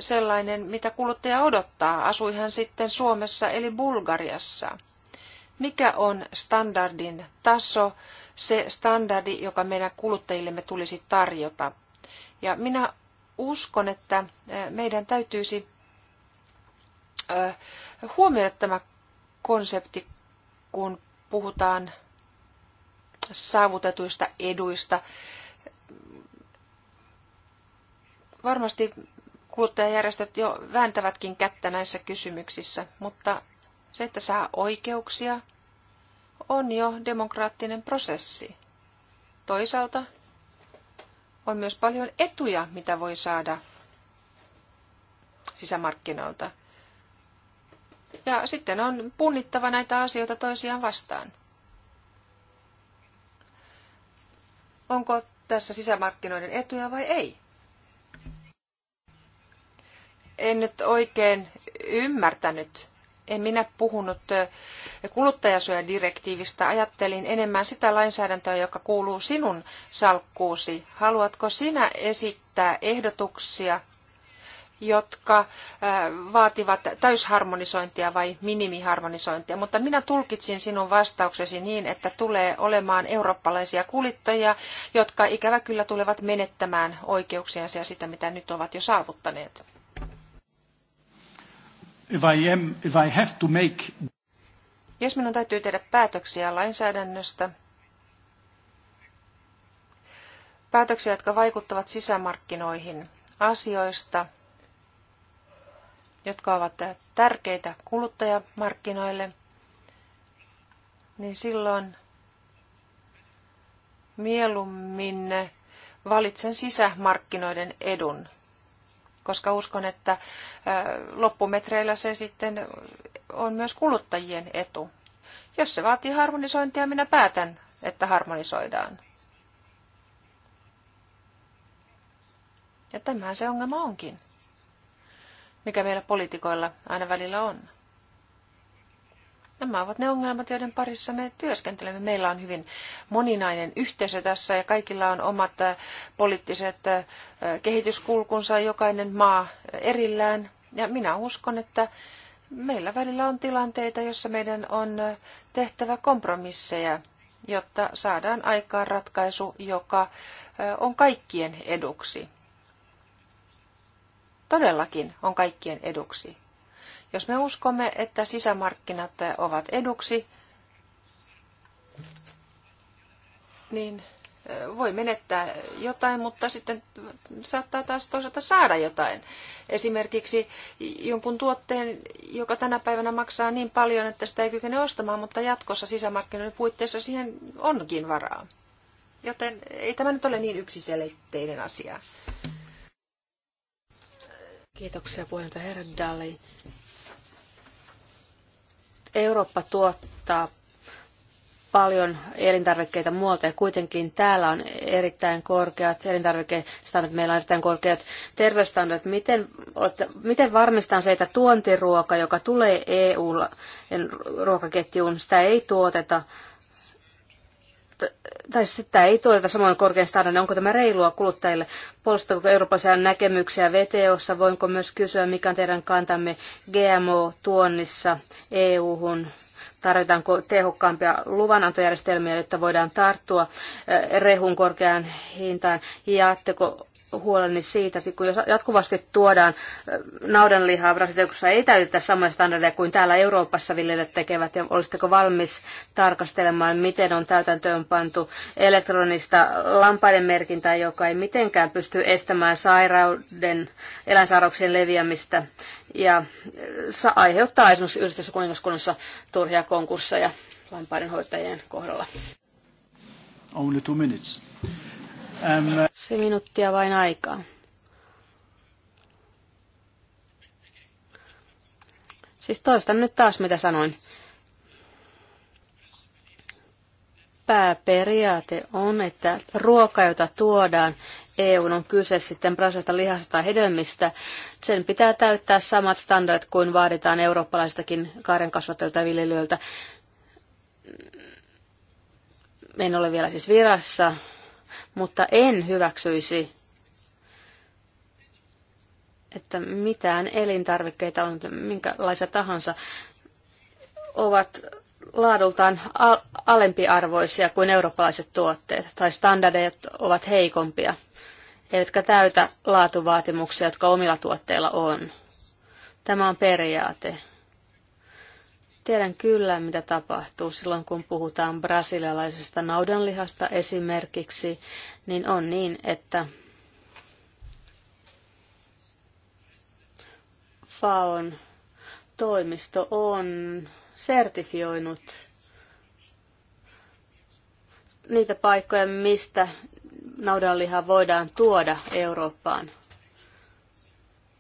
[SPEAKER 3] sellainen, mitä kuluttaja odottaa, asui hän sitten Suomessa eli Bulgariassa. Mikä on standardin taso, se standardi, joka meidän kuluttajillemme tulisi tarjota? Ja minä uskon, että meidän täytyisi Äh, huomioida tämä konsepti, kun puhutaan saavutetuista eduista. Varmasti kuluttajajärjestöt jo vääntävätkin kättä näissä kysymyksissä, mutta se, että saa oikeuksia, on jo demokraattinen prosessi. Toisaalta on myös paljon etuja, mitä voi saada sisämarkkinoilta – ja sitten on punnittava näitä asioita toisiaan vastaan. Onko tässä sisämarkkinoiden etuja vai ei? En nyt oikein ymmärtänyt. En minä puhunut äh, kuluttajasuojadirektiivistä. Ajattelin enemmän sitä lainsäädäntöä, joka kuuluu sinun salkkuusi. Haluatko sinä esittää ehdotuksia jotka äh, vaativat täysharmonisointia vai minimiharmonisointia, mutta minä tulkitsin sinun vastauksesi niin, että tulee olemaan eurooppalaisia kuluttajia, jotka ikävä kyllä tulevat menettämään oikeuksiansa ja sitä, mitä nyt ovat jo saavuttaneet.
[SPEAKER 4] If I am, if I have to make...
[SPEAKER 3] Jos minun täytyy tehdä päätöksiä lainsäädännöstä, päätöksiä, jotka vaikuttavat sisämarkkinoihin, asioista, jotka ovat tärkeitä kuluttajamarkkinoille, niin silloin mieluummin valitsen sisämarkkinoiden edun, koska uskon, että loppumetreillä se sitten on myös kuluttajien etu. Jos se vaatii harmonisointia, minä päätän, että harmonisoidaan. Ja tämähän se ongelma onkin mikä meillä poliitikoilla aina välillä on. Nämä ovat ne ongelmat, joiden parissa me työskentelemme. Meillä on hyvin moninainen yhteisö tässä ja kaikilla on omat äh, poliittiset äh, kehityskulkunsa, jokainen maa erillään. Ja minä uskon, että meillä välillä on tilanteita, jossa meidän on äh, tehtävä kompromisseja, jotta saadaan aikaan ratkaisu, joka on kaikkien eduksi todellakin on kaikkien eduksi. Jos me uskomme, että sisämarkkinat ovat eduksi, niin voi menettää jotain, mutta sitten saattaa taas toisaalta saada jotain. Esimerkiksi jonkun tuotteen, joka tänä päivänä maksaa niin paljon, että sitä ei kykene ostamaan, mutta jatkossa sisämarkkinoiden puitteissa siihen onkin varaa. Joten ei tämä nyt ole niin yksiselitteinen asia.
[SPEAKER 2] Kiitoksia puheenjohtaja herra Dali. Eurooppa tuottaa paljon elintarvikkeita muualta ja kuitenkin täällä on erittäin korkeat elintarvikestandardit, meillä on erittäin korkeat terveysstandardit. Miten, olette, miten varmistan se, että tuontiruoka, joka tulee EU-ruokaketjuun, sitä ei tuoteta tai siis sitä ei todeta samoin korkein standardin. Onko tämä reilua kuluttajille? Puolustaako eurooppalaisia näkemyksiä VTOssa? Voinko myös kysyä, mikä on teidän kantamme GMO-tuonnissa EU-hun? Tarvitaanko tehokkaampia luvanantojärjestelmiä, jotta voidaan tarttua eh, rehun korkeaan hintaan? Jaatteko huoleni siitä, että kun jatkuvasti tuodaan naudanlihaa Brasiliaan, kun ei täytetä samoja standardeja kuin täällä Euroopassa viljelijät tekevät, ja olisitteko valmis tarkastelemaan, miten on täytäntöön pantu elektronista lampaiden merkintää, joka ei mitenkään pysty estämään sairauden, eläinsairauksien leviämistä, ja aiheuttaa esimerkiksi yhdistössä kuningaskunnassa turhia konkursseja lampaiden hoitajien kohdalla. Only two minutes. Um, Se minuuttia vain aikaa. Siis toistan nyt taas, mitä sanoin. Pääperiaate on, että ruoka, jota tuodaan, EUn on kyse sitten prosessista lihasta tai hedelmistä, sen pitää täyttää samat standardit kuin vaaditaan eurooppalaistakin kaaren ja viljelijöiltä. En ole vielä siis virassa, mutta en hyväksyisi, että mitään elintarvikkeita on minkälaisia tahansa, ovat laadultaan al- alempiarvoisia kuin eurooppalaiset tuotteet, tai standardeet ovat heikompia, eivätkä täytä laatuvaatimuksia, jotka omilla tuotteilla on. Tämä on periaate, Tiedän kyllä, mitä tapahtuu silloin, kun puhutaan brasilialaisesta naudanlihasta esimerkiksi, niin on niin, että FAON toimisto on sertifioinut niitä paikkoja, mistä naudanliha voidaan tuoda Eurooppaan.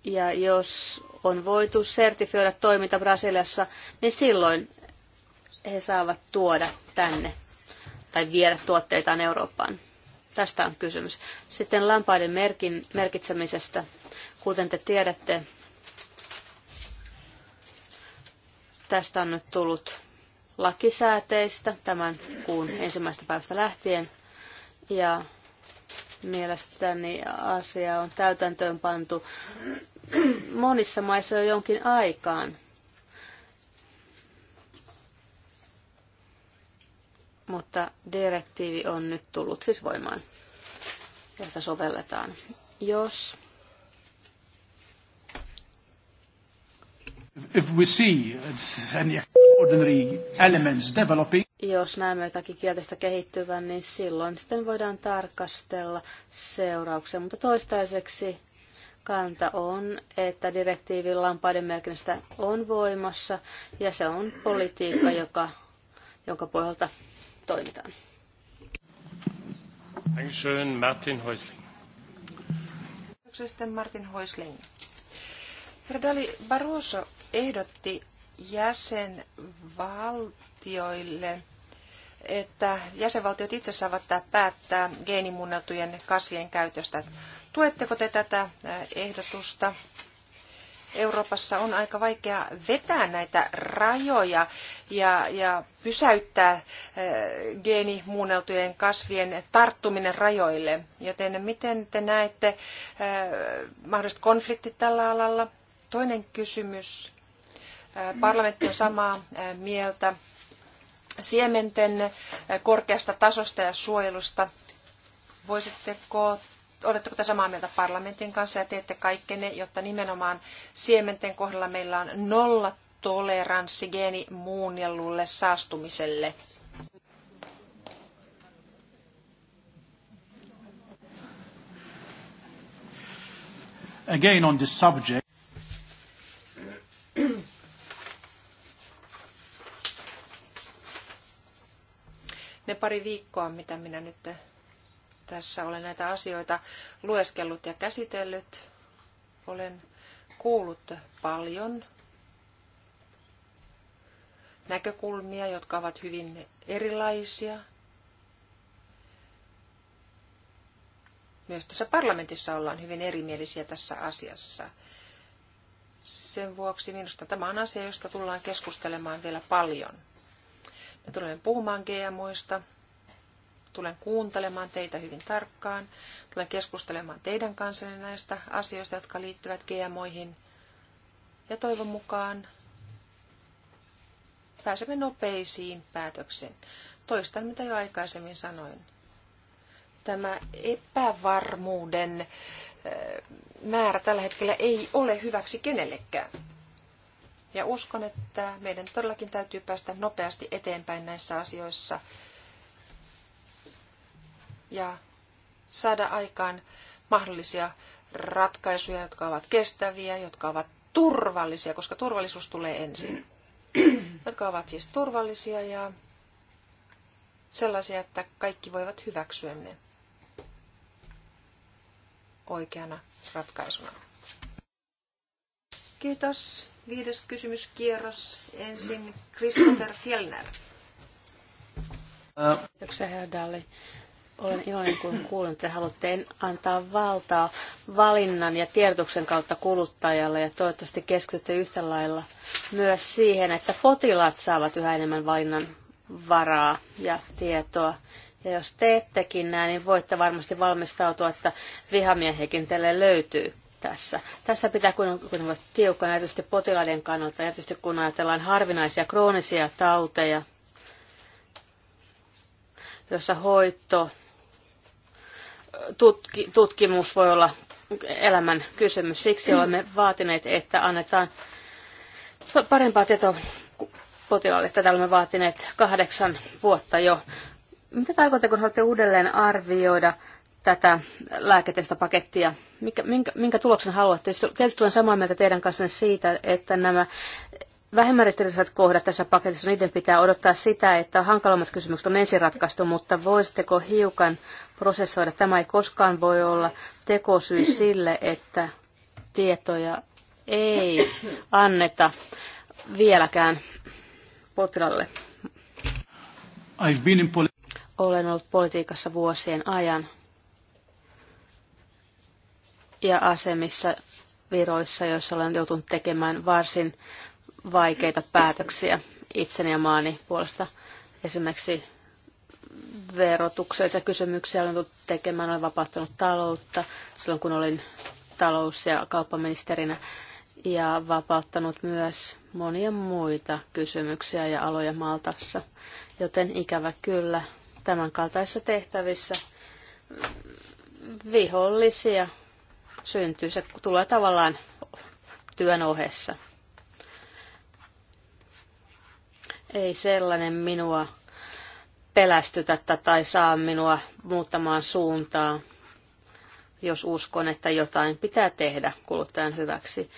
[SPEAKER 2] Ja jos on voitu sertifioida toiminta Brasiliassa, niin silloin he saavat tuoda tänne tai viedä tuotteitaan Eurooppaan. Tästä on kysymys. Sitten lampaiden merkin, merkitsemisestä. Kuten te tiedätte, tästä on nyt tullut lakisääteistä tämän kuun ensimmäistä päivästä lähtien. Ja mielestäni asia on täytäntöön pantu monissa maissa jo jonkin aikaan. Mutta direktiivi on nyt tullut siis voimaan ja sitä sovelletaan. Jos
[SPEAKER 4] if we see any ordinary elements developing,
[SPEAKER 2] jos näemme jotakin kielteistä kehittyvän, niin silloin sitten voidaan tarkastella seurauksia. Mutta toistaiseksi Kanta on, että direktiivin lampaiden merkinnästä on voimassa ja se on politiikka, joka, jonka pohjalta toimitaan.
[SPEAKER 1] Dankeschön, Martin Häusling.
[SPEAKER 3] Sitten Martin Häusling. Herra Dali Barroso ehdotti jäsenvaltioille että jäsenvaltiot itse saavat päättää geenimuunneltujen kasvien käytöstä. Tuetteko te tätä ehdotusta? Euroopassa on aika vaikea vetää näitä rajoja ja, ja pysäyttää geenimuunneltujen kasvien tarttuminen rajoille. Joten miten te näette mahdolliset konfliktit tällä alalla? Toinen kysymys. parlamentti on samaa mieltä siementen korkeasta tasosta ja suojelusta. Voisitteko, oletteko te samaa mieltä parlamentin kanssa ja teette kaikkenne, jotta nimenomaan siementen kohdalla meillä on nolla toleranssi geenimuunnellulle saastumiselle?
[SPEAKER 4] Again on this subject.
[SPEAKER 3] Ne pari viikkoa, mitä minä nyt tässä olen näitä asioita lueskellut ja käsitellyt, olen kuullut paljon näkökulmia, jotka ovat hyvin erilaisia. Myös tässä parlamentissa ollaan hyvin erimielisiä tässä asiassa. Sen vuoksi minusta tämä on asia, josta tullaan keskustelemaan vielä paljon. Me tulemme puhumaan GMOista. Tulen kuuntelemaan teitä hyvin tarkkaan. Tulen keskustelemaan teidän kanssanne näistä asioista, jotka liittyvät GMOihin. Ja toivon mukaan pääsemme nopeisiin päätöksiin. Toistan, mitä jo aikaisemmin sanoin. Tämä epävarmuuden äh, määrä tällä hetkellä ei ole hyväksi kenellekään. Ja uskon, että meidän todellakin täytyy päästä nopeasti eteenpäin näissä asioissa ja saada aikaan mahdollisia ratkaisuja, jotka ovat kestäviä, jotka ovat turvallisia, koska turvallisuus tulee ensin. jotka ovat siis turvallisia ja sellaisia, että kaikki voivat hyväksyä ne oikeana ratkaisuna. Kiitos. Viides kysymyskierros. Ensin Christopher Fjellner.
[SPEAKER 2] Kiitoksia, herra Dalli. Olen iloinen, kun kuulen, että haluatte antaa valtaa valinnan ja tiedotuksen kautta kuluttajalle ja toivottavasti keskitytte yhtä lailla myös siihen, että potilaat saavat yhä enemmän valinnan varaa ja tietoa. Ja jos teettekin näin, niin voitte varmasti valmistautua, että vihamiehekin teille löytyy tässä. Tässä pitää kuitenkin olla tiukkana erityisesti potilaiden kannalta, erityisesti kun ajatellaan harvinaisia kroonisia tauteja, jossa hoito, tutki, tutkimus voi olla elämän kysymys. Siksi olemme vaatineet, että annetaan parempaa tietoa potilaalle. Tätä olemme vaatineet kahdeksan vuotta jo. Mitä tarkoittaa, kun haluatte uudelleen arvioida tätä lääketieteellistä pakettia. Minkä, minkä, minkä tuloksen haluatte? Tietysti olen samaa mieltä teidän kanssanne siitä, että nämä vähemmäristelliset kohdat tässä paketissa, niiden pitää odottaa sitä, että hankalammat kysymykset on ensin ratkaistu, mutta voisitteko hiukan prosessoida? Tämä ei koskaan voi olla tekosyy sille, että tietoja ei anneta vieläkään potilaalle. Olen ollut politiikassa vuosien ajan ja asemissa viroissa, joissa olen joutunut tekemään varsin vaikeita päätöksiä itseni ja maani puolesta. Esimerkiksi verotuksellisia kysymyksiä olen joutunut tekemään, olen vapauttanut taloutta silloin kun olin talous- ja kauppaministerinä ja vapauttanut myös monia muita kysymyksiä ja aloja Maltassa. Joten ikävä kyllä tämän kaltaisissa tehtävissä vihollisia syntyy. Se tulee tavallaan työn ohessa. Ei sellainen minua pelästytä tai saa minua muuttamaan suuntaa, jos uskon, että jotain pitää tehdä kuluttajan hyväksi.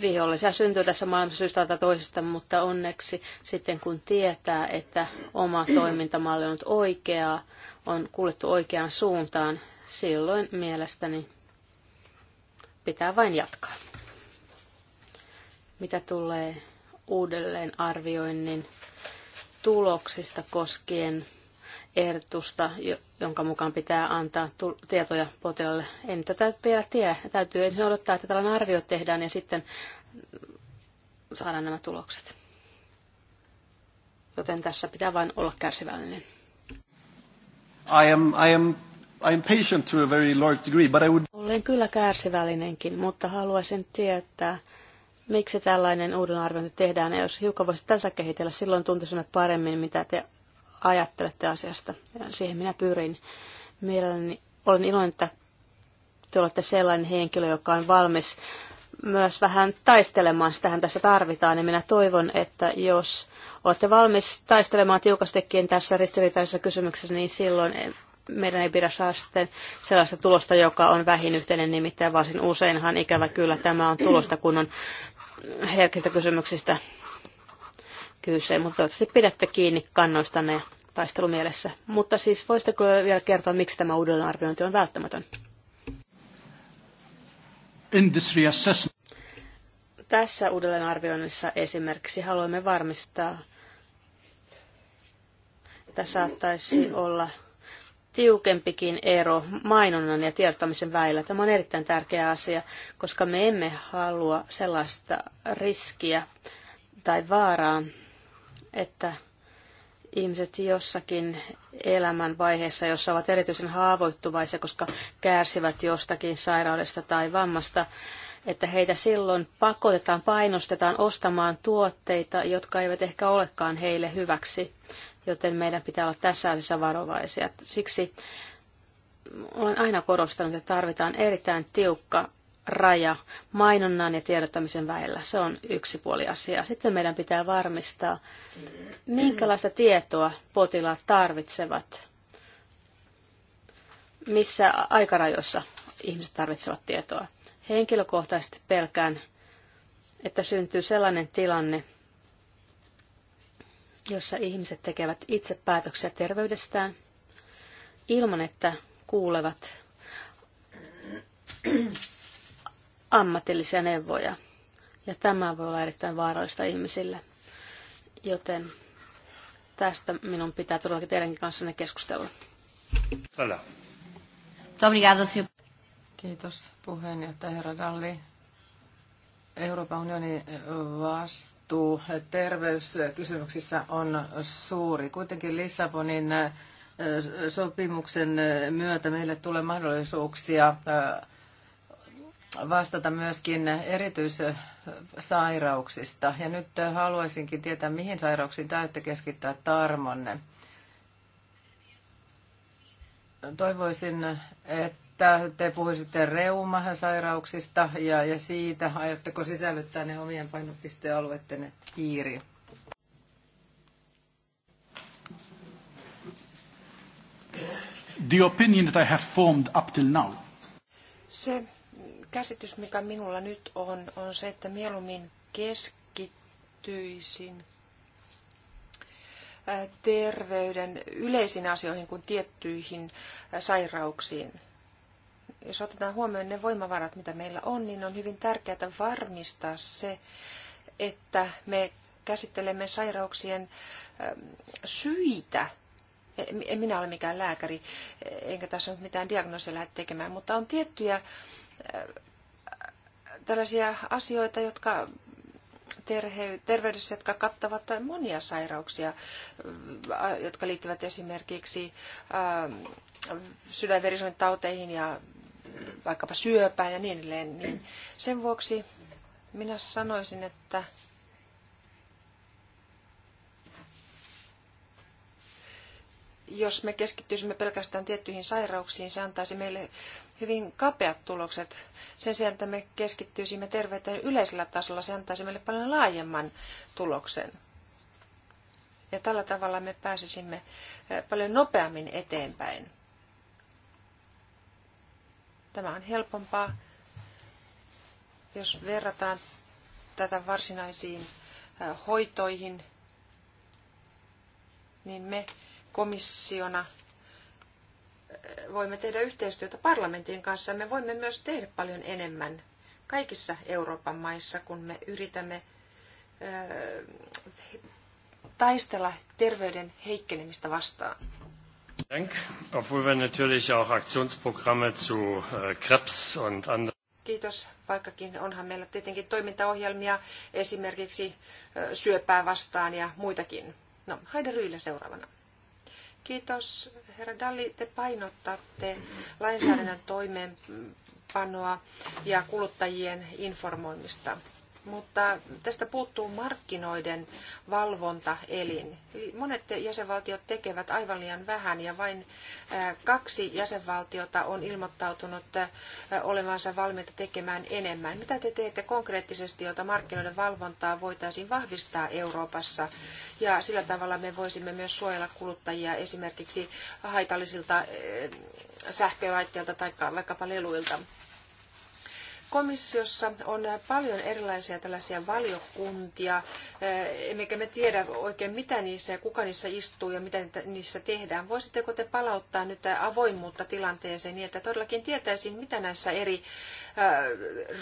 [SPEAKER 2] Vihollisia syntyy tässä maailmassa syystä tai toisesta, mutta onneksi sitten kun tietää, että oma toimintamalli on ollut oikeaa, on kuljettu oikeaan suuntaan, silloin mielestäni pitää vain jatkaa. Mitä tulee uudelleen arvioinnin tuloksista koskien ehdotusta, jonka mukaan pitää antaa tietoja potilaalle. En tätä vielä tiedä. Täytyy ensin odottaa, että tällainen arvio tehdään ja sitten saadaan nämä tulokset. Joten tässä pitää vain olla kärsivällinen.
[SPEAKER 4] I am, I am I'm patient to a very large degree, but I would...
[SPEAKER 2] Olen kyllä kärsivällinenkin, mutta haluaisin tietää, miksi tällainen uuden arviointi tehdään, ja jos hiukan voisi tässä kehitellä, silloin tuntisimme paremmin, mitä te ajattelette asiasta. Ja siihen minä pyrin. Mielelläni olen iloinen, että te olette sellainen henkilö, joka on valmis myös vähän taistelemaan, sitähän tässä tarvitaan, ja minä toivon, että jos olette valmis taistelemaan tiukastikin tässä ristiriitaisessa kysymyksessä, niin silloin meidän ei pidä saada sitten sellaista tulosta, joka on vähin yhteinen nimittäin, varsin useinhan ikävä kyllä tämä on tulosta, kun on herkistä kysymyksistä kyse, mutta toivottavasti pidätte kiinni kannoistanne taistelumielessä. Mutta siis voisitteko vielä kertoa, miksi tämä uudelleenarviointi on välttämätön?
[SPEAKER 4] Industry assessment.
[SPEAKER 2] Tässä uudelleenarvioinnissa esimerkiksi haluamme varmistaa, että saattaisi olla tiukempikin ero mainonnan ja tiedottamisen välillä. Tämä on erittäin tärkeä asia, koska me emme halua sellaista riskiä tai vaaraa, että ihmiset jossakin elämän vaiheessa, jossa ovat erityisen haavoittuvaisia, koska kärsivät jostakin sairaudesta tai vammasta, että heitä silloin pakotetaan, painostetaan ostamaan tuotteita, jotka eivät ehkä olekaan heille hyväksi joten meidän pitää olla tässä asiassa varovaisia. Siksi olen aina korostanut, että tarvitaan erittäin tiukka raja mainonnan ja tiedottamisen välillä. Se on yksi puoli asiaa. Sitten meidän pitää varmistaa, minkälaista tietoa potilaat tarvitsevat, missä aikarajoissa ihmiset tarvitsevat tietoa. Henkilökohtaisesti pelkään, että syntyy sellainen tilanne, jossa ihmiset tekevät itse päätöksiä terveydestään ilman, että kuulevat ammatillisia neuvoja. Ja tämä voi olla erittäin vaarallista ihmisille, joten tästä minun pitää todellakin teidänkin kanssanne keskustella.
[SPEAKER 1] Tällä.
[SPEAKER 5] Kiitos puheenjohtaja herra Dalli. Euroopan unioni vasta vastuu terveyskysymyksissä on suuri. Kuitenkin Lissabonin äh, sopimuksen äh, myötä meille tulee mahdollisuuksia äh, vastata myöskin erityissairauksista. Ja nyt haluaisinkin tietää, mihin sairauksiin täytyy keskittää tarmonne. Toivoisin, että että te puhuisitte reumasairauksista ja, ja siitä, aiotteko sisällyttää ne omien painopistealueiden piiriin?
[SPEAKER 4] The opinion that I have formed up till now.
[SPEAKER 3] Se käsitys, mikä minulla nyt on, on se, että mieluummin keskittyisin terveyden yleisiin asioihin kuin tiettyihin sairauksiin jos otetaan huomioon ne voimavarat, mitä meillä on, niin on hyvin tärkeää varmistaa se, että me käsittelemme sairauksien ähm, syitä. En minä ole mikään lääkäri, enkä tässä nyt mitään diagnoosia lähde tekemään, mutta on tiettyjä äh, tällaisia asioita, jotka terveydessä, jotka kattavat monia sairauksia, äh, jotka liittyvät esimerkiksi ähm, sydänverisuonitauteihin ja vaikkapa syöpään ja niin edelleen, niin sen vuoksi minä sanoisin, että jos me keskittyisimme pelkästään tiettyihin sairauksiin, se antaisi meille hyvin kapeat tulokset. Sen sijaan, että me keskittyisimme terveyteen yleisellä tasolla, se antaisi meille paljon laajemman tuloksen. Ja tällä tavalla me pääsisimme eh, paljon nopeammin eteenpäin. Tämä on helpompaa, jos verrataan tätä varsinaisiin hoitoihin, niin me komissiona voimme tehdä yhteistyötä parlamentin kanssa. Me voimme myös tehdä paljon enemmän kaikissa Euroopan maissa, kun me yritämme taistella terveyden heikkenemistä vastaan. Äh, Kiitos, vaikkakin onhan meillä tietenkin toimintaohjelmia esimerkiksi syöpää vastaan ja muitakin. No, Haide Ryylä seuraavana. Kiitos. Herra Dalli, te painottatte lainsäädännön
[SPEAKER 6] toimeenpanoa
[SPEAKER 3] ja kuluttajien informoimista mutta tästä puuttuu markkinoiden valvontaelin. Monet jäsenvaltiot tekevät aivan liian vähän ja vain kaksi jäsenvaltiota on ilmoittautunut olevansa valmiita tekemään enemmän. Mitä te teette konkreettisesti, jota markkinoiden valvontaa voitaisiin vahvistaa Euroopassa ja sillä tavalla me voisimme myös suojella kuluttajia esimerkiksi haitallisilta sähkölaitteilta tai vaikkapa leluilta? Komissiossa on paljon erilaisia tällaisia valiokuntia, eh, emmekä me tiedä oikein mitä niissä ja kuka niissä istuu ja mitä niissä tehdään. Voisitteko te palauttaa nyt avoimuutta tilanteeseen niin, että todellakin tietäisiin, mitä näissä eri eh,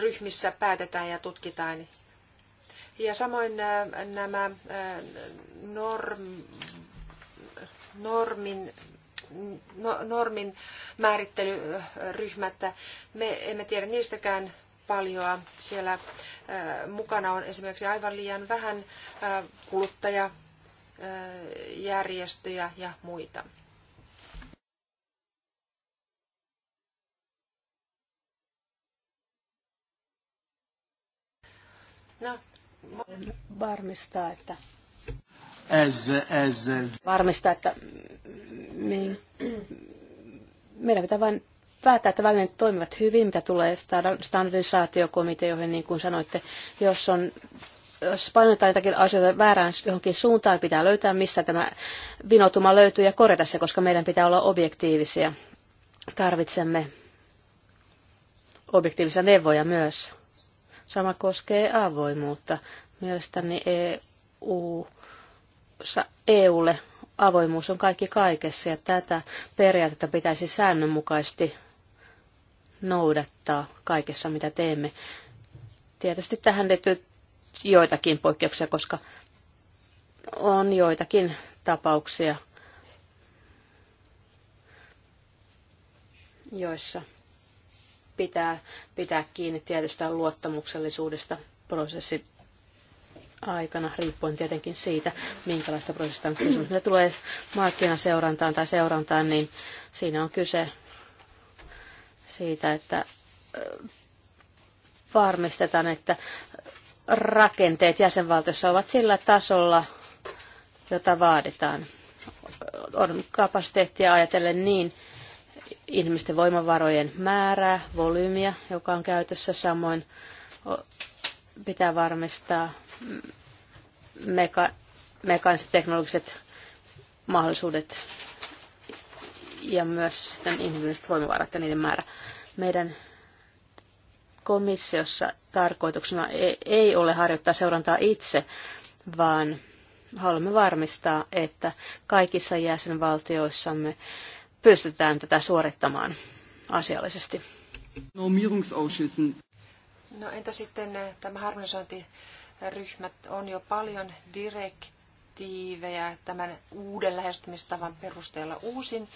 [SPEAKER 3] ryhmissä päätetään ja tutkitaan? Ja samoin eh, nämä norm, normin No, normin määrittelyryhmät. Me emme tiedä niistäkään paljoa. Siellä äh, mukana on esimerkiksi aivan liian vähän äh, kuluttajajärjestöjä äh, ja muita.
[SPEAKER 6] No,
[SPEAKER 2] varmistaa, että
[SPEAKER 4] as, as a... Uh,
[SPEAKER 2] varmistaa, että me, meidän pitää vain päättää, että välineet toimivat hyvin, mitä tulee standardisaatiokomiteoihin, niin kuin sanoitte, jos on jos painetaan jotakin asioita väärään johonkin suuntaan, pitää löytää, mistä tämä vinoutuma löytyy ja korjata se, koska meidän pitää olla objektiivisia. Tarvitsemme objektiivisia neuvoja myös. Sama koskee avoimuutta. Mielestäni EU EUlle avoimuus on kaikki kaikessa ja tätä periaatetta pitäisi säännönmukaisesti noudattaa kaikessa, mitä teemme. Tietysti tähän liittyy joitakin poikkeuksia, koska on joitakin tapauksia, joissa pitää pitää kiinni tietystä luottamuksellisuudesta prosessit aikana, riippuen tietenkin siitä, minkälaista prosessista on kysymys. Mitä tulee markkinaseurantaan tai seurantaan, niin siinä on kyse siitä, että varmistetaan, että rakenteet jäsenvaltiossa ovat sillä tasolla, jota vaaditaan. On kapasiteettia ajatellen niin ihmisten voimavarojen määrää, volyymiä, joka on käytössä, samoin pitää varmistaa meka- mekaaniset teknologiset mahdollisuudet ja myös sitten inhimilliset voimavarat ja niiden määrä. Meidän komissiossa tarkoituksena e-, ei ole harjoittaa seurantaa itse, vaan haluamme varmistaa, että kaikissa jäsenvaltioissamme pystytään tätä suorittamaan asiallisesti.
[SPEAKER 3] No entä sitten äh, tämä harmonisointi ryhmät on jo paljon direktiivejä tämän uuden lähestymistavan perusteella uusin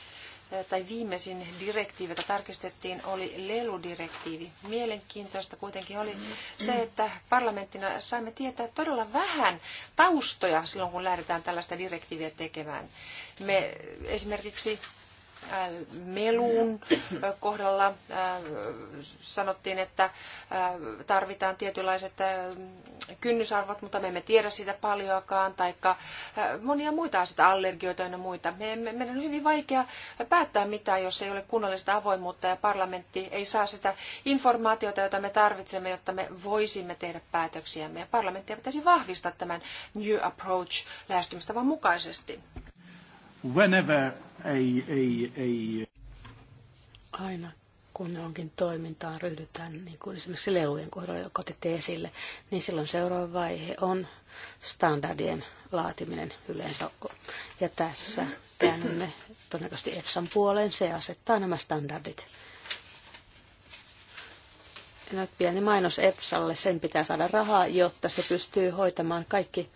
[SPEAKER 3] eh, tai viimeisin direktiivi, jota tarkistettiin, oli leludirektiivi. Mielenkiintoista kuitenkin oli se, että parlamenttina saimme tietää todella vähän taustoja silloin, kun lähdetään tällaista direktiiviä tekemään. Me esimerkiksi Äh, meluun äh, kohdalla äh, sanottiin, että tarvitaan tietynlaiset kynnysarvot, mutta me emme tiedä sitä paljoakaan, tai monia muita asioita, allergioita ja muita. Meidän on hyvin vaikea päättää mitään, jos ei ole kunnollista avoimuutta ja parlamentti ei saa sitä informaatiota, jota me tarvitsemme, jotta me voisimme tehdä päätöksiämme. Ja parlamenttia pitäisi vahvistaa tämän New Approach lähestymistavan mukaisesti
[SPEAKER 4] whenever a, a, a
[SPEAKER 2] Aina kun johonkin toimintaan ryhdytään, niin kuin esimerkiksi lelujen kohdalla, joka otitte esille, niin silloin seuraava vaihe on standardien laatiminen yleensä. Ja tässä käännymme todennäköisesti EFSAn puoleen, se asettaa nämä standardit. Ja nyt pieni mainos EFSAlle, sen pitää saada rahaa, jotta se pystyy hoitamaan kaikki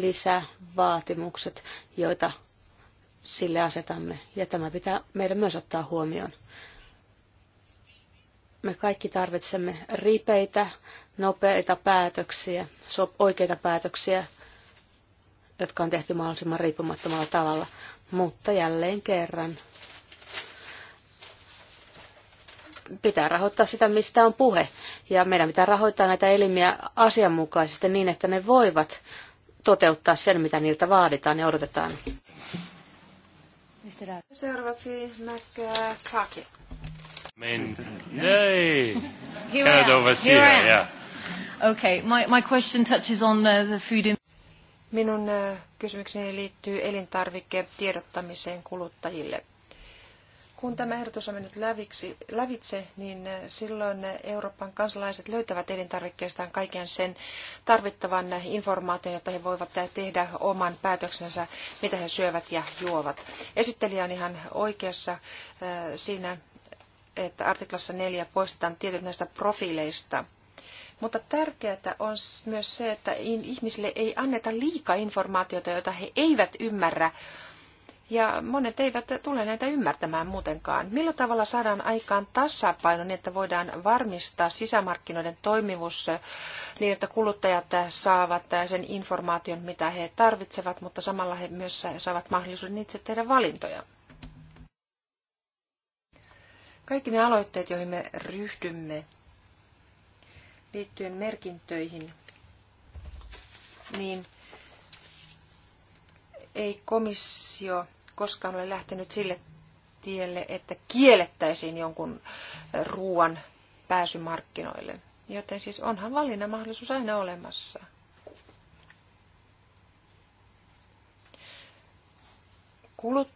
[SPEAKER 2] lisävaatimukset, joita sille asetamme. Ja tämä pitää meidän myös ottaa huomioon. Me kaikki tarvitsemme ripeitä, nopeita päätöksiä, oikeita päätöksiä, jotka on tehty mahdollisimman riippumattomalla tavalla. Mutta jälleen kerran pitää rahoittaa sitä, mistä on puhe. Ja meidän pitää rahoittaa näitä elimiä asianmukaisesti niin, että ne voivat toteuttaa sen, mitä niiltä vaaditaan ja odotetaan.
[SPEAKER 3] Seuraavaksi näkee Clarkin.
[SPEAKER 1] Main. Yay! Here Can't yeah.
[SPEAKER 5] Okay, my, my question touches on the, the food...
[SPEAKER 3] In- Minun äh, kysymykseni liittyy elintarvikkeen tiedottamiseen kuluttajille kun tämä ehdotus on mennyt läviksi, lävitse, niin silloin Euroopan kansalaiset löytävät elintarvikkeistaan kaiken sen tarvittavan informaation, jotta he voivat tehdä oman päätöksensä, mitä he syövät ja juovat. Esittelijä on ihan oikeassa äh, siinä, että artiklassa 4 poistetaan tietyt näistä profiileista. Mutta tärkeää on myös se, että ihmisille ei anneta liikaa informaatiota, jota he eivät ymmärrä ja monet eivät tule näitä ymmärtämään muutenkaan. Millä tavalla saadaan aikaan tasapaino niin, että voidaan varmistaa sisämarkkinoiden toimivuus eh, niin, että kuluttajat eh, saavat eh, sen informaation, mitä he tarvitsevat, mutta samalla he myös saavat mahdollisuuden itse tehdä valintoja? Kaikki ne aloitteet, joihin me ryhdymme liittyen merkintöihin, niin ei komissio koskaan ole lähtenyt sille tielle, että kiellettäisiin jonkun ruoan pääsy markkinoille. Joten siis onhan valinnan mahdollisuus aina olemassa. Kulut,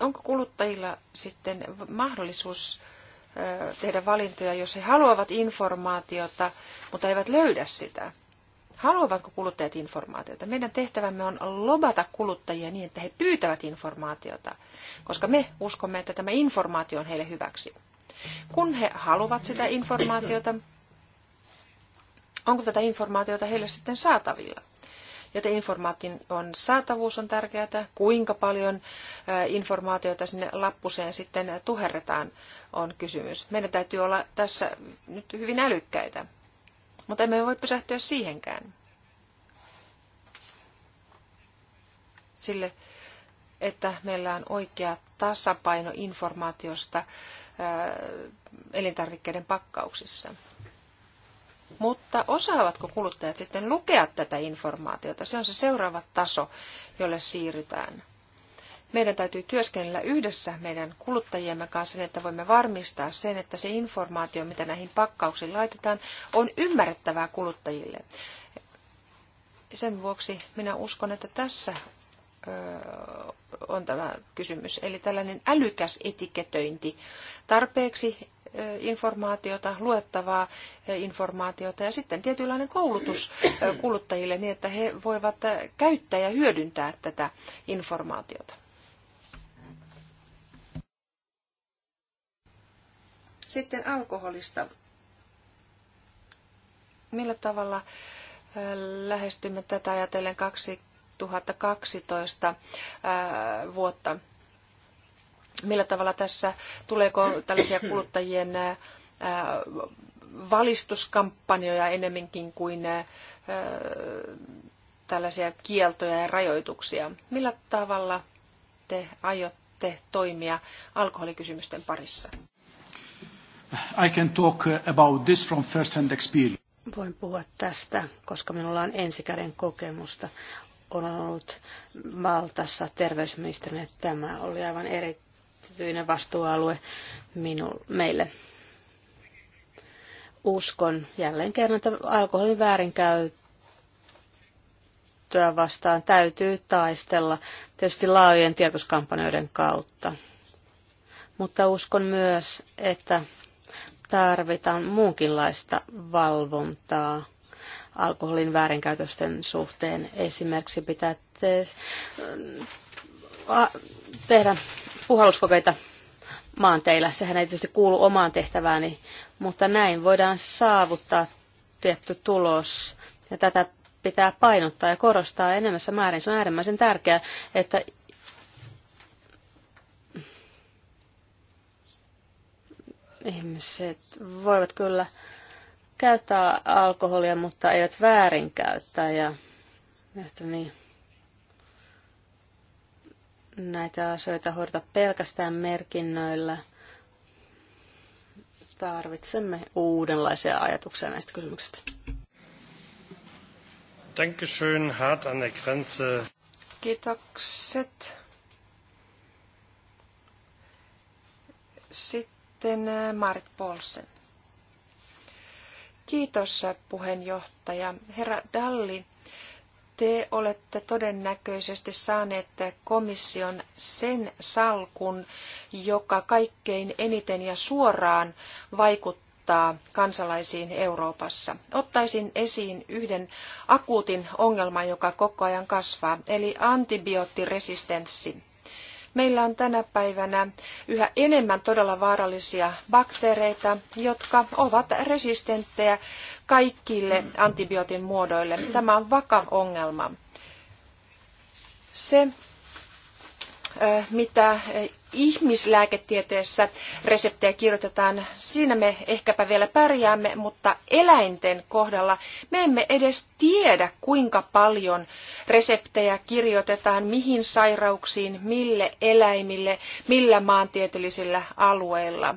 [SPEAKER 3] onko kuluttajilla sitten mahdollisuus tehdä valintoja, jos he haluavat informaatiota, mutta eivät löydä sitä? Haluavatko kuluttajat informaatiota? Meidän tehtävämme on lobata kuluttajia niin, että he pyytävät informaatiota, koska me uskomme, että tämä informaatio on heille hyväksi. Kun he haluavat sitä informaatiota, onko tätä informaatiota heille sitten saatavilla? joten informaation saatavuus on tärkeää. Kuinka paljon informaatiota sinne lappuseen sitten tuherretaan on kysymys. Meidän täytyy olla tässä nyt hyvin älykkäitä. Mutta emme voi pysähtyä siihenkään. Sille, että meillä on oikea tasapaino informaatiosta elintarvikkeiden pakkauksissa. Mutta osaavatko kuluttajat sitten lukea tätä informaatiota? Se on se seuraava taso, jolle siirrytään. Meidän täytyy työskennellä yhdessä meidän kuluttajiemme kanssa, niin että voimme varmistaa sen, että se informaatio, mitä näihin pakkauksiin laitetaan, on ymmärrettävää kuluttajille. Sen vuoksi minä uskon, että tässä on tämä kysymys. Eli tällainen älykäs etiketöinti, tarpeeksi informaatiota, luettavaa informaatiota ja sitten tietynlainen koulutus kuluttajille niin, että he voivat käyttää ja hyödyntää tätä informaatiota. Sitten alkoholista. Millä tavalla äh, lähestymme tätä ajatellen 2012 äh, vuotta? Millä tavalla tässä, tuleeko tällaisia kuluttajien äh, valistuskampanjoja enemminkin kuin tällaisia kieltoja ja rajoituksia. Millä tavalla te aiotte toimia alkoholikysymysten parissa?
[SPEAKER 4] I can talk uh, about this from first-hand experience.
[SPEAKER 2] Voin puhua tästä, koska minulla on ensikäden kokemusta. Olen ollut Maltassa terveysministerinä. Tämä oli aivan erityinen vastuualue minu, meille. Uskon jälleen kerran, että alkoholin väärinkäyttöä vastaan täytyy taistella, tietysti laajojen tietoskampanjoiden kautta. Mutta uskon myös, että tarvitaan muunkinlaista valvontaa alkoholin väärinkäytösten suhteen. Esimerkiksi pitää te- tehdä puhalluskokeita maanteillä. Sehän ei tietysti kuulu omaan tehtävääni, mutta näin voidaan saavuttaa tietty tulos. Ja tätä pitää painottaa ja korostaa enemmässä määrin. Se on äärimmäisen tärkeää, että Ihmiset voivat kyllä käyttää alkoholia, mutta eivät väärinkäyttää. Ja niin, näitä asioita hoideta pelkästään merkinnöillä. Tarvitsemme uudenlaisia ajatuksia näistä kysymyksistä.
[SPEAKER 1] Dankeschön, hart an der Grenze.
[SPEAKER 2] Kiitokset.
[SPEAKER 3] Sitten sitten Marit Polsen. Kiitos puheenjohtaja. Herra Dalli, te olette todennäköisesti saaneet komission sen salkun, joka kaikkein eniten ja suoraan vaikuttaa kansalaisiin Euroopassa. Ottaisin esiin yhden akuutin ongelman, joka koko ajan kasvaa, eli antibioottiresistenssi. Meillä on tänä päivänä yhä enemmän todella vaarallisia bakteereita, jotka ovat resistenttejä kaikille antibiootin muodoille. Tämä on vakava ongelma. Se, mitä ihmislääketieteessä reseptejä kirjoitetaan, siinä me ehkäpä vielä pärjäämme, mutta eläinten kohdalla me emme edes tiedä, kuinka paljon reseptejä kirjoitetaan, mihin sairauksiin, mille eläimille, millä maantieteellisillä alueilla.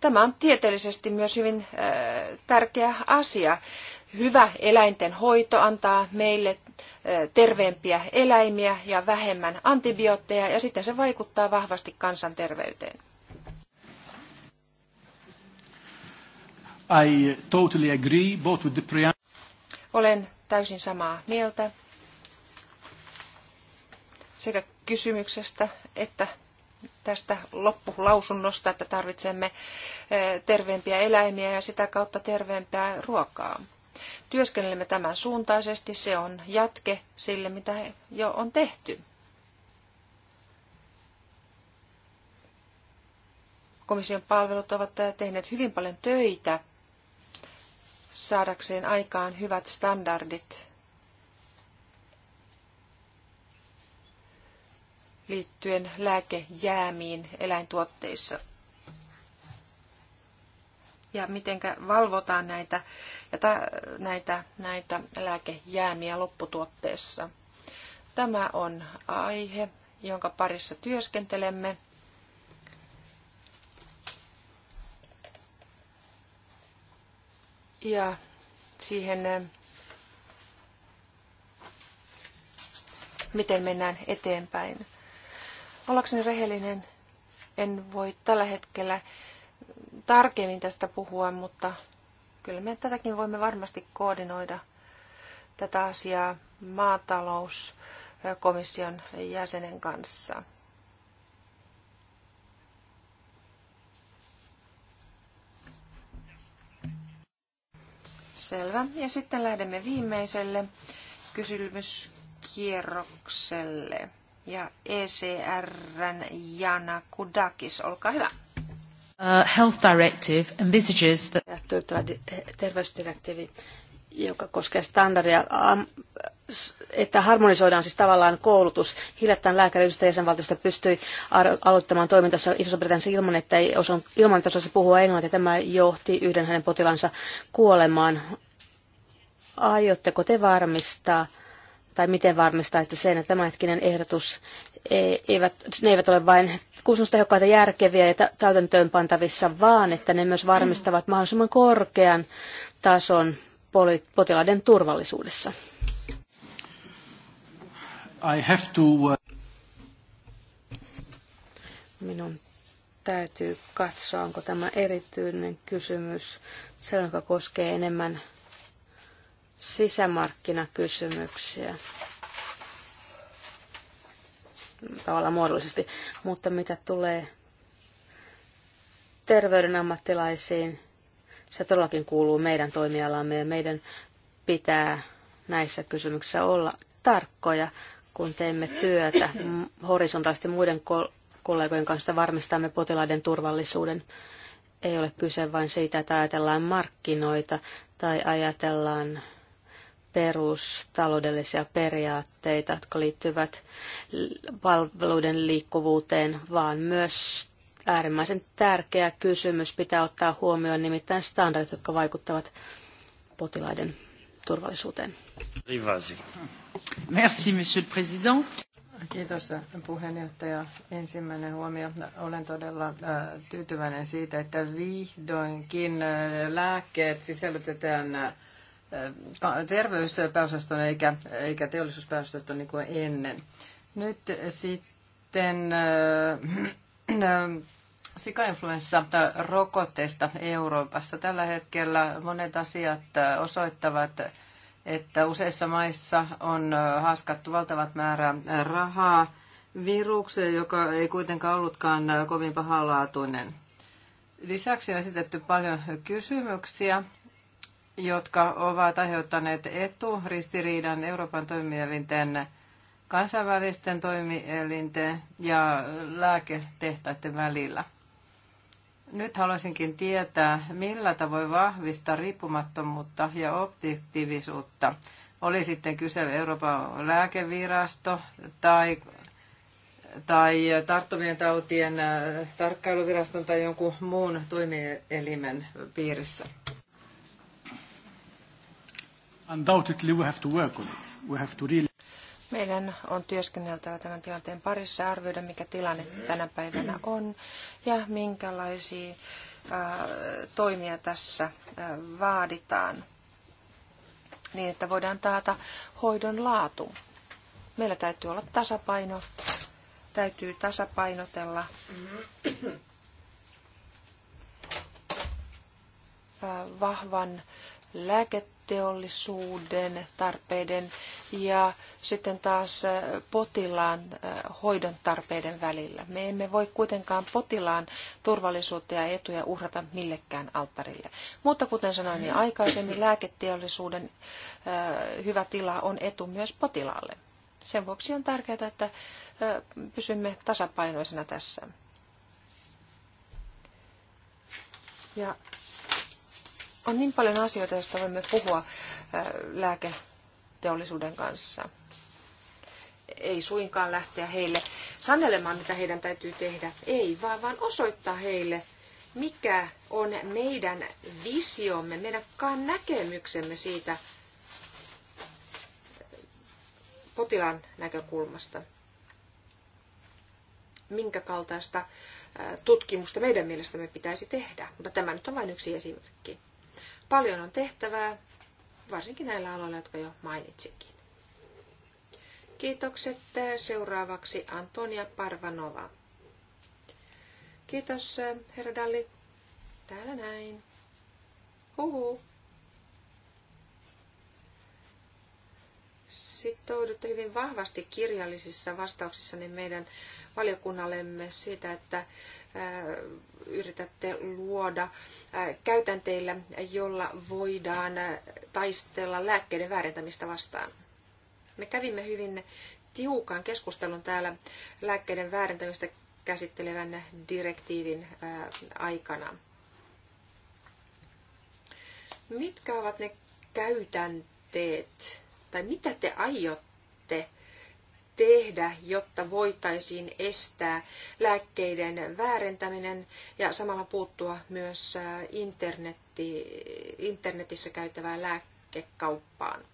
[SPEAKER 3] Tämä on tieteellisesti myös hyvin äh, tärkeä asia. Hyvä eläinten hoito antaa meille terveempiä eläimiä ja vähemmän antibiootteja ja sitten se vaikuttaa vahvasti kansanterveyteen.
[SPEAKER 4] I totally agree both with the
[SPEAKER 3] Olen täysin samaa mieltä sekä kysymyksestä että tästä loppulausunnosta, että tarvitsemme terveempiä eläimiä ja sitä kautta terveempää ruokaa. Työskennelemme tämän suuntaisesti. Se on jatke sille, mitä jo on tehty. Komission palvelut ovat tehneet hyvin paljon töitä saadakseen aikaan hyvät standardit liittyen lääkejäämiin eläintuotteissa. Ja miten valvotaan näitä ja näitä, näitä lääkejäämiä lopputuotteessa. Tämä on aihe, jonka parissa työskentelemme. Ja siihen, miten mennään eteenpäin. Ollakseni rehellinen, en voi tällä hetkellä tarkemmin tästä puhua, mutta kyllä me tätäkin voimme varmasti koordinoida tätä asiaa maatalouskomission jäsenen kanssa. Selvä. Ja sitten lähdemme viimeiselle kysymyskierrokselle. Ja ECRn
[SPEAKER 2] Jana Kudakis, olkaa hyvä. Uh, health directive envisages that... Terveysdirektiivi, joka koskee standardia, että harmonisoidaan siis tavallaan koulutus. Hiljattain yhdestä jäsenvaltiosta pystyi aloittamaan toimintansa isossa britanniassa ilman, että ei osan, ilman, että osasi puhua englantia. Tämä johti yhden hänen potilansa kuolemaan. Aiotteko te varmistaa, tai miten varmistaisitte sen, että tämänhetkinen ehdotus E, eivät, ne eivät ole vain kustannustehokkaita, järkeviä ja täytäntöönpantavissa, vaan että ne myös varmistavat mahdollisimman korkean tason potilaiden turvallisuudessa.
[SPEAKER 4] I have to... Uh,
[SPEAKER 2] Minun täytyy katsoa, onko tämä erityinen kysymys, se joka koskee enemmän sisämarkkinakysymyksiä tavallaan muodollisesti. Mutta mitä tulee terveyden ammattilaisiin, se todellakin kuuluu meidän toimialamme ja meidän pitää näissä kysymyksissä olla tarkkoja, kun teemme työtä horisontaalisesti muiden kollegojen kanssa varmistamme potilaiden turvallisuuden. Ei ole kyse vain siitä, että ajatellaan markkinoita tai ajatellaan perustaloudellisia periaatteita, jotka liittyvät palveluiden liikkuvuuteen, vaan myös äärimmäisen tärkeä kysymys pitää ottaa huomioon, nimittäin standardit, jotka vaikuttavat potilaiden turvallisuuteen.
[SPEAKER 1] Rivasi.
[SPEAKER 5] Merci, monsieur le président. Kiitos puheenjohtaja. Ensimmäinen huomio. Olen todella äh, tyytyväinen siitä, että vihdoinkin äh, lääkkeet sisällytetään äh, terveyspääosaston eikä, eikä teollisuuspääosaston niin kuin ennen. Nyt sitten äh, sikainfluenssa-rokotteista äh, Euroopassa. Tällä hetkellä monet asiat äh, osoittavat, että useissa maissa on haaskattu valtavat määrä rahaa virukseen, joka ei kuitenkaan ollutkaan kovin pahanlaatuinen. Lisäksi on esitetty paljon kysymyksiä jotka ovat aiheuttaneet eturistiriidan Euroopan toimielinten kansainvälisten toimielinten ja lääketehtaiden välillä. Nyt haluaisinkin tietää, millä tavoin vahvistaa riippumattomuutta ja objektiivisuutta. Oli sitten kyse Euroopan lääkevirasto tai, tai tarttuvien tautien äh, tarkkailuviraston tai jonkun muun toimielimen piirissä.
[SPEAKER 4] Undoubtedly we have to work on it. We have to really...
[SPEAKER 3] Meidän on työskenneltävä tämän tilanteen parissa arvioida, mikä tilanne tänä päivänä on ja minkälaisia äh, toimia tässä äh, vaaditaan niin, että voidaan taata hoidon laatu. Meillä täytyy olla tasapaino, täytyy tasapainotella
[SPEAKER 6] äh,
[SPEAKER 3] vahvan lääketieteen teollisuuden tarpeiden ja sitten taas äh, potilaan äh, hoidon tarpeiden välillä. Me emme voi kuitenkaan potilaan turvallisuutta ja etuja uhrata millekään alttarille. Mutta kuten sanoin niin aikaisemmin, lääketeollisuuden äh, hyvä tila on etu myös potilaalle. Sen vuoksi on tärkeää, että pysymme tasapainoisena tässä. Ja on niin paljon asioita, joista voimme puhua äh, lääketeollisuuden kanssa. Ei suinkaan lähteä heille sanelemaan, mitä heidän täytyy tehdä. Ei, vaan, vaan osoittaa heille, mikä on meidän visiomme, meidän näkemyksemme siitä potilaan näkökulmasta. Minkä kaltaista äh, tutkimusta meidän mielestämme pitäisi tehdä. Mutta tämä nyt on vain yksi esimerkki. Paljon on tehtävää, varsinkin näillä aloilla, jotka jo mainitsikin. Kiitokset. Eh, seuraavaksi Antonia Parvanova. Kiitos, eh, herra Dalli. Täällä näin. Huhu. Sitoudutte hyvin vahvasti kirjallisissa vastauksissa meidän valiokunnallemme siitä, että yritätte luoda käytänteillä, jolla voidaan taistella lääkkeiden väärentämistä vastaan. Me kävimme hyvin tiukan keskustelun täällä lääkkeiden väärentämistä käsittelevän direktiivin aikana. Mitkä ovat ne käytänteet, tai mitä te aiotte tehdä, jotta voitaisiin estää lääkkeiden väärentäminen ja samalla puuttua myös äh, internetti, internetissä käytävään lääkekauppaan.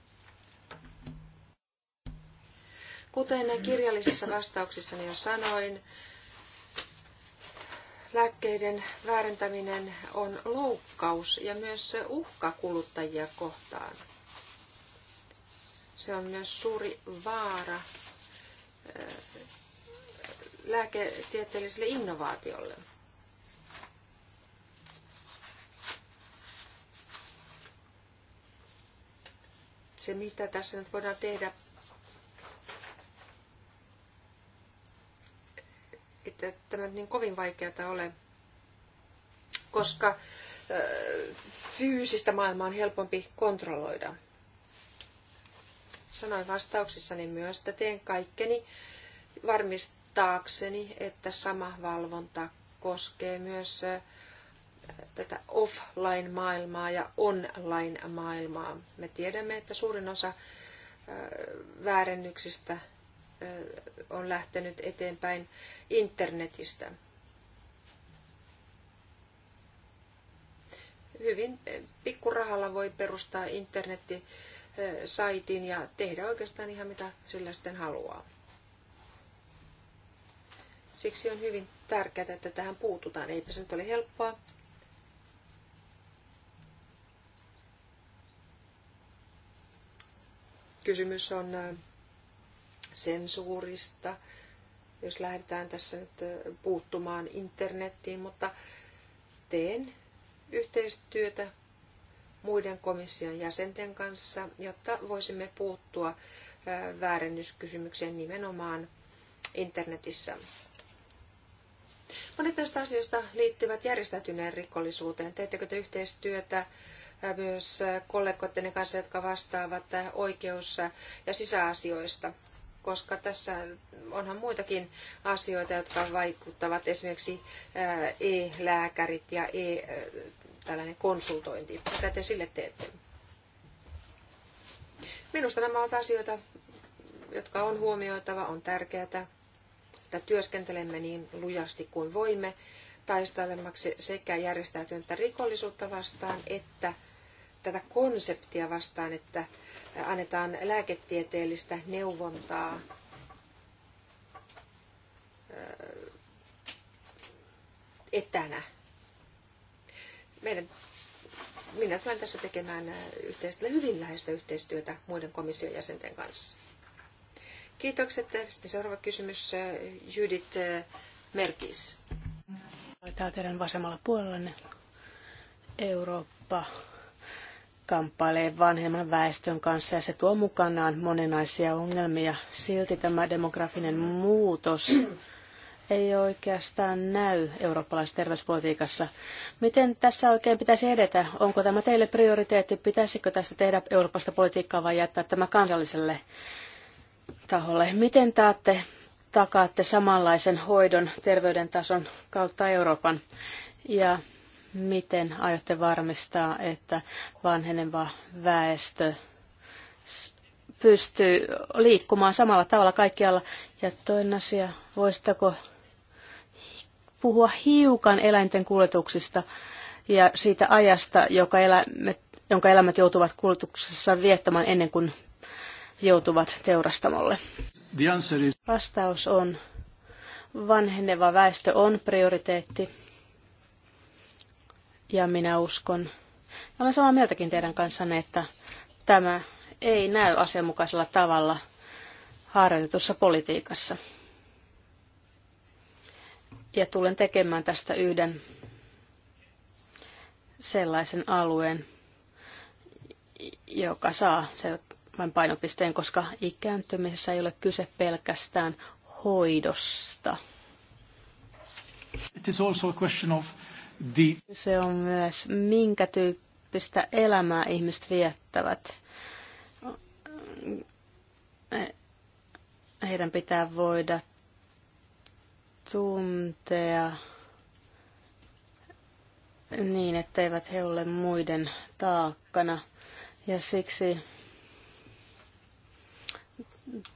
[SPEAKER 3] Kuten kirjallisissa vastauksissani jo sanoin, lääkkeiden väärentäminen on loukkaus ja myös uhka kuluttajia kohtaan. Se on myös suuri vaara lääketieteelliselle innovaatiolle. Se, mitä tässä nyt voidaan tehdä, että tämä niin kovin vaikeata ole, koska fyysistä maailmaa on helpompi kontrolloida – Sanoin vastauksissani myös, että teen kaikkeni varmistaakseni, että sama valvonta koskee myös tätä offline-maailmaa ja online-maailmaa. Me tiedämme, että suurin osa väärennyksistä on lähtenyt eteenpäin internetistä. Hyvin pikkurahalla voi perustaa internetin saitin ja tehdä oikeastaan ihan mitä sillä sitten haluaa. Siksi on hyvin tärkeää, että tähän puututaan. Eipä se nyt ole helppoa. Kysymys on sensuurista, jos lähdetään tässä nyt puuttumaan internettiin, mutta teen yhteistyötä muiden komission jäsenten kanssa, jotta voisimme puuttua väärennyskysymykseen nimenomaan internetissä. Monet näistä asioista liittyvät järjestäytyneen rikollisuuteen. Teettekö te yhteistyötä myös kollegoiden kanssa, jotka vastaavat oikeus- ja sisäasioista? Koska tässä onhan muitakin asioita, jotka vaikuttavat esimerkiksi e-lääkärit ja e tällainen konsultointi. Mitä te sille teette? Minusta nämä ovat asioita, jotka on huomioitava, on tärkeää, että työskentelemme niin lujasti kuin voimme taistelemaksi sekä järjestäytyntä rikollisuutta vastaan että tätä konseptia vastaan, että annetaan lääketieteellistä neuvontaa etänä meidän, minä tulen tässä tekemään äh, yhteistyötä, hyvin läheistä yhteistyötä muiden komission jäsenten kanssa. Kiitokset. Sitten seuraava kysymys äh, Judith äh, Merkis.
[SPEAKER 2] Täällä teidän vasemmalla puolellanne Eurooppa kamppailee vanhemman väestön kanssa ja se tuo mukanaan moninaisia ongelmia. Silti tämä demografinen muutos ei oikeastaan näy eurooppalaisessa terveyspolitiikassa. Miten tässä oikein pitäisi edetä? Onko tämä teille prioriteetti? Pitäisikö tästä tehdä eurooppalaista politiikkaa vai jättää tämä kansalliselle taholle? Miten taatte, takaatte samanlaisen hoidon terveyden tason kautta Euroopan? Ja miten aiotte varmistaa, että vanheneva väestö pystyy liikkumaan samalla tavalla kaikkialla? Ja toinen asia, voisitko puhua hiukan eläinten kuljetuksista ja siitä ajasta, joka eläimet, jonka elämät joutuvat kuljetuksessa viettämään ennen kuin joutuvat teurastamolle? Is... Vastaus on, vanheneva väestö on prioriteetti. Ja minä uskon, ja olen samaa mieltäkin teidän kanssanne, että tämä ei näy asianmukaisella tavalla harjoitetussa politiikassa ja tulen tekemään tästä yhden sellaisen alueen, joka saa sen painopisteen, koska ikääntymisessä ei ole kyse pelkästään hoidosta.
[SPEAKER 4] It is also a question of the...
[SPEAKER 2] Se on myös, minkä tyyppistä elämää ihmiset viettävät. Heidän pitää voida tunteja niin, etteivät he ole muiden taakkana. Ja siksi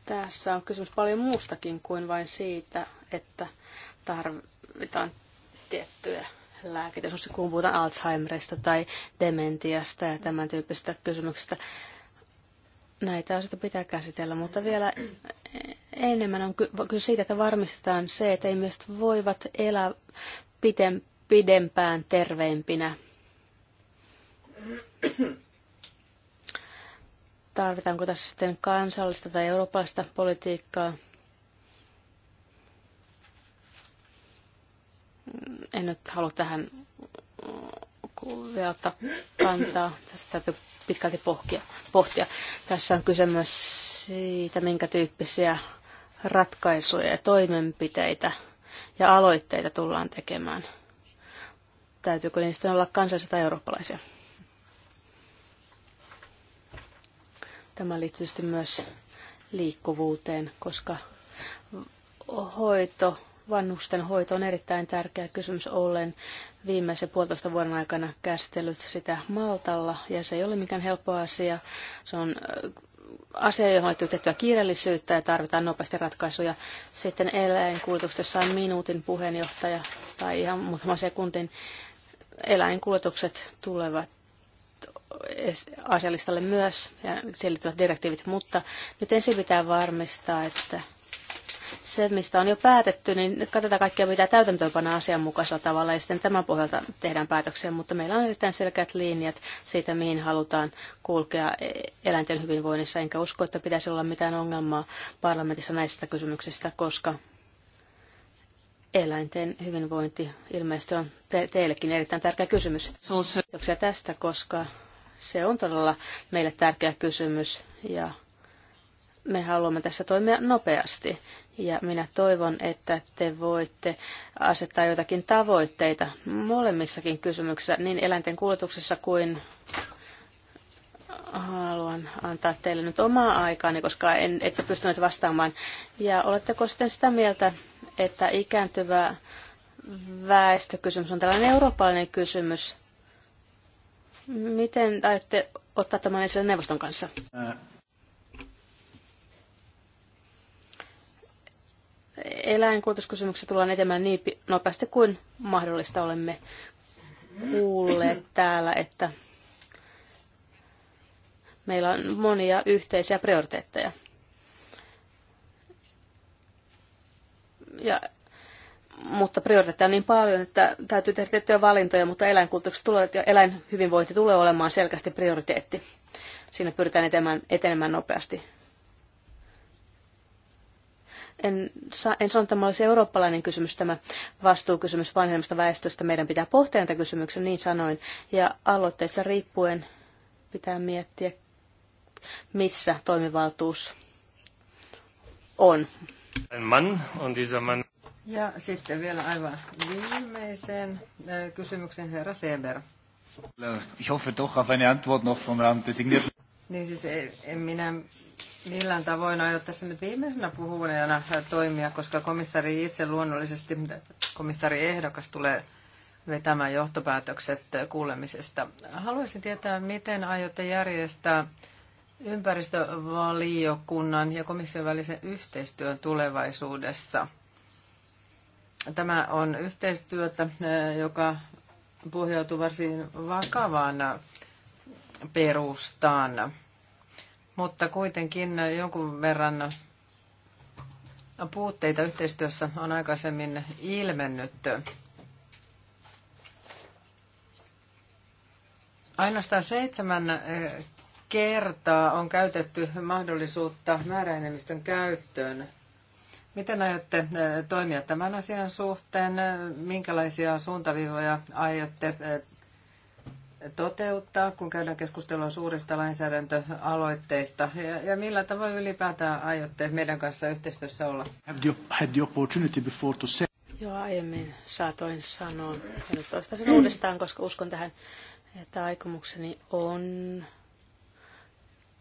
[SPEAKER 2] tässä on kysymys paljon muustakin kuin vain siitä, että tarvitaan tiettyjä lääkkeitä, esimerkiksi kun puhutaan Alzheimerista tai dementiasta ja tämän tyyppisistä kysymyksistä. Näitä asioita pitää käsitellä, mutta vielä Enemmän on kyse siitä, että varmistetaan se, että ihmiset voivat elää pidempään terveempinä. Tarvitaanko tässä sitten kansallista tai eurooppalaista politiikkaa? En nyt halua tähän vielä ottaa kantaa. Tästä täytyy pitkälti pohkia, pohtia. Tässä on kyse myös siitä, minkä tyyppisiä ratkaisuja ja toimenpiteitä ja aloitteita tullaan tekemään. Täytyykö niistä sitten olla kansallisia tai eurooppalaisia? Tämä liittyy myös liikkuvuuteen, koska hoito, vanhusten hoito on erittäin tärkeä kysymys. Olen viimeisen puolitoista vuoden aikana käsitellyt sitä Maltalla, ja se ei ole mikään helppo asia. Se on asia, johon liittyy tiettyä kiireellisyyttä ja tarvitaan nopeasti ratkaisuja. Sitten eläinkuljetuksessa on minuutin puheenjohtaja tai ihan muutama sekuntin eläinkuljetukset tulevat asialistalle myös ja siihen liittyvät direktiivit, mutta nyt ensin pitää varmistaa, että se, mistä on jo päätetty, niin nyt katsotaan kaikkea mitä täytäntöönpana asianmukaisella tavalla ja sitten tämän pohjalta tehdään päätöksiä, mutta meillä on erittäin selkeät linjat siitä, mihin halutaan kulkea e- eläinten hyvinvoinnissa, enkä usko, että pitäisi olla mitään ongelmaa parlamentissa näistä kysymyksistä, koska eläinten hyvinvointi ilmeisesti on te- teillekin erittäin tärkeä kysymys. Kiitoksia tästä, koska se on todella meille tärkeä kysymys ja me haluamme tässä toimia nopeasti ja minä toivon, että te voitte asettaa jotakin tavoitteita molemmissakin kysymyksissä, niin eläinten kuljetuksessa kuin haluan antaa teille nyt omaa aikaani, koska en, ette pystyneet vastaamaan. Ja oletteko sitten sitä mieltä, että ikääntyvä väestökysymys on tällainen eurooppalainen kysymys? Miten aiotte ottaa tämän esille neuvoston kanssa? Ää. Äh, eläinkuljetuskysymyksessä tullaan etemään niin nopeasti kuin mahdollista. Olemme kuulleet täällä, että meillä on monia yhteisiä prioriteetteja. Ja, mutta prioriteetteja on niin paljon, että täytyy tehdä tiettyjä valintoja, mutta eläinkulttuuriksi tulee, ja eläinhyvinvointi tulee olemaan selkeästi prioriteetti. Siinä pyritään etenemään, etenemään nopeasti en, en sano, että tämä olisi eurooppalainen kysymys, tämä vastuukysymys vanhemmasta väestöstä. Meidän pitää pohtia näitä kysymyksiä, niin sanoin. Ja aloitteista riippuen pitää miettiä, missä toimivaltuus on.
[SPEAKER 5] Ja sitten vielä aivan viimeisen kysymyksen herra Seber.
[SPEAKER 1] Ich hoffe doch auf eine Antwort noch vom Rahmen designiert.
[SPEAKER 5] Niin siis e, en minä millään tavoin aiot tässä nyt viimeisenä puhuneena toimia, koska komissari itse luonnollisesti, komissari ehdokas tulee vetämään johtopäätökset kuulemisesta. Haluaisin tietää, miten aiotte järjestää ympäristövaliokunnan ja komission välisen yhteistyön tulevaisuudessa. Tämä on yhteistyötä, joka pohjautuu varsin vakavaan perustaan mutta kuitenkin jonkun verran puutteita yhteistyössä on aikaisemmin ilmennyt. Ainoastaan seitsemän eh, kertaa on käytetty mahdollisuutta määräenemmistön käyttöön. Miten aiotte eh, toimia tämän asian suhteen? Minkälaisia suuntaviivoja aiotte eh, toteuttaa, kun käydään keskustelua suurista lainsäädäntöaloitteista? Ja, ja millä tavoin ylipäätään
[SPEAKER 2] aiotte meidän kanssa yhteistyössä olla? Joo, aiemmin saatoin sanoa, ja nyt toistan sen uudestaan, koska uskon tähän, että aikomukseni on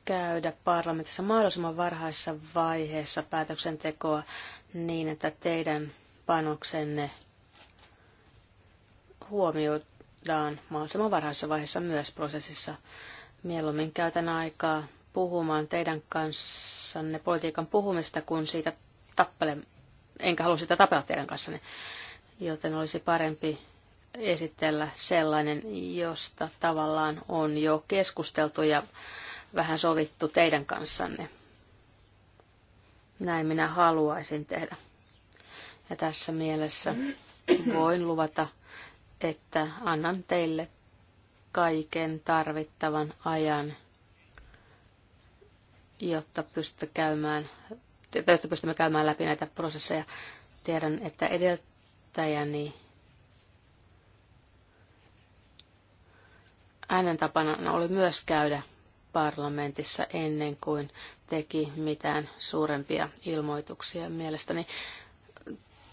[SPEAKER 2] käydä parlamentissa mahdollisimman varhaisessa vaiheessa päätöksentekoa niin, että teidän panoksenne huomioit, saadaan mahdollisimman varhaisessa vaiheessa myös prosessissa. Mieluummin käytän aikaa puhumaan teidän kanssanne politiikan puhumista, kun siitä tappele, enkä halua sitä tapella teidän kanssanne, joten olisi parempi esitellä sellainen, josta tavallaan on jo keskusteltu ja vähän sovittu teidän kanssanne. Näin minä haluaisin tehdä. Ja tässä mielessä voin luvata että annan teille kaiken tarvittavan ajan, jotta, pystytte käymään, jotta pystymme käymään läpi näitä prosesseja. Tiedän, että edeltäjäni hänen tapana oli myös käydä parlamentissa ennen kuin teki mitään suurempia ilmoituksia. Mielestäni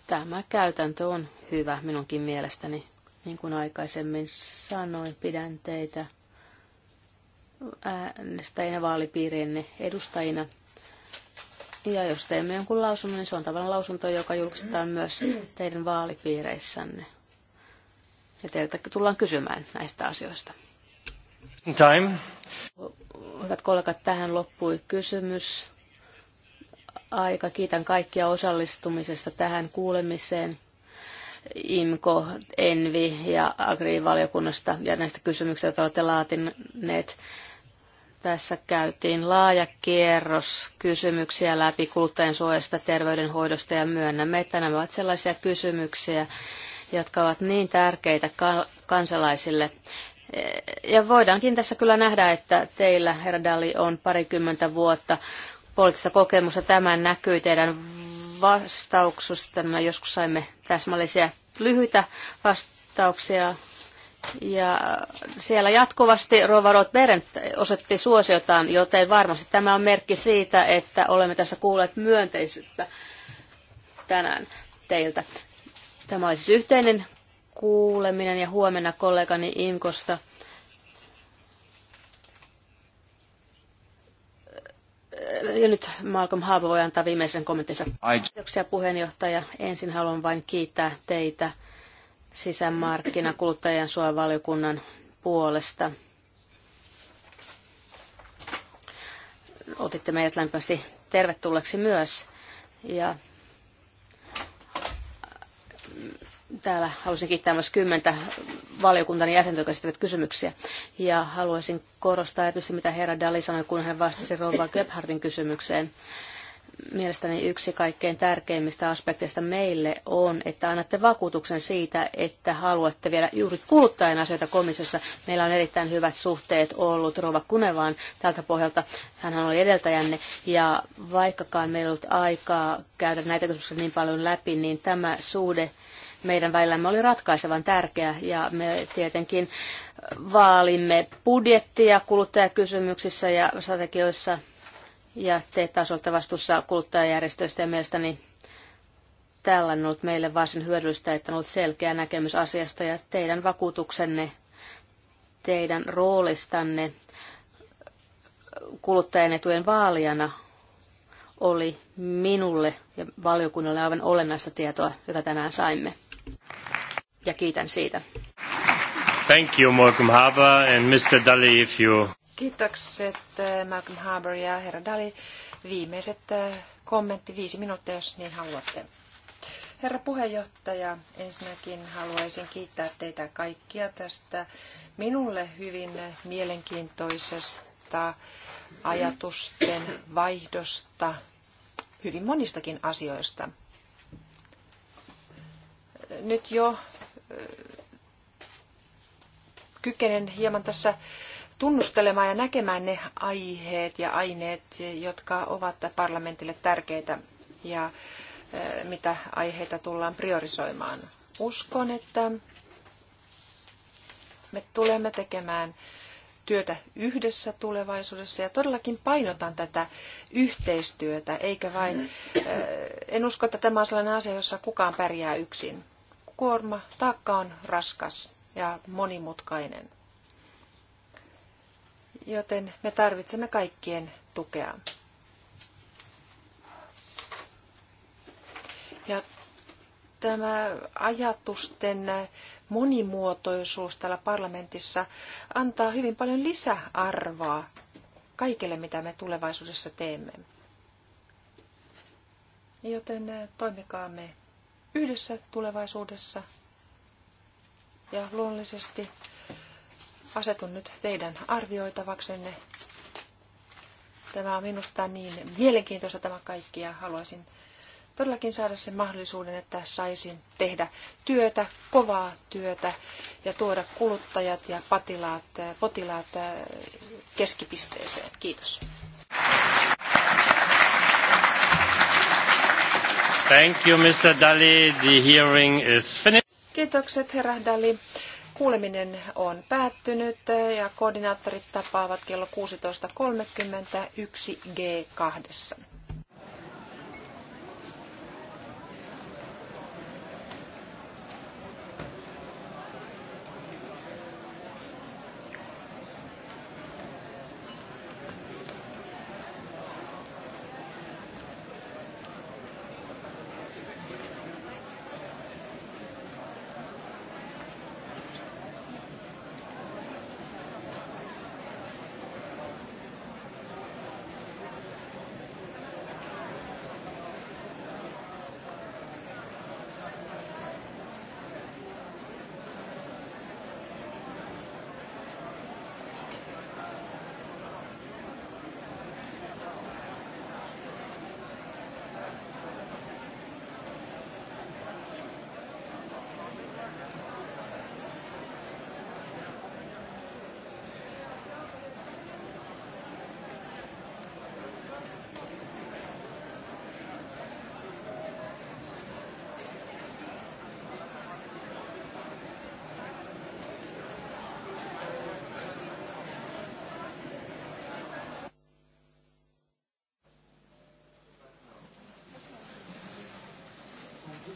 [SPEAKER 2] tämä käytäntö on hyvä minunkin mielestäni. Niin kuin aikaisemmin sanoin, pidän teitä äänestäjinä vaalipiirienne edustajina. Ja jos teemme jonkun lausunnon, niin se on tavallaan lausunto, joka julkistetaan myös teidän vaalipiireissänne. Ja teiltä tullaan kysymään näistä asioista. Time. Hyvät kollegat, tähän loppui kysymys. Aika. Kiitän kaikkia osallistumisesta tähän kuulemiseen. IMKO, ENVI ja Agri-valiokunnasta ja näistä kysymyksistä, joita olette laatineet. Tässä käytiin laaja kierros kysymyksiä läpi kuluttajan suojasta, terveydenhoidosta ja myönnämme, että nämä ovat sellaisia kysymyksiä, jotka ovat niin tärkeitä kansalaisille. Ja voidaankin tässä kyllä nähdä, että teillä, herra Dali, on parikymmentä vuotta poliittista kokemusta. Tämä näkyy teidän vastauksesta. No, joskus saimme täsmällisiä lyhyitä vastauksia. Ja siellä jatkuvasti Rova Rothberg osoitti suosiotaan, joten varmasti tämä on merkki siitä, että olemme tässä kuulleet myönteisyyttä tänään teiltä. Tämä oli siis yhteinen kuuleminen ja huomenna kollegani Imkosta Ja nyt Malcolm Haavo voi antaa viimeisen kommenttinsa. Kiitoksia puheenjohtaja. Ensin haluan vain kiittää teitä sisämarkkina kuluttajien suojavaliokunnan puolesta. Otitte meidät lämpimästi tervetulleeksi myös. Ja täällä halusin kiittää myös kymmentä valiokuntani jäsentä, jotka esittävät kysymyksiä. Ja haluaisin korostaa erityisesti, mitä herra Dali sanoi, kun hän vastasi Rova Gebhardin kysymykseen. Mielestäni yksi kaikkein tärkeimmistä aspekteista meille on, että annatte vakuutuksen siitä, että haluatte vielä juuri kuluttajan asioita komissiossa. Meillä on erittäin hyvät suhteet ollut Rova Kunevaan tältä pohjalta. hän oli edeltäjänne. Ja vaikkakaan meillä ei ollut aikaa käydä näitä kysymyksiä niin paljon läpi, niin tämä suhde meidän välillämme oli ratkaisevan tärkeä ja me tietenkin vaalimme budjettia kuluttajakysymyksissä ja strategioissa ja te taas olette vastuussa kuluttajajärjestöistä ja mielestäni tällä on ollut meille varsin hyödyllistä, että on ollut selkeä näkemys asiasta ja teidän vakuutuksenne, teidän roolistanne kuluttajan etujen vaalijana oli minulle ja valiokunnalle aivan olennaista tietoa, jota tänään saimme. Ja kiitän siitä.
[SPEAKER 1] Thank you, Malcolm Harbour and Mr. Dali, if you...
[SPEAKER 3] Kiitokset eh, Malcolm Harbour ja herra Dali. Viimeiset eh, kommentti viisi minuuttia, jos niin haluatte. Herra puheenjohtaja, ensinnäkin haluaisin kiittää teitä kaikkia tästä minulle hyvin eh, mielenkiintoisesta ajatusten vaihdosta hyvin monistakin asioista nyt jo kykenen hieman tässä tunnustelemaan ja näkemään ne aiheet ja aineet, jotka ovat parlamentille tärkeitä ja mitä aiheita tullaan priorisoimaan. Uskon, että me tulemme tekemään työtä yhdessä tulevaisuudessa ja todellakin painotan tätä yhteistyötä, eikä vain, en usko, että tämä on sellainen asia, jossa kukaan pärjää yksin kuorma taakka on raskas ja monimutkainen. Joten me tarvitsemme kaikkien tukea. Ja tämä ajatusten monimuotoisuus täällä parlamentissa antaa hyvin paljon lisäarvoa kaikille, mitä me tulevaisuudessa teemme. Joten toimikaamme yhdessä tulevaisuudessa. Ja luonnollisesti asetun nyt teidän arvioitavaksenne. Tämä on minusta niin mielenkiintoista tämä kaikki ja haluaisin todellakin saada sen mahdollisuuden, että saisin tehdä työtä, kovaa työtä ja tuoda kuluttajat ja potilaat, potilaat eh, keskipisteeseen. Kiitos.
[SPEAKER 1] Thank you, Mr. Dali. The hearing is finished.
[SPEAKER 3] Kiitokset, herra Dali. Kuuleminen on päättynyt ja koordinaattorit tapaavat kello 16.30 g 2